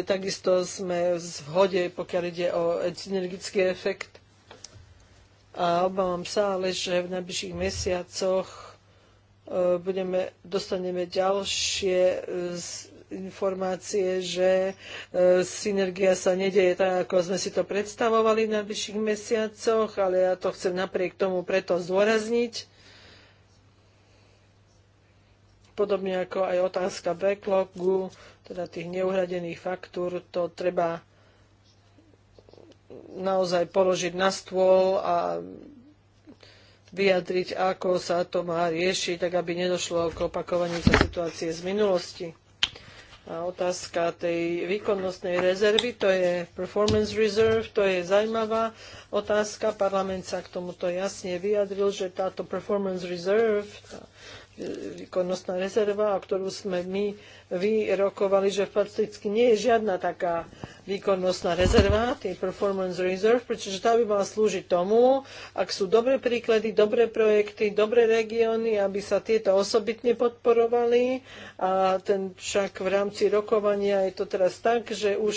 takisto sme v zhode, pokiaľ ide o synergický efekt a obávam sa ale, že v najbližších mesiacoch e, budeme, dostaneme ďalšie e, informácie, že e, synergia sa nedeje tak, ako sme si to predstavovali v najbližších mesiacoch, ale ja to chcem napriek tomu preto zdôrazniť. Podobne ako aj otázka backlogu, teda tých neuhradených faktúr, to treba naozaj položiť na stôl a vyjadriť, ako sa to má riešiť, tak aby nedošlo k opakovaniu sa situácie z minulosti. A otázka tej výkonnostnej rezervy, to je performance reserve, to je zaujímavá otázka. Parlament sa k tomuto jasne vyjadril, že táto performance reserve, tá výkonnostná rezerva, o ktorú sme my vyrokovali, že fakticky nie je žiadna taká výkonnostná rezerva, tej performance reserve, pretože tá by mala slúžiť tomu, ak sú dobré príklady, dobré projekty, dobré regióny, aby sa tieto osobitne podporovali. A ten však v rámci rokovania je to teraz tak, že už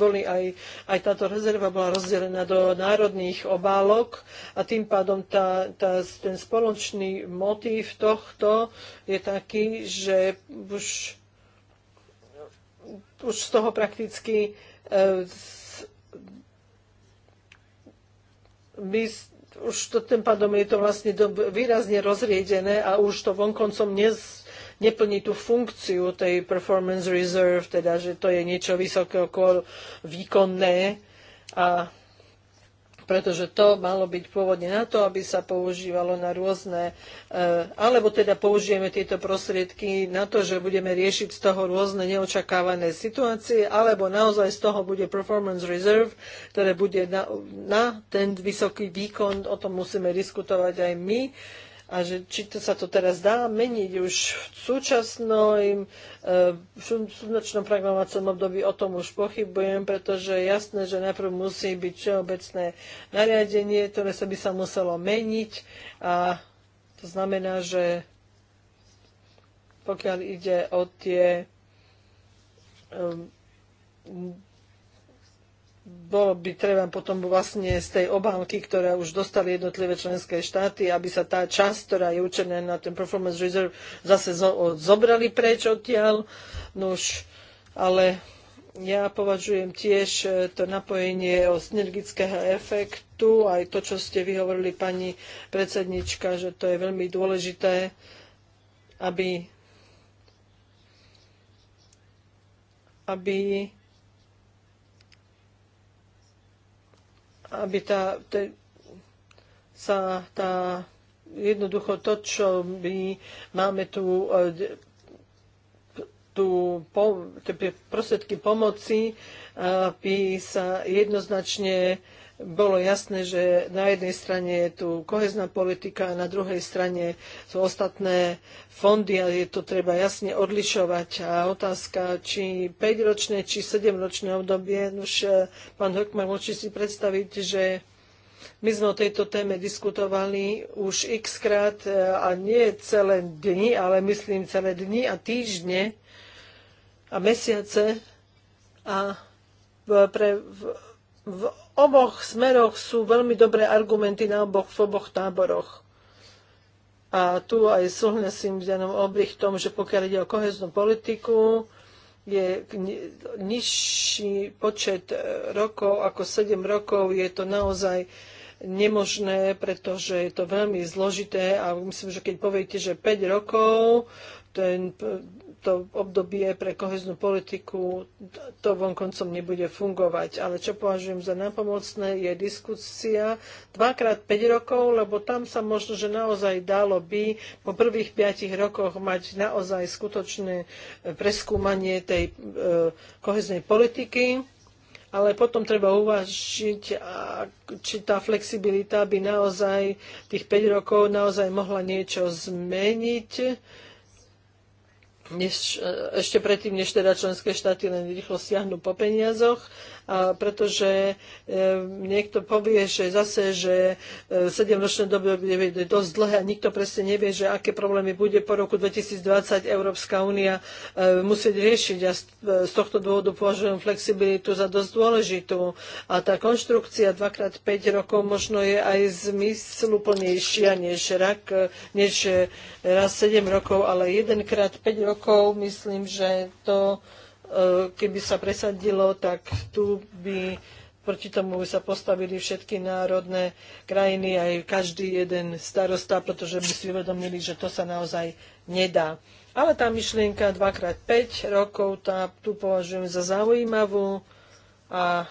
boli aj, aj táto rezerva bola rozdelená do národných obálok a tým pádom tá, tá, ten spoločný motív tohto je taký, že už už z toho prakticky by e, už to, tým pádom je to vlastne do, výrazne rozriedené a už to vonkoncom nez, neplní tú funkciu tej performance reserve, teda že to je niečo okolo výkonné a pretože to malo byť pôvodne na to, aby sa používalo na rôzne, eh, alebo teda použijeme tieto prostriedky na to, že budeme riešiť z toho rôzne neočakávané situácie, alebo naozaj z toho bude performance reserve, ktoré bude na, na ten vysoký výkon, o tom musíme diskutovať aj my a že či to sa to teraz dá meniť už v súčasnom, eh, súčasnom programovacom období, o tom už pochybujem, pretože je jasné, že najprv musí byť všeobecné nariadenie, ktoré sa by sa muselo meniť a to znamená, že pokiaľ ide o tie eh, bolo by treba potom vlastne z tej obálky, ktorá už dostali jednotlivé členské štáty, aby sa tá časť, ktorá je určená na ten performance reserve, zase zo, zobrali preč odtiaľ. Nuž, ale ja považujem tiež e, to napojenie o synergického efektu, aj to, čo ste vyhovorili pani predsednička, že to je veľmi dôležité, aby aby aby tá, te, sa tá jednoducho to, čo my máme tu e, tu po, prostriedky pomoci, aby sa jednoznačne bolo jasné, že na jednej strane je tu kohezná politika a na druhej strane sú ostatné fondy a je to treba jasne odlišovať. A otázka, či 5-ročné, či 7-ročné obdobie, no už eh, pán Hökmar môže si predstaviť, že my sme o tejto téme diskutovali už x krát eh, a nie celé dni, ale myslím celé dni a týždne a mesiace a pre, v, v oboch smeroch sú veľmi dobré argumenty na oboch, v oboch táboroch. A tu aj súhlasím s Janom Obrichtom, že pokiaľ ide o koheznú politiku, je nižší počet e, rokov ako 7 rokov, je to naozaj nemožné, pretože je to veľmi zložité a myslím, že keď poviete, že 5 rokov, ten to obdobie pre koheznú politiku to vonkoncom nebude fungovať. Ale čo považujem za napomocné je diskusia dvakrát 5 rokov, lebo tam sa možno, že naozaj dalo by po prvých 5 rokoch mať naozaj skutočné e, preskúmanie tej e, koheznej politiky ale potom treba uvažiť, či tá flexibilita by naozaj tých 5 rokov naozaj mohla niečo zmeniť než, e, ešte predtým, než teda členské štáty len rýchlo siahnu po peniazoch pretože e, niekto povie, že zase, že e, sedemročné doby bude dosť dlhé a nikto presne nevie, že aké problémy bude po roku 2020 Európska únia e, musieť riešiť a z tohto dôvodu považujem flexibilitu za dosť dôležitú a tá konštrukcia 2x5 rokov možno je aj zmysluplnejšia než, rak, než raz 7 rokov, ale 1x5 rokov myslím, že to E, keby sa presadilo, tak tu by proti tomu sa postavili všetky národné krajiny, aj každý jeden starosta, pretože by si uvedomili, že to sa naozaj nedá. Ale tá myšlienka 2x5 rokov, tá tu považujem za zaujímavú a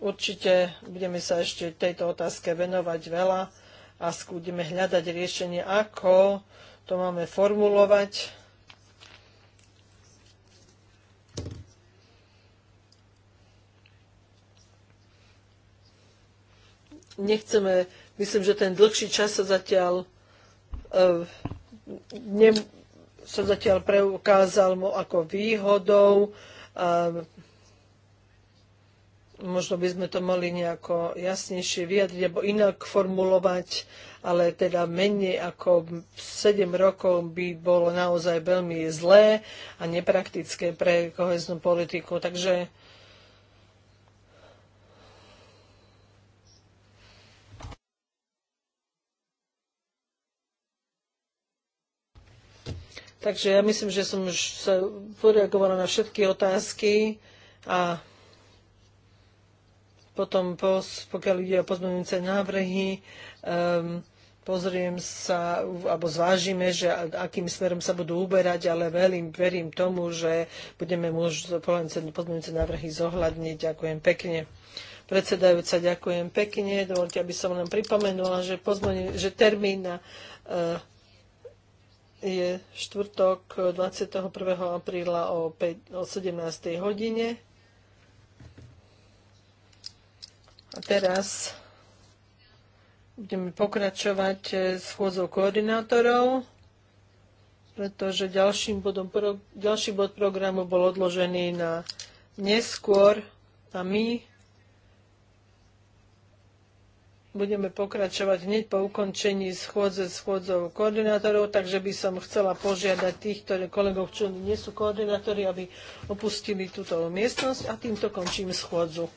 určite budeme sa ešte tejto otázke venovať veľa a skúdime hľadať riešenie, ako to máme formulovať nechceme, myslím, že ten dlhší čas sa zatiaľ eh, ne, sa zatiaľ preukázal mu ako výhodou. Uh, možno by sme to mohli nejako jasnejšie vyjadriť alebo inak formulovať, ale teda menej ako 7 rokov by bolo naozaj veľmi zlé a nepraktické pre koheznú politiku. Takže Takže ja myslím, že som už sa poreagovala na všetky otázky a potom, pokiaľ ide o pozmeňujúce návrhy, um, pozriem sa, alebo zvážime, že akým smerom sa budú uberať, ale verím, verím tomu, že budeme môcť pozmeňujúce návrhy zohľadniť. Ďakujem pekne. Predsedajúca, ďakujem pekne. Dovolte, aby som len pripomenula, že, že termín na uh, je štvrtok 21. apríla o, 5, o 17. hodine. A teraz budeme pokračovať eh, s chôdzou koordinátorov, pretože ďalším bodom, ďalší bod programu bol odložený na neskôr a my Budeme pokračovať hneď po ukončení schôdze schôdzov koordinátorov, takže by som chcela požiadať tých ktorí kolegov, čo nie sú koordinátori, aby opustili túto miestnosť a týmto končím schôdzu.